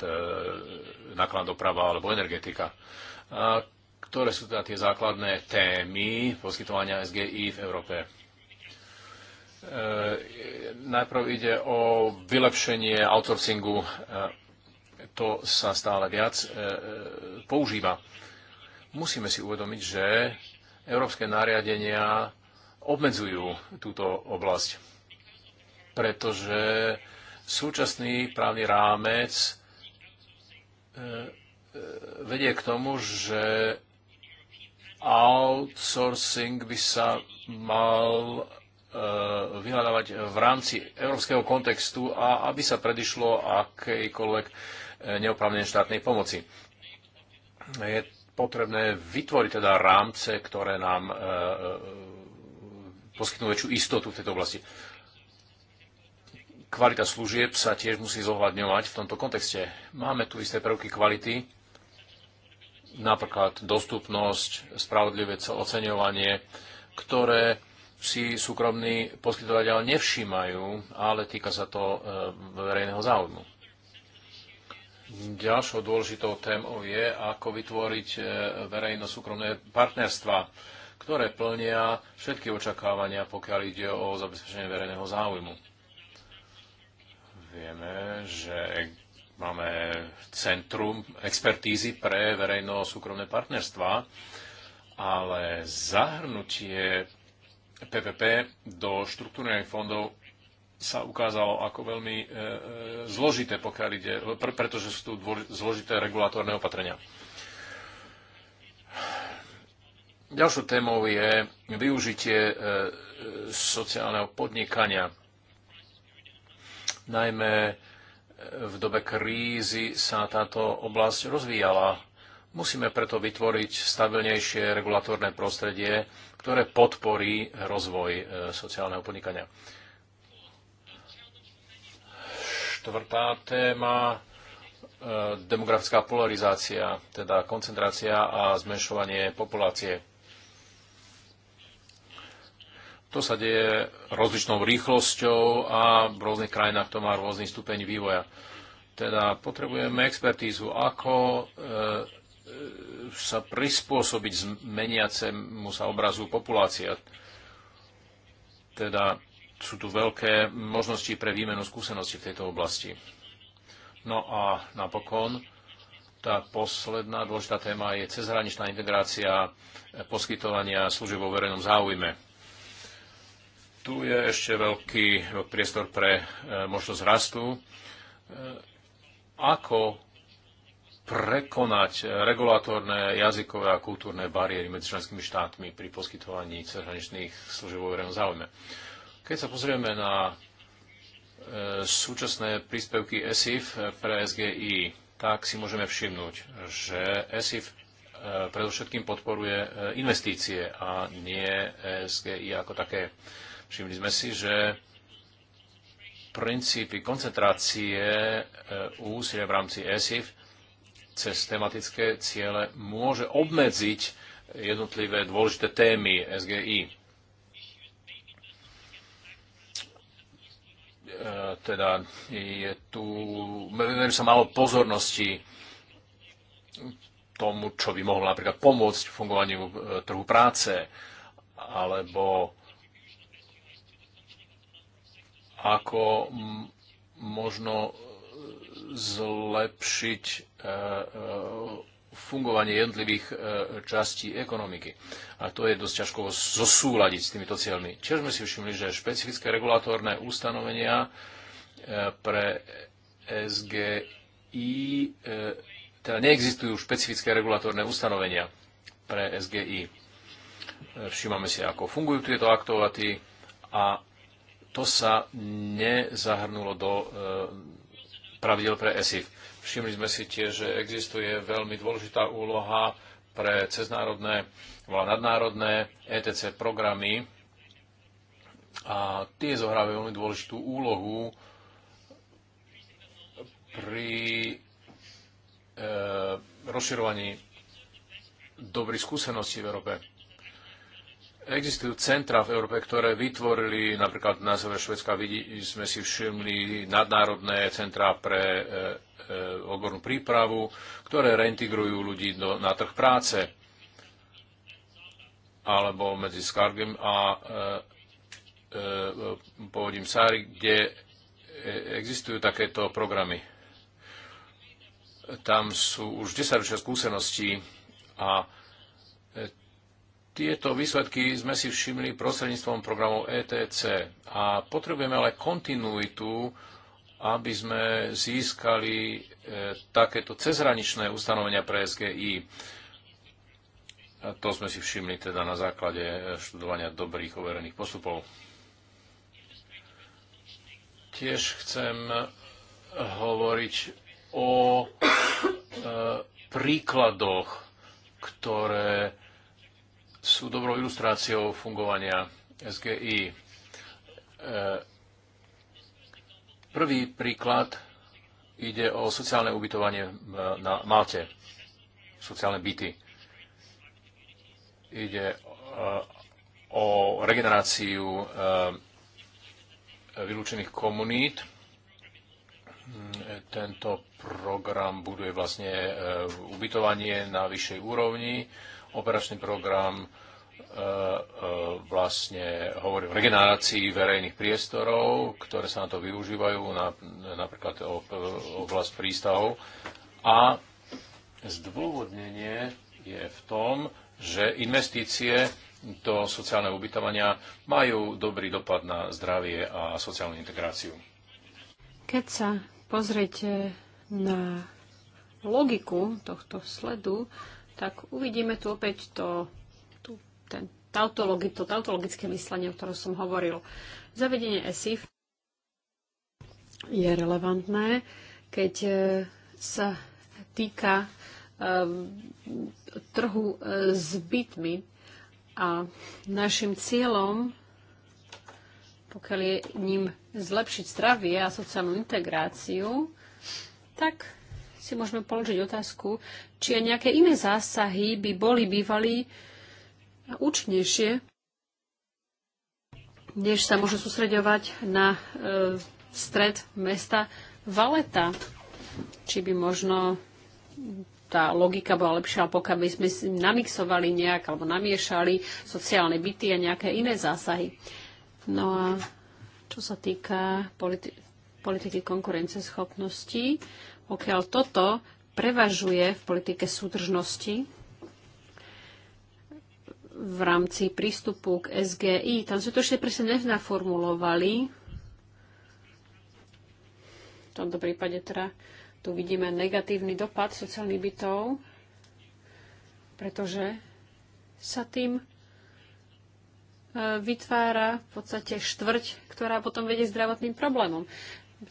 náklad doprava alebo energetika, ktoré sú teda tie základné témy poskytovania SGI v Európe E, najprv ide o vylepšenie outsourcingu. E, to sa stále viac e, používa. Musíme si uvedomiť, že európske nariadenia obmedzujú túto oblasť, pretože súčasný právny rámec vedie k tomu, že outsourcing by sa mal Eh, vyhľadávať v rámci európskeho kontextu a aby sa predišlo akejkoľvek eh, neoprávnenej štátnej pomoci. Je potrebné vytvoriť teda rámce, ktoré nám eh, poskytnú väčšiu istotu v tejto oblasti. Kvalita služieb sa tiež musí zohľadňovať v tomto kontexte. Máme tu isté prvky kvality, napríklad dostupnosť, spravodlivé oceňovanie, ktoré si súkromní poskytovateľ nevšímajú, ale týka sa to e, verejného záujmu. Ďalšou dôležitou témou je, ako vytvoriť e, verejno-súkromné partnerstva, ktoré plnia všetky očakávania, pokiaľ ide o zabezpečenie verejného záujmu. Vieme, že máme centrum expertízy pre verejno-súkromné partnerstva, ale zahrnutie PPP do štruktúrnych fondov sa ukázalo ako veľmi e, e zložité, pokiaľ ide, pre, pretože sú tu dôl, zložité regulatórne opatrenia. Ďalšou témou je využitie e, e sociálneho podnikania. Najmä e, v dobe krízy sa táto oblasť rozvíjala. Musíme preto vytvoriť stabilnejšie regulatórne prostredie, ktoré podporí rozvoj e, sociálneho podnikania. Štvrtá téma e, demografická polarizácia, teda koncentrácia a zmenšovanie populácie. To sa deje rozličnou rýchlosťou a v rôznych krajinách to má rôzny stupeň vývoja. Teda potrebujeme expertízu, ako e, sa prispôsobiť zmeniacemu sa obrazu populácia. Teda sú tu veľké možnosti pre výmenu skúseností v tejto oblasti. No a napokon tá posledná dôležitá téma je cezhraničná integrácia poskytovania služieb vo verejnom záujme. Tu je ešte veľký priestor pre e, možnosť rastu. E, ako prekonať eh, regulatórne, jazykové a kultúrne bariéry medzi členskými štátmi pri poskytovaní cezhraničných služieb vo verejnom záujme. Keď sa pozrieme na eh, súčasné príspevky ESIF eh, pre SGI, tak si môžeme všimnúť, že ESIF predovšetkým podporuje investície a nie e SGI ako také. Všimli sme si, že princípy koncentrácie úsilia v rámci ESIF cez tematické ciele môže obmedziť jednotlivé dôležité témy SGI. E, teda je tu, venujem sa málo pozornosti tomu, čo by mohlo napríklad pomôcť fungovaniu e, trhu práce, alebo ako možno e, zlepšiť E, e, fungovanie jednotlivých e, častí ekonomiky. A to je dosť ťažko zosúľadiť s týmito cieľmi. Čiže sme si všimli, že špecifické regulatórne ustanovenia pre SGI, teda neexistujú špecifické regulatórne ustanovenia pre SGI. Všímame si, ako fungujú tieto aktovaty a to sa nezahrnulo do pravidel pre ESIF. Všimli sme si tiež, že existuje veľmi dôležitá úloha pre ceznárodné, volá nadnárodné ETC programy a tie zohrávajú veľmi dôležitú úlohu pri e, rozširovaní dobrých skúseností v Európe. Existujú centra v Európe, ktoré vytvorili, napríklad na severe Švedska vidí, sme si všimli nadnárodné centra pre e, e, odbornú prípravu, ktoré reintegrujú ľudí do, na trh práce alebo medzi Skargem a e, e, povodím Sári, kde e, existujú takéto programy. Tam sú už 10 skúseností a tieto výsledky sme si všimli prostredníctvom programov ETC a potrebujeme ale kontinuitu, aby sme získali e, takéto cezhraničné ustanovenia pre SGI. A to sme si všimli teda na základe e, študovania dobrých overených postupov. Tiež chcem e, hovoriť o e, príkladoch, ktoré sú dobrou ilustráciou fungovania SGI. E, prvý príklad ide o sociálne ubytovanie e, na Malte, sociálne byty. Ide e, o regeneráciu vylúčených komunít. Tento program buduje vlastne ubytovanie na vyššej úrovni operačný program e, e, vlastne hovorí o regenerácii verejných priestorov, ktoré sa na to využívajú, napríklad e, oblasť prístavov. A zdôvodnenie je v tom, že investície do sociálneho ubytovania majú dobrý dopad na zdravie a sociálnu integráciu. Keď sa pozriete na logiku tohto sledu, tak uvidíme tu opäť to, tu, ten, tautologi, to tautologické myslenie, o ktorom som hovoril. Zavedenie ESIF je relevantné, keď e, sa týka e, trhu e, s bytmi a našim cieľom, pokiaľ je ním zlepšiť zdravie a sociálnu integráciu, tak si môžeme položiť otázku, či aj nejaké iné zásahy by boli bývali účinnejšie, než sa môžu sústreďovať na e, stred mesta Valeta. Či by možno tá logika bola lepšia, pokiaľ by sme namixovali nejak alebo namiešali sociálne byty a nejaké iné zásahy. No a čo sa týka politi- politiky konkurenceschopnosti, pokiaľ toto prevažuje v politike súdržnosti v rámci prístupu k SGI, tam sme to ešte presne neznaformulovali. V tomto prípade teda tu vidíme negatívny dopad sociálnych bytov, pretože sa tým e, vytvára v podstate štvrť, ktorá potom vedie zdravotným problémom.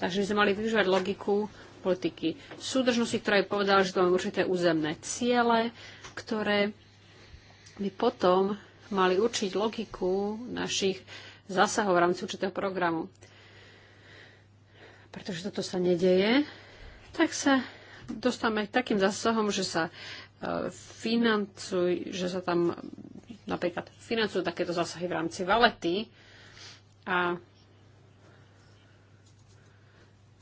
Takže by sme mali využívať logiku politiky súdržnosti, ktorá je povedala, že to má určité územné ciele, ktoré by potom mali určiť logiku našich zásahov v rámci určitého programu. Pretože toto sa nedeje, tak sa dostávame k takým zásahom, že sa e, financujú, že sa tam napríklad financujú takéto zásahy v rámci valety a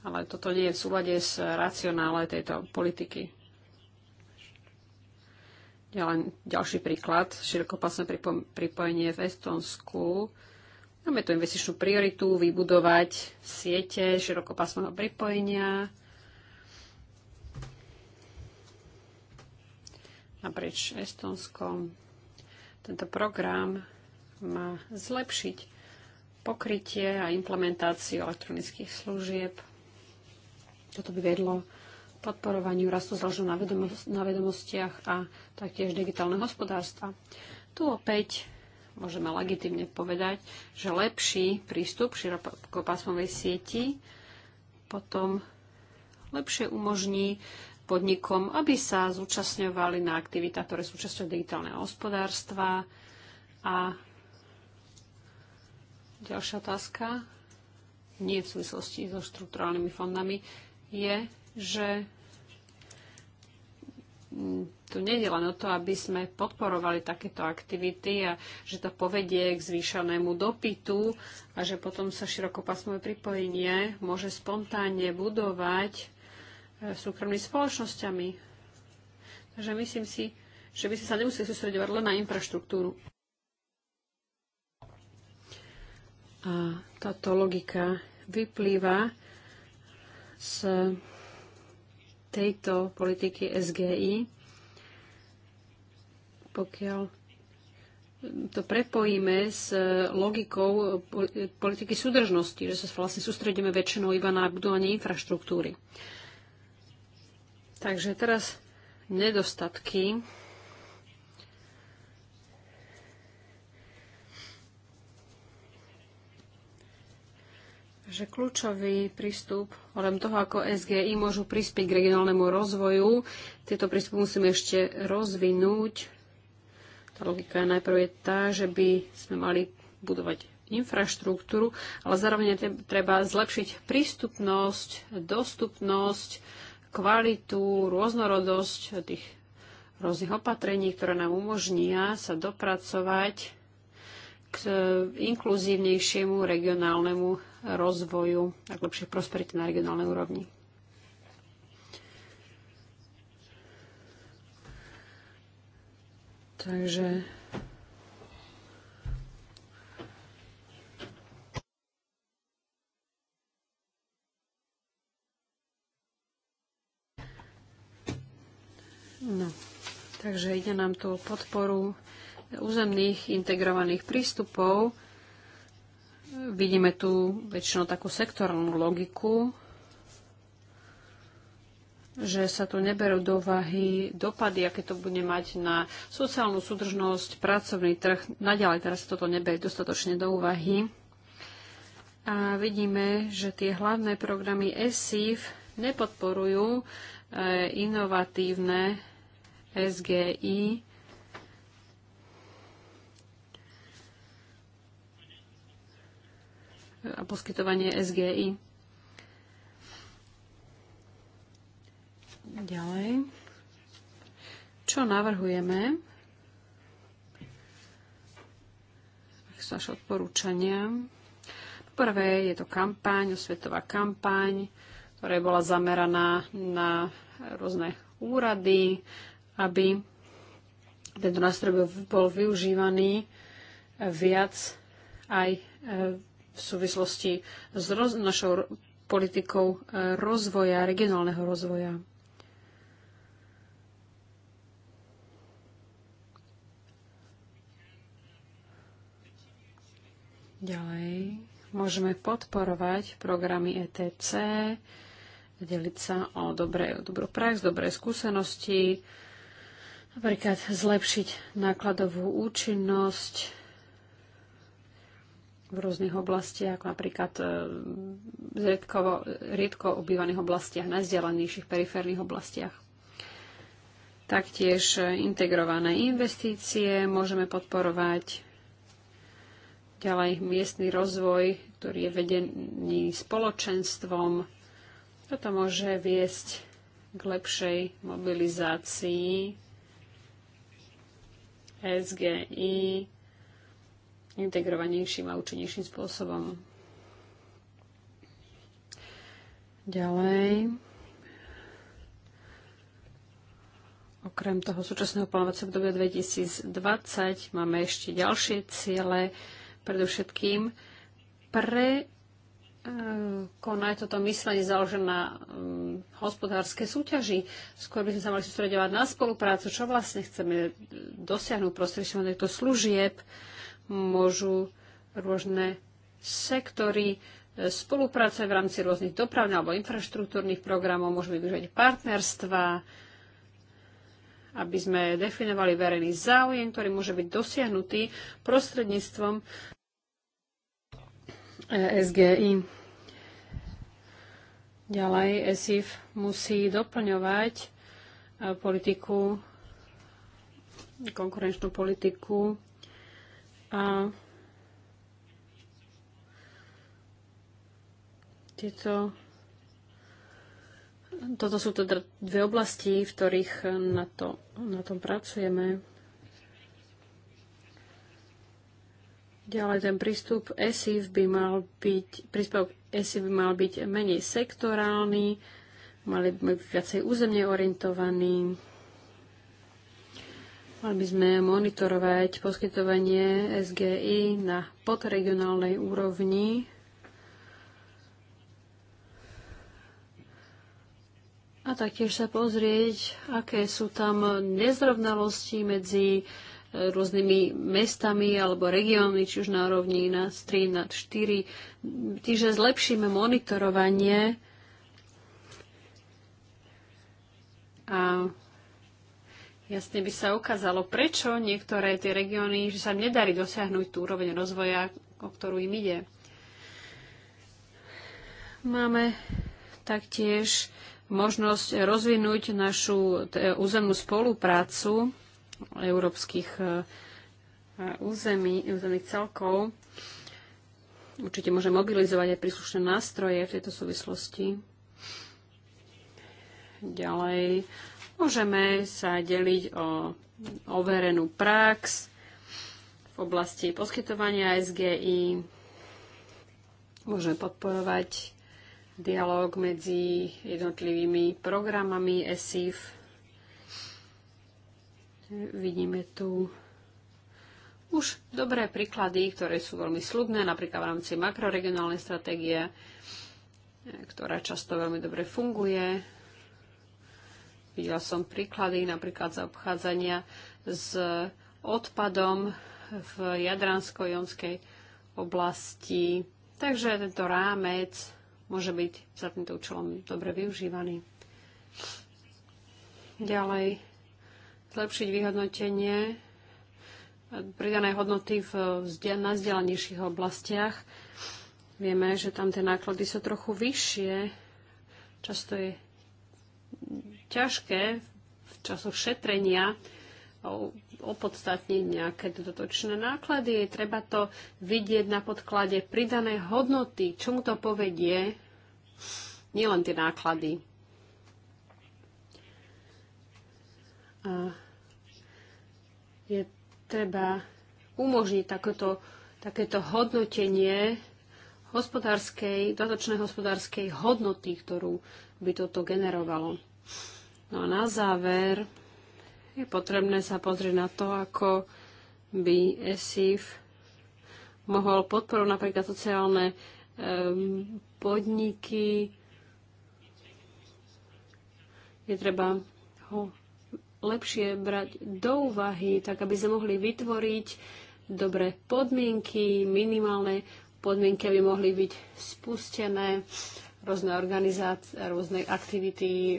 ale toto nie je v súlade s racionále tejto politiky. Ďalej, ďalší príklad, širokopasné pripo- pripojenie v Estonsku. Máme tu investičnú prioritu vybudovať siete širokopasného pripojenia naprieč Estonskom. Tento program má zlepšiť pokrytie a implementáciu elektronických služieb toto by vedlo podporovaniu rastu založenú na, vedomos- na vedomostiach a taktiež digitálneho hospodárstva. Tu opäť môžeme legitimne povedať, že lepší prístup širokopásmovej sieti potom lepšie umožní podnikom, aby sa zúčastňovali na aktivitách, ktoré sú časťou digitálneho hospodárstva. A ďalšia otázka, nie v súvislosti so štrukturálnymi fondami, je, že tu nejde len o to, aby sme podporovali takéto aktivity a že to povedie k zvýšenému dopytu a že potom sa širokopasmové pripojenie môže spontánne budovať e, súkromnými spoločnosťami. Takže myslím si, že by sme sa nemuseli sústredovať len na infraštruktúru. A táto logika vyplýva z tejto politiky SGI, pokiaľ to prepojíme s logikou politiky súdržnosti, že sa vlastne sústredíme väčšinou iba na budovanie infraštruktúry. Takže teraz nedostatky že kľúčový prístup, okrem toho, ako SGI môžu prispieť k regionálnemu rozvoju, tieto prístupy musíme ešte rozvinúť. Tá logika najprv je tá, že by sme mali budovať infraštruktúru, ale zároveň treba zlepšiť prístupnosť, dostupnosť, kvalitu, rôznorodosť tých rôznych opatrení, ktoré nám umožnia sa dopracovať k inkluzívnejšiemu regionálnemu rozvoju a k lepšej prosperite na regionálnej úrovni. Takže No, takže ide nám tu o podporu územných integrovaných prístupov vidíme tu väčšinou takú sektornú logiku, že sa tu neberú do vahy dopady, aké to bude mať na sociálnu súdržnosť, pracovný trh. Naďalej teraz sa toto neberie dostatočne do úvahy. A vidíme, že tie hlavné programy ESIF nepodporujú eh, inovatívne SGI, a poskytovanie SGI. Ďalej. Čo navrhujeme? Ak sú naše odporúčania. Prvé je to kampaň, osvetová kampaň, ktorá bola zameraná na rôzne úrady, aby tento nástroj bol využívaný viac aj e, v súvislosti s roz- našou politikou e, rozvoja, regionálneho rozvoja. Ďalej môžeme podporovať programy ETC, deliť sa o dobré, o dobrú prax, dobré skúsenosti, napríklad zlepšiť nákladovú účinnosť, v rôznych oblastiach, ako napríklad v e, riedko, riedko obývaných oblastiach, najzdialenejších periférnych oblastiach. Taktiež e, integrované investície môžeme podporovať ďalej miestny rozvoj, ktorý je vedený spoločenstvom. Toto môže viesť k lepšej mobilizácii SGI integrovanejším a účinnejším spôsobom. Ďalej. Okrem toho súčasného plánovacieho obdobia 2020 máme ešte ďalšie ciele, predovšetkým pre e, konať toto myslenie založené na mm, hospodárskej súťaži. Skôr by sme sa mali sústredovať na spoluprácu, čo vlastne chceme dosiahnuť prostredníctvom týchto služieb môžu rôzne sektory e, spolupráce v rámci rôznych dopravných alebo infraštruktúrnych programov, môžeme využiť partnerstva, aby sme definovali verejný záujem, ktorý môže byť dosiahnutý prostredníctvom e SGI. Ďalej ESIF musí doplňovať e, politiku, konkurenčnú politiku a tieto toto sú teda dve oblasti, v ktorých na, to, na tom pracujeme. Ďalej ten prístup ESIF by mal byť, príspevok ESIF by mal byť menej sektorálny, mali by byť viacej územne orientovaný, Mali by sme monitorovať poskytovanie SGI na podregionálnej úrovni. A taktiež sa pozrieť, aké sú tam nezrovnalosti medzi e, rôznymi mestami alebo regiónmi, či už na úrovni na 3, na 4. Čiže zlepšíme monitorovanie a jasne by sa ukázalo, prečo niektoré tie regióny, že sa nedarí dosiahnuť tú úroveň rozvoja, o ktorú im ide. Máme taktiež možnosť rozvinúť našu územnú spoluprácu európskych e, území, územných celkov. Určite môže mobilizovať aj príslušné nástroje v tejto súvislosti. Ďalej, Môžeme sa deliť o overenú prax v oblasti poskytovania SGI. Môžeme podporovať dialog medzi jednotlivými programami ESIF. Vidíme tu už dobré príklady, ktoré sú veľmi slubné, napríklad v rámci makroregionálnej stratégie, ktorá často veľmi dobre funguje. Videla som príklady napríklad zaobchádzania s odpadom v Jadransko-Jonskej oblasti. Takže tento rámec môže byť za týmto účelom dobre využívaný. Ďalej, zlepšiť vyhodnotenie pridané hodnoty v, na vzdelanejších oblastiach. Vieme, že tam tie náklady sú trochu vyššie. Často je ťažké v časoch šetrenia opodstatniť nejaké dodatočné náklady. je Treba to vidieť na podklade pridanej hodnoty, čomu to povedie, nielen tie náklady. A je treba umožniť takéto, takéto hodnotenie hospodárskej, dodatočnej hospodárskej hodnoty, ktorú by toto generovalo. No a na záver je potrebné sa pozrieť na to, ako by ESIF mohol podporovať napríklad sociálne um, podniky. Je treba ho lepšie brať do úvahy, tak aby sme mohli vytvoriť dobré podmienky, minimálne podmienky, aby mohli byť spustené rôzne organizácie, rôzne aktivity e,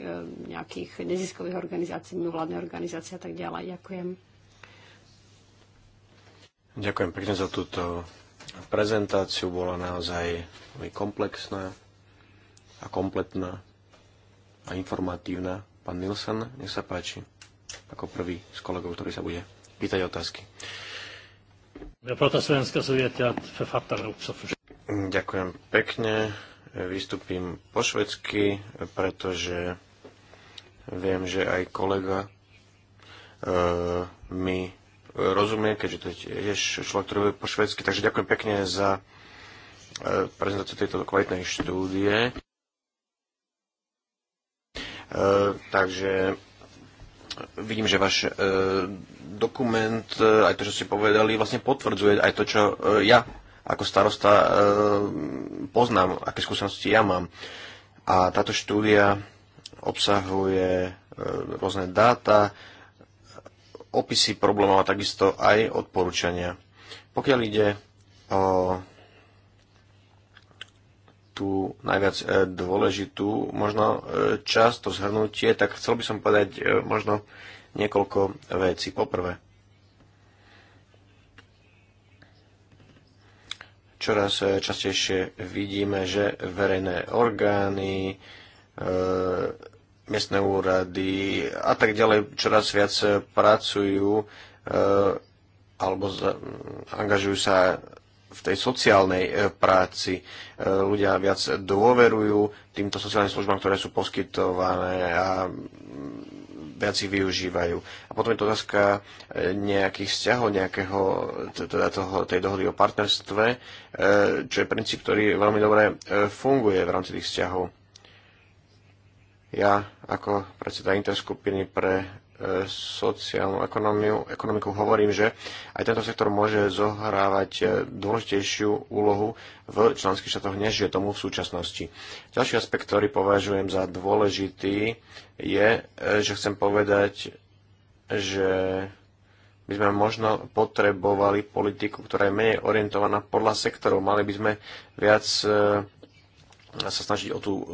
nejakých neziskových organizácií, mimovládnej organizácie a tak ďalej. Ďakujem. Ďakujem pekne za túto prezentáciu. Bola naozaj veľmi komplexná a kompletná a informatívna. Pán Nilsen, nech sa páči, ako prvý z kolegov, ktorý sa bude pýtať otázky. Ďakujem pekne vystúpim po švedsky, pretože viem, že aj kolega uh, mi rozumie, keďže to je tiež človek, ktorý po švedsky. Takže ďakujem pekne za uh, prezentáciu tejto kvalitnej štúdie. Uh, takže vidím, že váš uh, dokument, aj to, čo ste povedali, vlastne potvrdzuje aj to, čo uh, ja ako starosta e, poznám, aké skúsenosti ja mám. A táto štúdia obsahuje e, rôzne dáta, opisy problémov a takisto aj odporúčania. Pokiaľ ide o tú najviac e, dôležitú možno e, časť, to zhrnutie, tak chcel by som povedať e, možno niekoľko vecí. Poprvé, čoraz eh, častejšie vidíme, že verejné orgány, e, miestne úrady a tak ďalej čoraz viac eh, pracujú e, alebo za, angažujú sa v tej sociálnej práci. Ľudia viac dôverujú týmto sociálnym službám, ktoré sú poskytované a ich využívajú. A potom je to otázka e, nejakých vzťahov, nejakého, teda toho, tej dohody o partnerstve, e, čo je princíp, ktorý veľmi dobre e, funguje v rámci tých vzťahov. Ja ako predseda interskupiny pre E, sociálnu ekonomiu, ekonomiku, hovorím, že aj tento sektor môže zohrávať e, dôležitejšiu úlohu v členských štátoch, než je tomu v súčasnosti. Ďalší aspekt, ktorý považujem za dôležitý, je, e, že chcem povedať, že by sme možno potrebovali politiku, ktorá je menej orientovaná podľa sektorov. Mali by sme viac sa snažiť o tú e,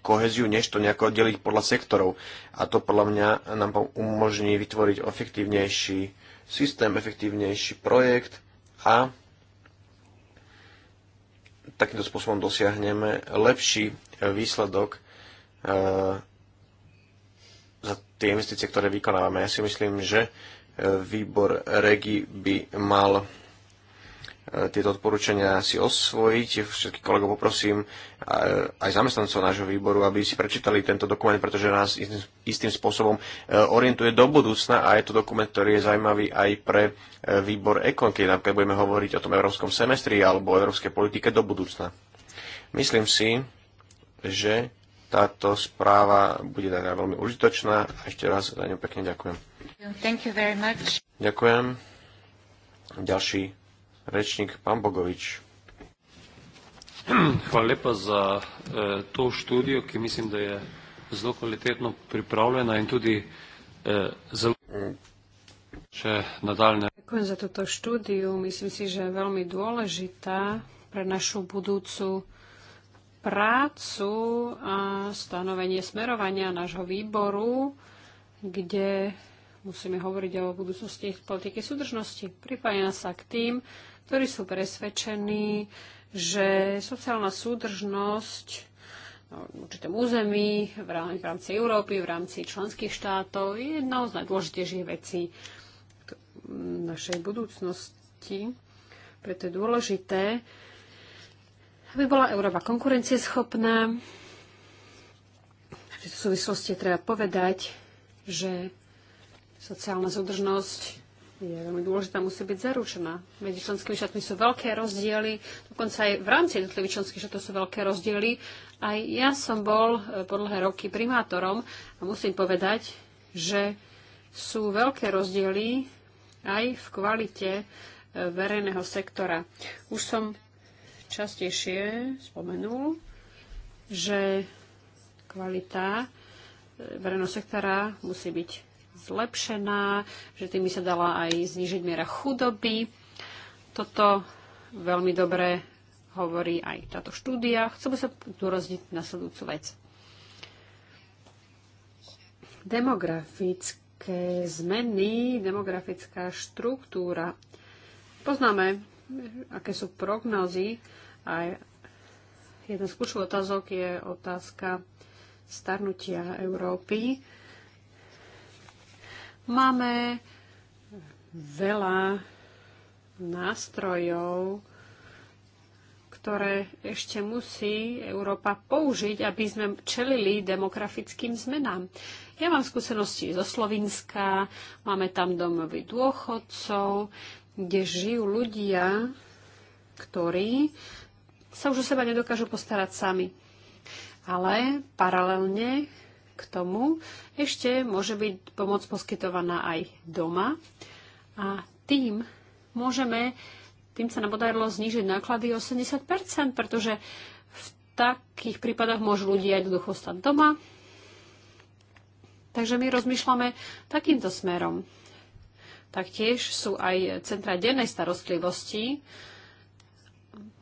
koheziu, než to nejako deliť podľa sektorov. A to podľa mňa nám umožní vytvoriť efektívnejší systém, efektívnejší projekt a takýmto spôsobom dosiahneme lepší výsledok e, za tie investície, ktoré vykonávame. Ja si myslím, že e, výbor REGI by mal E, tieto odporúčania si osvojiť. Všetkých kolegov poprosím, aj zamestnancov nášho výboru, aby si prečítali tento dokument, pretože nás istým, istým spôsobom e, orientuje do budúcna a je to dokument, ktorý je zaujímavý aj pre e, výbor EKON, keď napríklad budeme hovoriť o tom európskom semestri alebo o európskej politike do budúcna. Myslím si, že táto správa bude teda veľmi užitočná a ešte raz za ňu pekne ďakujem. Ďakujem. Ďalší rečnik pán Bogovič. Hvala lepa za e, to študijo, ki mislim, da je zelo kvalitetno pripravljena in tudi e, zelo še nadaljne. Ďakujem za toto štúdiu. Myslím si, že je veľmi dôležitá pre našu budúcu prácu a stanovenie smerovania nášho výboru, kde musíme hovoriť o budúcnosti politiky súdržnosti. Pripájam sa k tým, ktorí sú presvedčení, že sociálna súdržnosť no, v určitom území, v rámci Európy, v rámci členských štátov je jednou z najdôležitejších vecí našej budúcnosti. Preto je dôležité, aby bola Európa konkurencieschopná. V súvislosti treba povedať, že sociálna súdržnosť je veľmi dôležitá, musí byť zaručená. Medzi členskými štátmi sú veľké rozdiely, dokonca aj v rámci jednotlivých členských štátov sú veľké rozdiely. Aj ja som bol e, po dlhé roky primátorom a musím povedať, že sú veľké rozdiely aj v kvalite e, verejného sektora. Už som častejšie spomenul, že kvalita e, verejného sektora musí byť zlepšená, že tým by sa dala aj znižiť miera chudoby. Toto veľmi dobre hovorí aj táto štúdia. Chcem sa dôrazniť nasledujúcu vec. Demografické zmeny, demografická štruktúra. Poznáme, aké sú prognozy a jedna z kľúčových otázok je otázka starnutia Európy. Máme veľa nástrojov, ktoré ešte musí Európa použiť, aby sme čelili demografickým zmenám. Ja mám skúsenosti zo Slovenska, máme tam domovy dôchodcov, kde žijú ľudia, ktorí sa už o seba nedokážu postarať sami. Ale paralelne k tomu ešte môže byť pomoc poskytovaná aj doma. A tým môžeme, tým sa nám podarilo znižiť náklady 80%, pretože v takých prípadoch môžu ľudia jednoducho stať doma. Takže my rozmýšľame takýmto smerom. Taktiež sú aj centra dennej starostlivosti,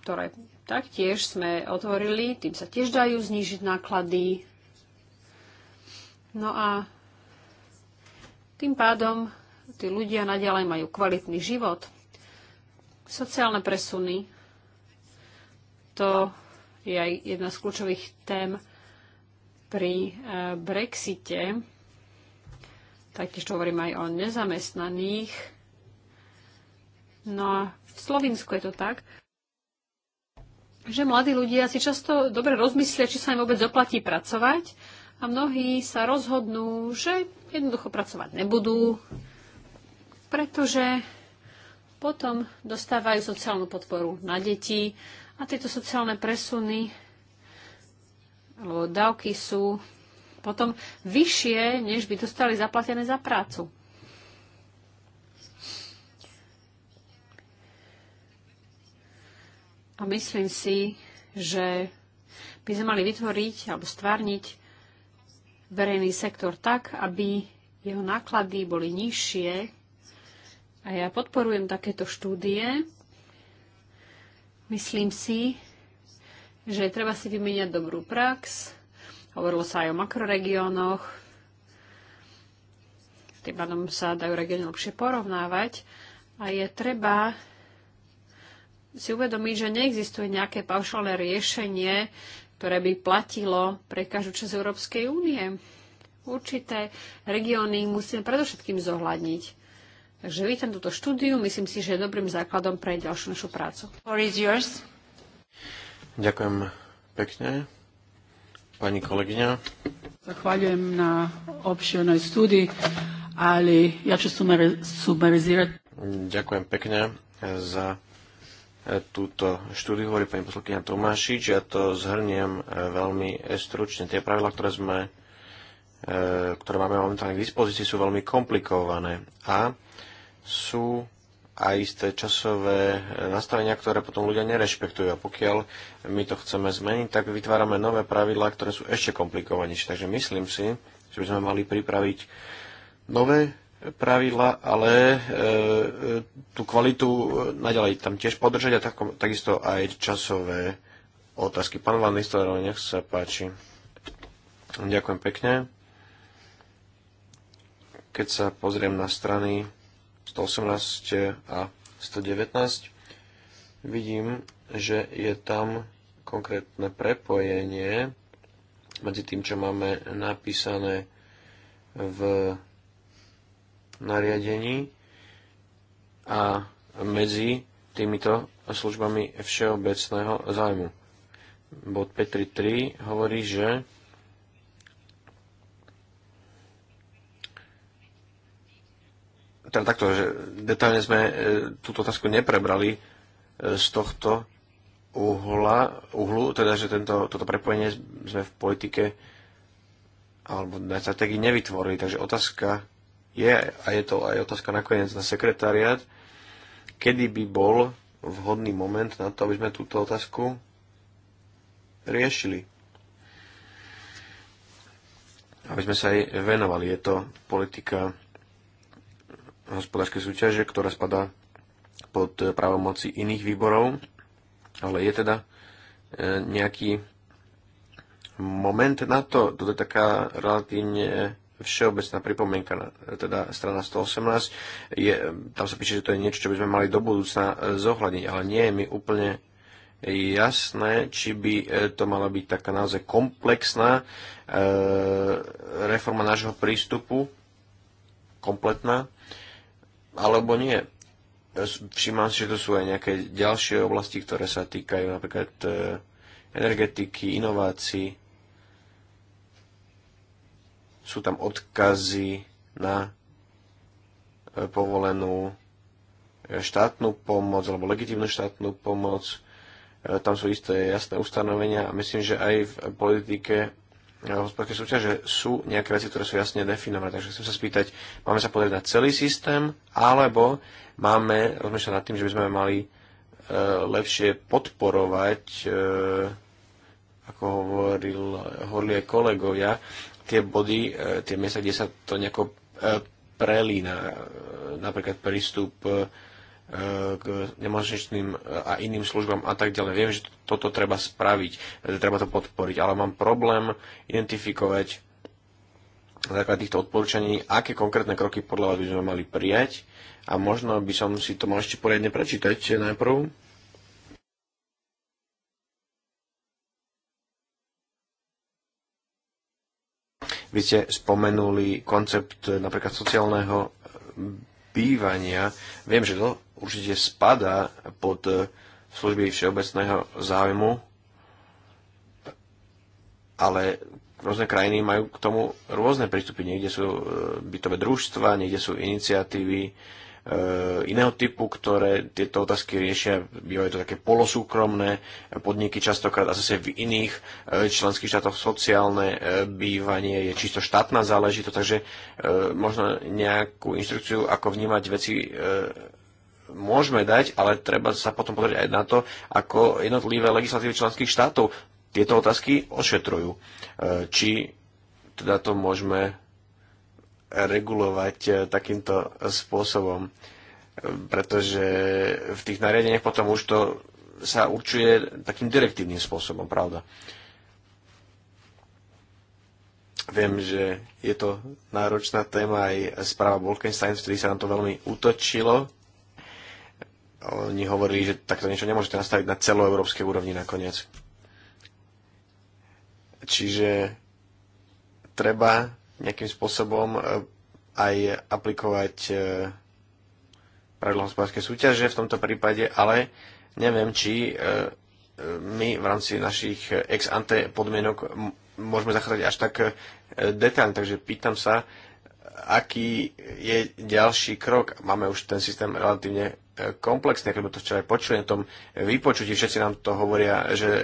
ktoré taktiež sme otvorili, tým sa tiež dajú znížiť náklady No a tým pádom tí ľudia naďalej majú kvalitný život. Sociálne presuny, to je aj jedna z kľúčových tém pri e, Brexite. Taktiež hovorím aj o nezamestnaných. No a v Slovensku je to tak, že mladí ľudia si často dobre rozmyslia, či sa im vôbec oplatí pracovať a mnohí sa rozhodnú, že jednoducho pracovať nebudú, pretože potom dostávajú sociálnu podporu na deti a tieto sociálne presuny alebo dávky sú potom vyššie, než by dostali zaplatené za prácu. A myslím si, že by sme mali vytvoriť alebo stvárniť verejný sektor tak, aby jeho náklady boli nižšie. A ja podporujem takéto štúdie. Myslím si, že treba si vymeniať dobrú prax. Hovorilo sa aj o makroregiónoch. Tým pádom sa dajú regióny lepšie porovnávať. A je treba si uvedomiť, že neexistuje nejaké paušálne riešenie ktoré by platilo pre každú časť Európskej únie. Určité regióny musíme predovšetkým zohľadniť. Takže vítam túto štúdiu, myslím si, že je dobrým základom pre ďalšiu našu prácu. Ďakujem pekne. Pani kolegyňa. Zachváľujem na obširnej štúdii, ale ja čo sumarizirati. Ďakujem pekne za túto štúdiu, hovorí pani poslankyňa Tomášič. Ja to zhrniem e, veľmi e, stručne. Tie pravidla, ktoré sme e, ktoré máme momentálne k dispozícii, sú veľmi komplikované a sú aj isté časové nastavenia, ktoré potom ľudia nerešpektujú. A pokiaľ my to chceme zmeniť, tak vytvárame nové pravidlá, ktoré sú ešte komplikovanejšie. Takže myslím si, že by sme mali pripraviť nové pravidla, ale e, e, tú kvalitu e, naďalej tam tiež podržať a tak, takisto aj časové otázky. Pán Van Nistelrooy, nech sa páči. Ďakujem pekne. Keď sa pozriem na strany 118 a 119, vidím, že je tam konkrétne prepojenie medzi tým, čo máme napísané v nariadení a medzi týmito službami všeobecného zájmu. Bod 533 hovorí, že teda takto, že detailne sme e, túto otázku neprebrali e, z tohto uhla, uhlu, teda že tento, toto prepojenie sme v politike alebo na strategii nevytvorili. Takže otázka je, a je to aj otázka nakoniec na sekretariat, kedy by bol vhodný moment na to, aby sme túto otázku riešili. Aby sme sa aj venovali. Je to politika hospodárskej súťaže, ktorá spadá pod právomoci iných výborov, ale je teda e, nejaký moment na to, to je taká relatívne všeobecná pripomienka, teda strana 118, je, tam sa píše, že to je niečo, čo by sme mali do budúcna e, zohľadniť, ale nie je mi úplne jasné, či by e, to mala byť taká naozaj komplexná e, reforma nášho prístupu, kompletná, alebo nie. E, Všimám si, že to sú aj nejaké ďalšie oblasti, ktoré sa týkajú napríklad e, energetiky, inovácií, sú tam odkazy na e, povolenú e, štátnu pomoc alebo legitímnu štátnu pomoc. E, tam sú isté jasné ustanovenia a myslím, že aj v politike hospodárskej súťaže sú nejaké veci, ktoré sú jasne definované. Takže chcem sa spýtať, máme sa pozrieť na celý systém alebo máme rozmýšľať nad tým, že by sme mali lepšie podporovať, ako hovoril, hovorili aj kolegovia, tie body, e, tie miesta, kde sa to nejako e, prelína, e, napríklad prístup k nemocničným a iným službám a tak ďalej. Viem, že toto treba spraviť, treba to podporiť, ale mám problém identifikovať na základe týchto odporúčaní, aké konkrétne kroky podľa vás by sme mali prijať a možno by som si to mal ešte poriadne prečítať najprv Vy ste spomenuli koncept e, napríklad sociálneho e, bývania. Viem, že to určite spada pod e, služby všeobecného záujmu, ale rôzne krajiny majú k tomu rôzne prístupy. Niekde sú bytové družstva, niekde sú iniciatívy, E, iného typu, ktoré tieto otázky riešia. Bývajú to také polosúkromné podniky, častokrát a zase v iných e, členských štátoch sociálne e, bývanie je čisto štátna záležitosť, takže možno nejakú inštrukciu, ako vnímať veci môžeme dať, ale treba sa potom pozrieť aj na to, ako jednotlivé legislatívy členských štátov tieto otázky ošetrujú. Či teda to môžeme regulovať e, takýmto spôsobom. Pretože v tých nariadeniach potom už to sa určuje takým direktívnym spôsobom, pravda. Viem, že je to náročná téma, aj správa Wolkenstein, vtedy sa nám to veľmi útočilo. Oni hovorili, že takto niečo nemôžete nastaviť na celoeurópskej úrovni nakoniec. Čiže treba nejakým spôsobom e, aj aplikovať e, pravidlo hospodárskej súťaže v tomto prípade, ale neviem, či e, my v rámci našich ex ante podmienok môžeme zachádzať až tak detailne. Takže pýtam sa, aký je ďalší krok. Máme už ten systém relatívne komplexný, ako sme to včera aj počuli na tom vypočutí. Všetci nám to hovoria, že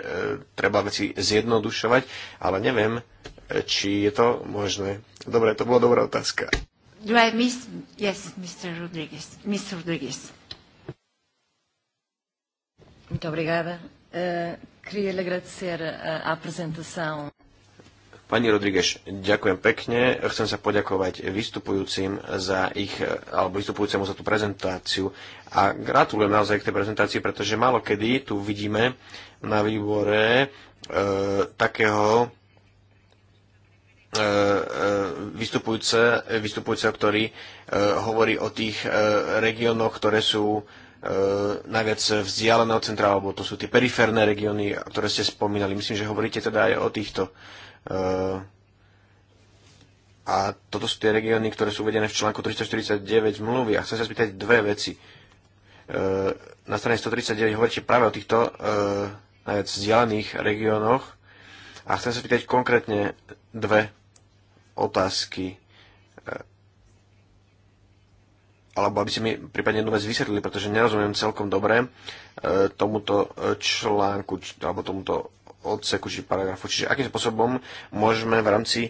treba veci zjednodušovať, ale neviem, či je to možné. Dobre, to bola dobrá otázka. Do I miss? Yes, Mr. Rodriguez. Mr. Rodriguez. Muito obrigada. Uh, queria lhe agradecer eh, a, apresentação. Pani Rodríguez, ďakujem pekne. Chcem sa poďakovať vystupujúcim za ich, eh, alebo vystupujúcemu za tú prezentáciu a gratulujem naozaj k tej prezentácii, pretože málo kedy tu vidíme na výbore e, takého E, e, vystupujúce, vystupujúceho, ktorý e, hovorí o tých regiónoch, ktoré sú najviac vzdialené od centra, alebo to sú tie periférne regióny, ktoré ste spomínali. Myslím, že hovoríte teda aj o týchto. A toto sú tie regióny, ktoré sú uvedené v článku 349 zmluvy. A chcem sa spýtať dve veci. Na strane 139 hovoríte práve o týchto najviac vzdialených regiónoch. A chcem sa spýtať konkrétne dve otázky e, alebo aby si mi prípadne jednu vec vysvetlili, pretože nerozumiem celkom dobre e, tomuto článku, alebo tomuto odseku či paragrafu. Čiže akým spôsobom môžeme v rámci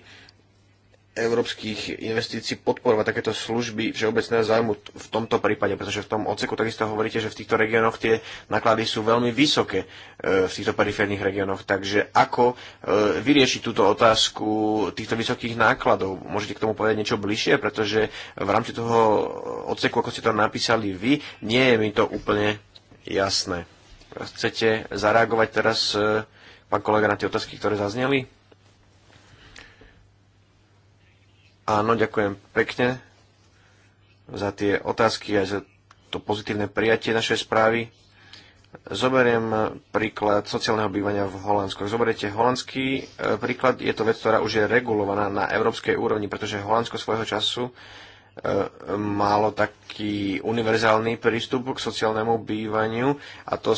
európskych investícií podporovať takéto služby všeobecného zájmu v tomto prípade, pretože v tom odseku takisto hovoríte, že v týchto regiónoch tie náklady sú veľmi vysoké e, v týchto periférnych regiónoch. Takže ako e, vyriešiť túto otázku týchto vysokých nákladov? Môžete k tomu povedať niečo bližšie, pretože v rámci toho odseku, ako ste to napísali vy, nie je mi to úplne jasné. Chcete zareagovať teraz, e, pán kolega, na tie otázky, ktoré zazneli? Áno, ďakujem pekne za tie otázky aj za to pozitívne prijatie našej správy. Zoberiem príklad sociálneho bývania v Holandsku. Ak zoberiete holandský e, príklad, je to vec, ktorá už je regulovaná na európskej úrovni, pretože Holandsko svojho času e, malo taký univerzálny prístup k sociálnemu bývaniu a to,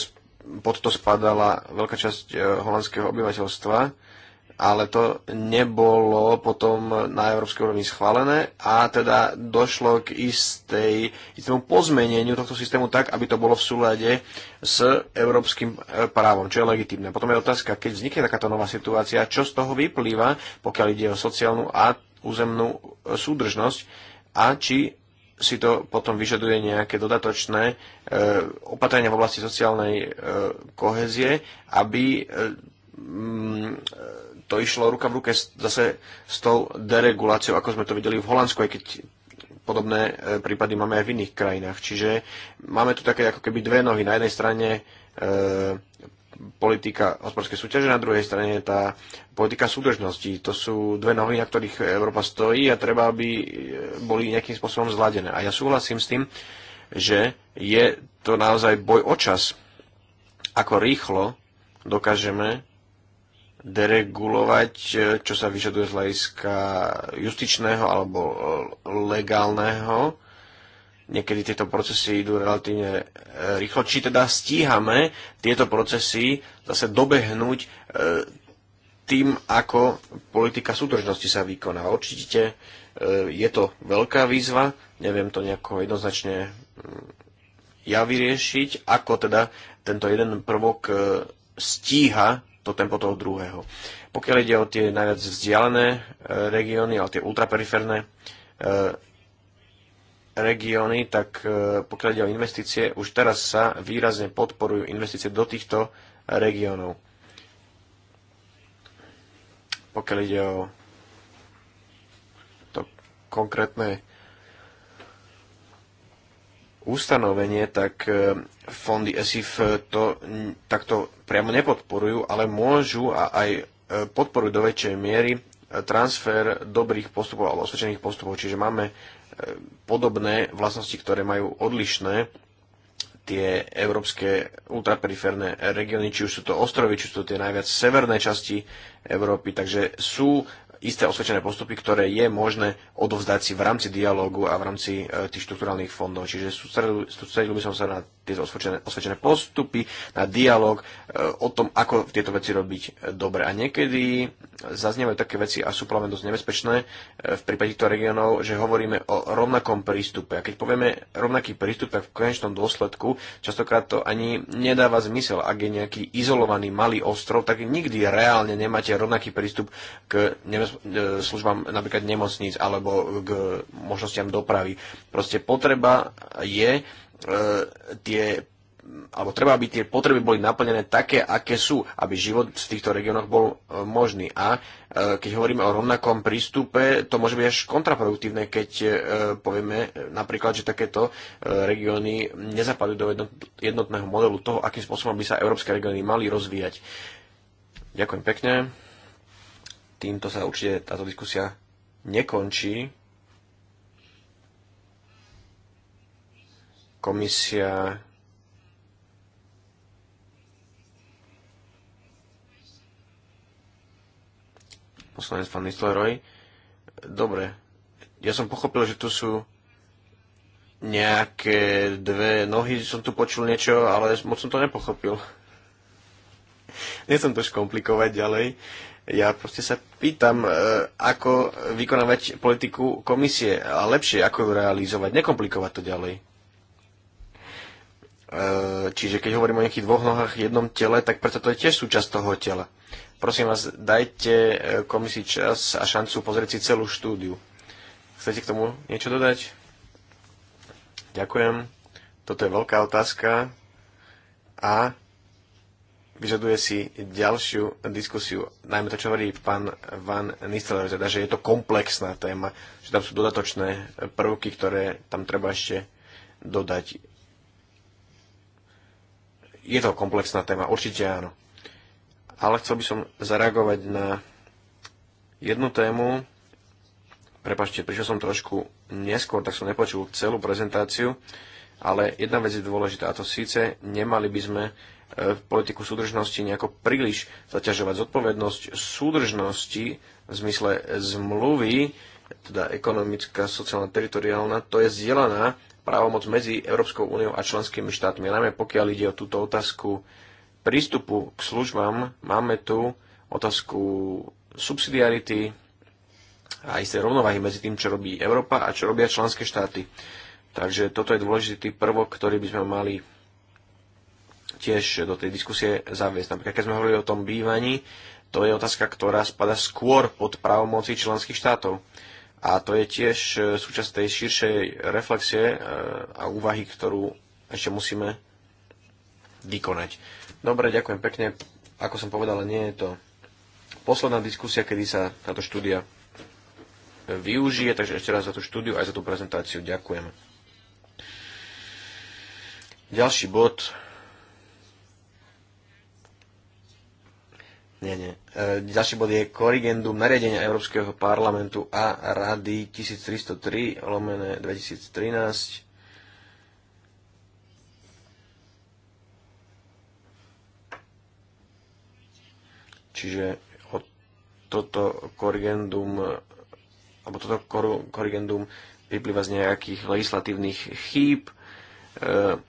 pod to spadala veľká časť e, holandského obyvateľstva ale to nebolo potom na európskej úrovni schválené a teda došlo k istej, istému pozmeneniu tohto systému tak, aby to bolo v súlade s európskym e, právom, čo je legitimné. Potom je otázka, keď vznikne takáto nová situácia, čo z toho vyplýva, pokiaľ ide o sociálnu a územnú e, súdržnosť a či si to potom vyžaduje nejaké dodatočné e, opatrenia v oblasti sociálnej e, kohezie, aby e, to išlo ruka v ruke zase s tou dereguláciou, ako sme to videli v Holandsku, aj keď podobné e, prípady máme aj v iných krajinách. Čiže máme tu také ako keby dve nohy. Na jednej strane e, politika hospodárskej súťaže, na druhej strane tá politika súdržnosti. To sú dve nohy, na ktorých Európa stojí a treba, aby e, boli nejakým spôsobom zladené. A ja súhlasím s tým, že je to naozaj boj o čas, ako rýchlo dokážeme deregulovať, e, čo sa vyžaduje z hľadiska justičného alebo e, legálneho. Niekedy tieto procesy idú relatívne e, rýchlo. Či teda stíhame tieto procesy zase dobehnúť tým, ako politika súdržnosti sa vykoná. Určite je to veľká výzva, neviem to nejako jednoznačne mm, ja vyriešiť, ako teda tento jeden prvok stíha to tempo toho druhého. Pokiaľ ide o tie najviac vzdialené e, regióny, ale tie ultraperiférne e, regióny, tak e, pokiaľ ide o investície, už teraz sa výrazne podporujú investície do týchto regiónov. Pokiaľ ide o to konkrétne ustanovenie, tak e, fondy ESIF e, to takto priamo nepodporujú, ale môžu a aj e, podporujú do väčšej miery transfer dobrých postupov alebo osvedčených postupov. Čiže máme podobné vlastnosti, ktoré majú odlišné tie európske ultraperiférne regióny, či už sú to ostrovy, či už sú to tie najviac severné časti Európy. Takže sú isté osvedčené postupy, ktoré je možné odovzdať si v rámci dialógu a v rámci e, tých štruktúrálnych fondov. Čiže sústredil by som sa na tie osvedčené, osvedčené postupy, na dialog e, o tom, ako tieto veci robiť e, dobre. A niekedy zaznievajú také veci a sú práve dosť nebezpečné v prípade týchto regiónov, že hovoríme o rovnakom prístupe. A keď povieme rovnaký prístup, tak v konečnom dôsledku častokrát to ani nedáva zmysel. Ak je nejaký izolovaný malý ostrov, tak nikdy reálne nemáte rovnaký prístup k nebezpečným E, službám napríklad nemocníc alebo k možnostiam dopravy. Proste potreba je e, tie alebo treba, aby tie potreby boli naplnené také, aké sú, aby život v týchto regiónoch bol e, možný. A keď hovoríme o rovnakom prístupe, to môže byť až kontraproduktívne, keď povieme napríklad, že takéto regióny nezapadajú do jednotného modelu toho, akým spôsobom by sa európske regióny mali rozvíjať. Ďakujem pekne týmto sa určite táto diskusia nekončí. Komisia poslanec pán Nistleroj. Dobre, ja som pochopil, že tu sú nejaké dve nohy, som tu počul niečo, ale moc som to nepochopil. Nechcem to už komplikovať ďalej. Ja proste sa pýtam, e, ako vykonávať politiku komisie a lepšie, ako ju realizovať, nekomplikovať to ďalej. E, čiže keď hovorím o nejakých dvoch nohách, jednom tele, tak preto to je tiež súčasť toho tela. Prosím vás, dajte e, komisii čas a šancu pozrieť si celú štúdiu. Chcete k tomu niečo dodať? Ďakujem. Toto je veľká otázka a vyžaduje si ďalšiu diskusiu. Najmä to, čo hovorí pán Van Nistelrooy, teda, že je to komplexná téma, že tam sú dodatočné prvky, ktoré tam treba ešte dodať. Je to komplexná téma, určite áno. Ale chcel by som zareagovať na jednu tému. Prepašte, prišiel som trošku neskôr, tak som nepočul celú prezentáciu, ale jedna vec je dôležitá, a to síce nemali by sme E, politiku súdržnosti nejako príliš zaťažovať. Zodpovednosť súdržnosti v zmysle zmluvy, teda ekonomická, sociálna, teritoriálna, to je zdieľaná právomoc medzi Európskou úniou a členskými štátmi. najmä pokiaľ ide o túto otázku prístupu k službám, máme tu otázku subsidiarity a isté rovnováhy medzi tým, čo robí Európa a čo robia členské štáty. Takže toto je dôležitý prvok, ktorý by sme mali tiež do tej diskusie zaviesť. Napríklad, keď sme hovorili o tom bývaní, to je otázka, ktorá spada skôr pod právomoci členských štátov. A to je tiež e, súčasť tej širšej reflexie e, a úvahy, ktorú ešte musíme vykonať. Dobre, ďakujem pekne. Ako som povedal, nie je to posledná diskusia, kedy sa táto štúdia využije, takže ešte raz za tú štúdiu aj za tú prezentáciu ďakujem. Ďalší bod Nie, nie. E, ďalší bod je korigendum nariadenia Európskeho parlamentu a rady 1303 lomené 2013. Čiže o toto korigendum alebo toto kor- korigendum vyplýva z nejakých legislatívnych chýb. E,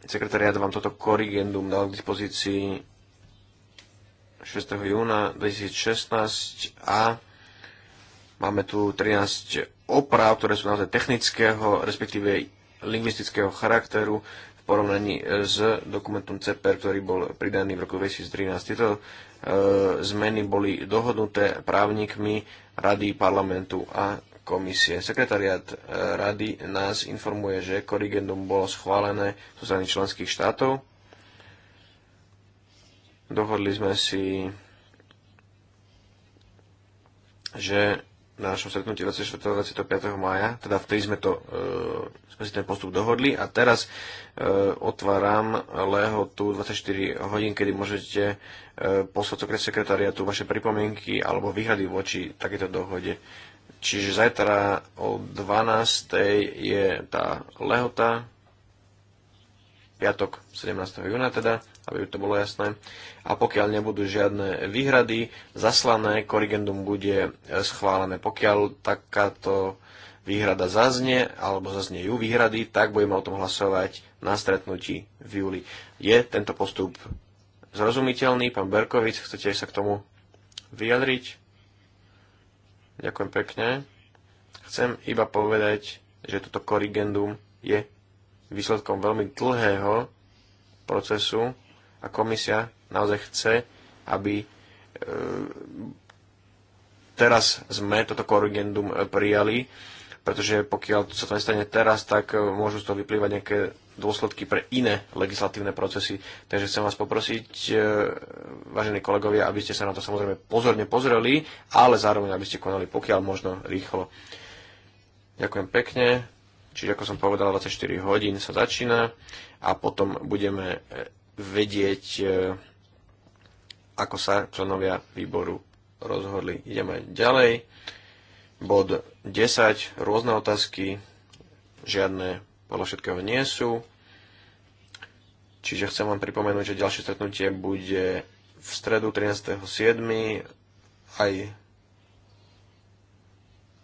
sekretariat vám toto korigendum dal k dispozícii 6. júna 2016 a máme tu 13 oprav, ktoré sú naozaj technického, respektíve lingvistického charakteru v porovnaní s dokumentom CPR, ktorý bol pridaný v roku 2013. Tieto e, zmeny boli dohodnuté právnikmi Rady parlamentu a komisie. Sekretariat e, rady nás informuje, že korigendum bolo schválené zo strany členských štátov Dohodli sme si, že na našom stretnutí 24. 25. maja, teda vtedy sme, to, e, sme si ten postup dohodli a teraz e, otváram lehotu 24 hodín, kedy môžete e, poslať okres sekretariatu vaše pripomienky alebo výhrady voči takéto dohode. Čiže zajtra o 12. je tá lehota, piatok 17. júna teda aby to bolo jasné. A pokiaľ nebudú žiadne výhrady zaslané, korigendum bude e, schválené. Pokiaľ takáto výhrada zaznie, alebo zaznie ju výhrady, tak budeme o tom hlasovať na stretnutí v júli. Je tento postup zrozumiteľný? Pán Berkovic, chcete sa k tomu vyjadriť? Ďakujem pekne. Chcem iba povedať, že toto korigendum je výsledkom veľmi dlhého procesu a komisia naozaj chce, aby e, teraz sme toto korrigendum e, prijali, pretože pokiaľ sa to nestane teraz, tak e, môžu z toho vyplývať nejaké dôsledky pre iné legislatívne procesy. Takže chcem vás poprosiť, vážení kolegovia, aby ste sa na to samozrejme pozorne pozreli, ale zároveň, aby ste konali pokiaľ možno rýchlo. Ďakujem pekne. Čiže ako som povedal, 24 hodín sa začína a potom budeme vedieť, e, ako sa členovia výboru rozhodli. Ideme ďalej. Bod 10. Rôzne otázky. Žiadne podľa všetkého nie sú. Čiže chcem vám pripomenúť, že ďalšie stretnutie bude v stredu 13.7. aj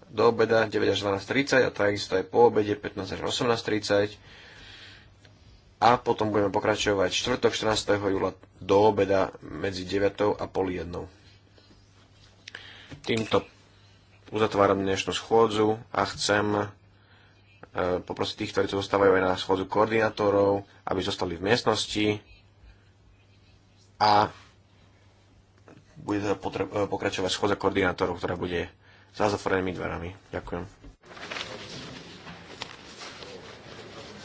do obeda 9 až 12.30 a takisto aj po obede 15 až 18.30 a potom budeme pokračovať 4. 14. júla do obeda medzi 9. a pol 1. Týmto uzatváram dnešnú schôdzu a chcem e, poprosiť tých, ktorí tu zostávajú aj na schôdzu koordinátorov, aby zostali v miestnosti a bude teda e, pokračovať schôdza koordinátorov, ktorá bude za zatvorenými dverami. Ďakujem.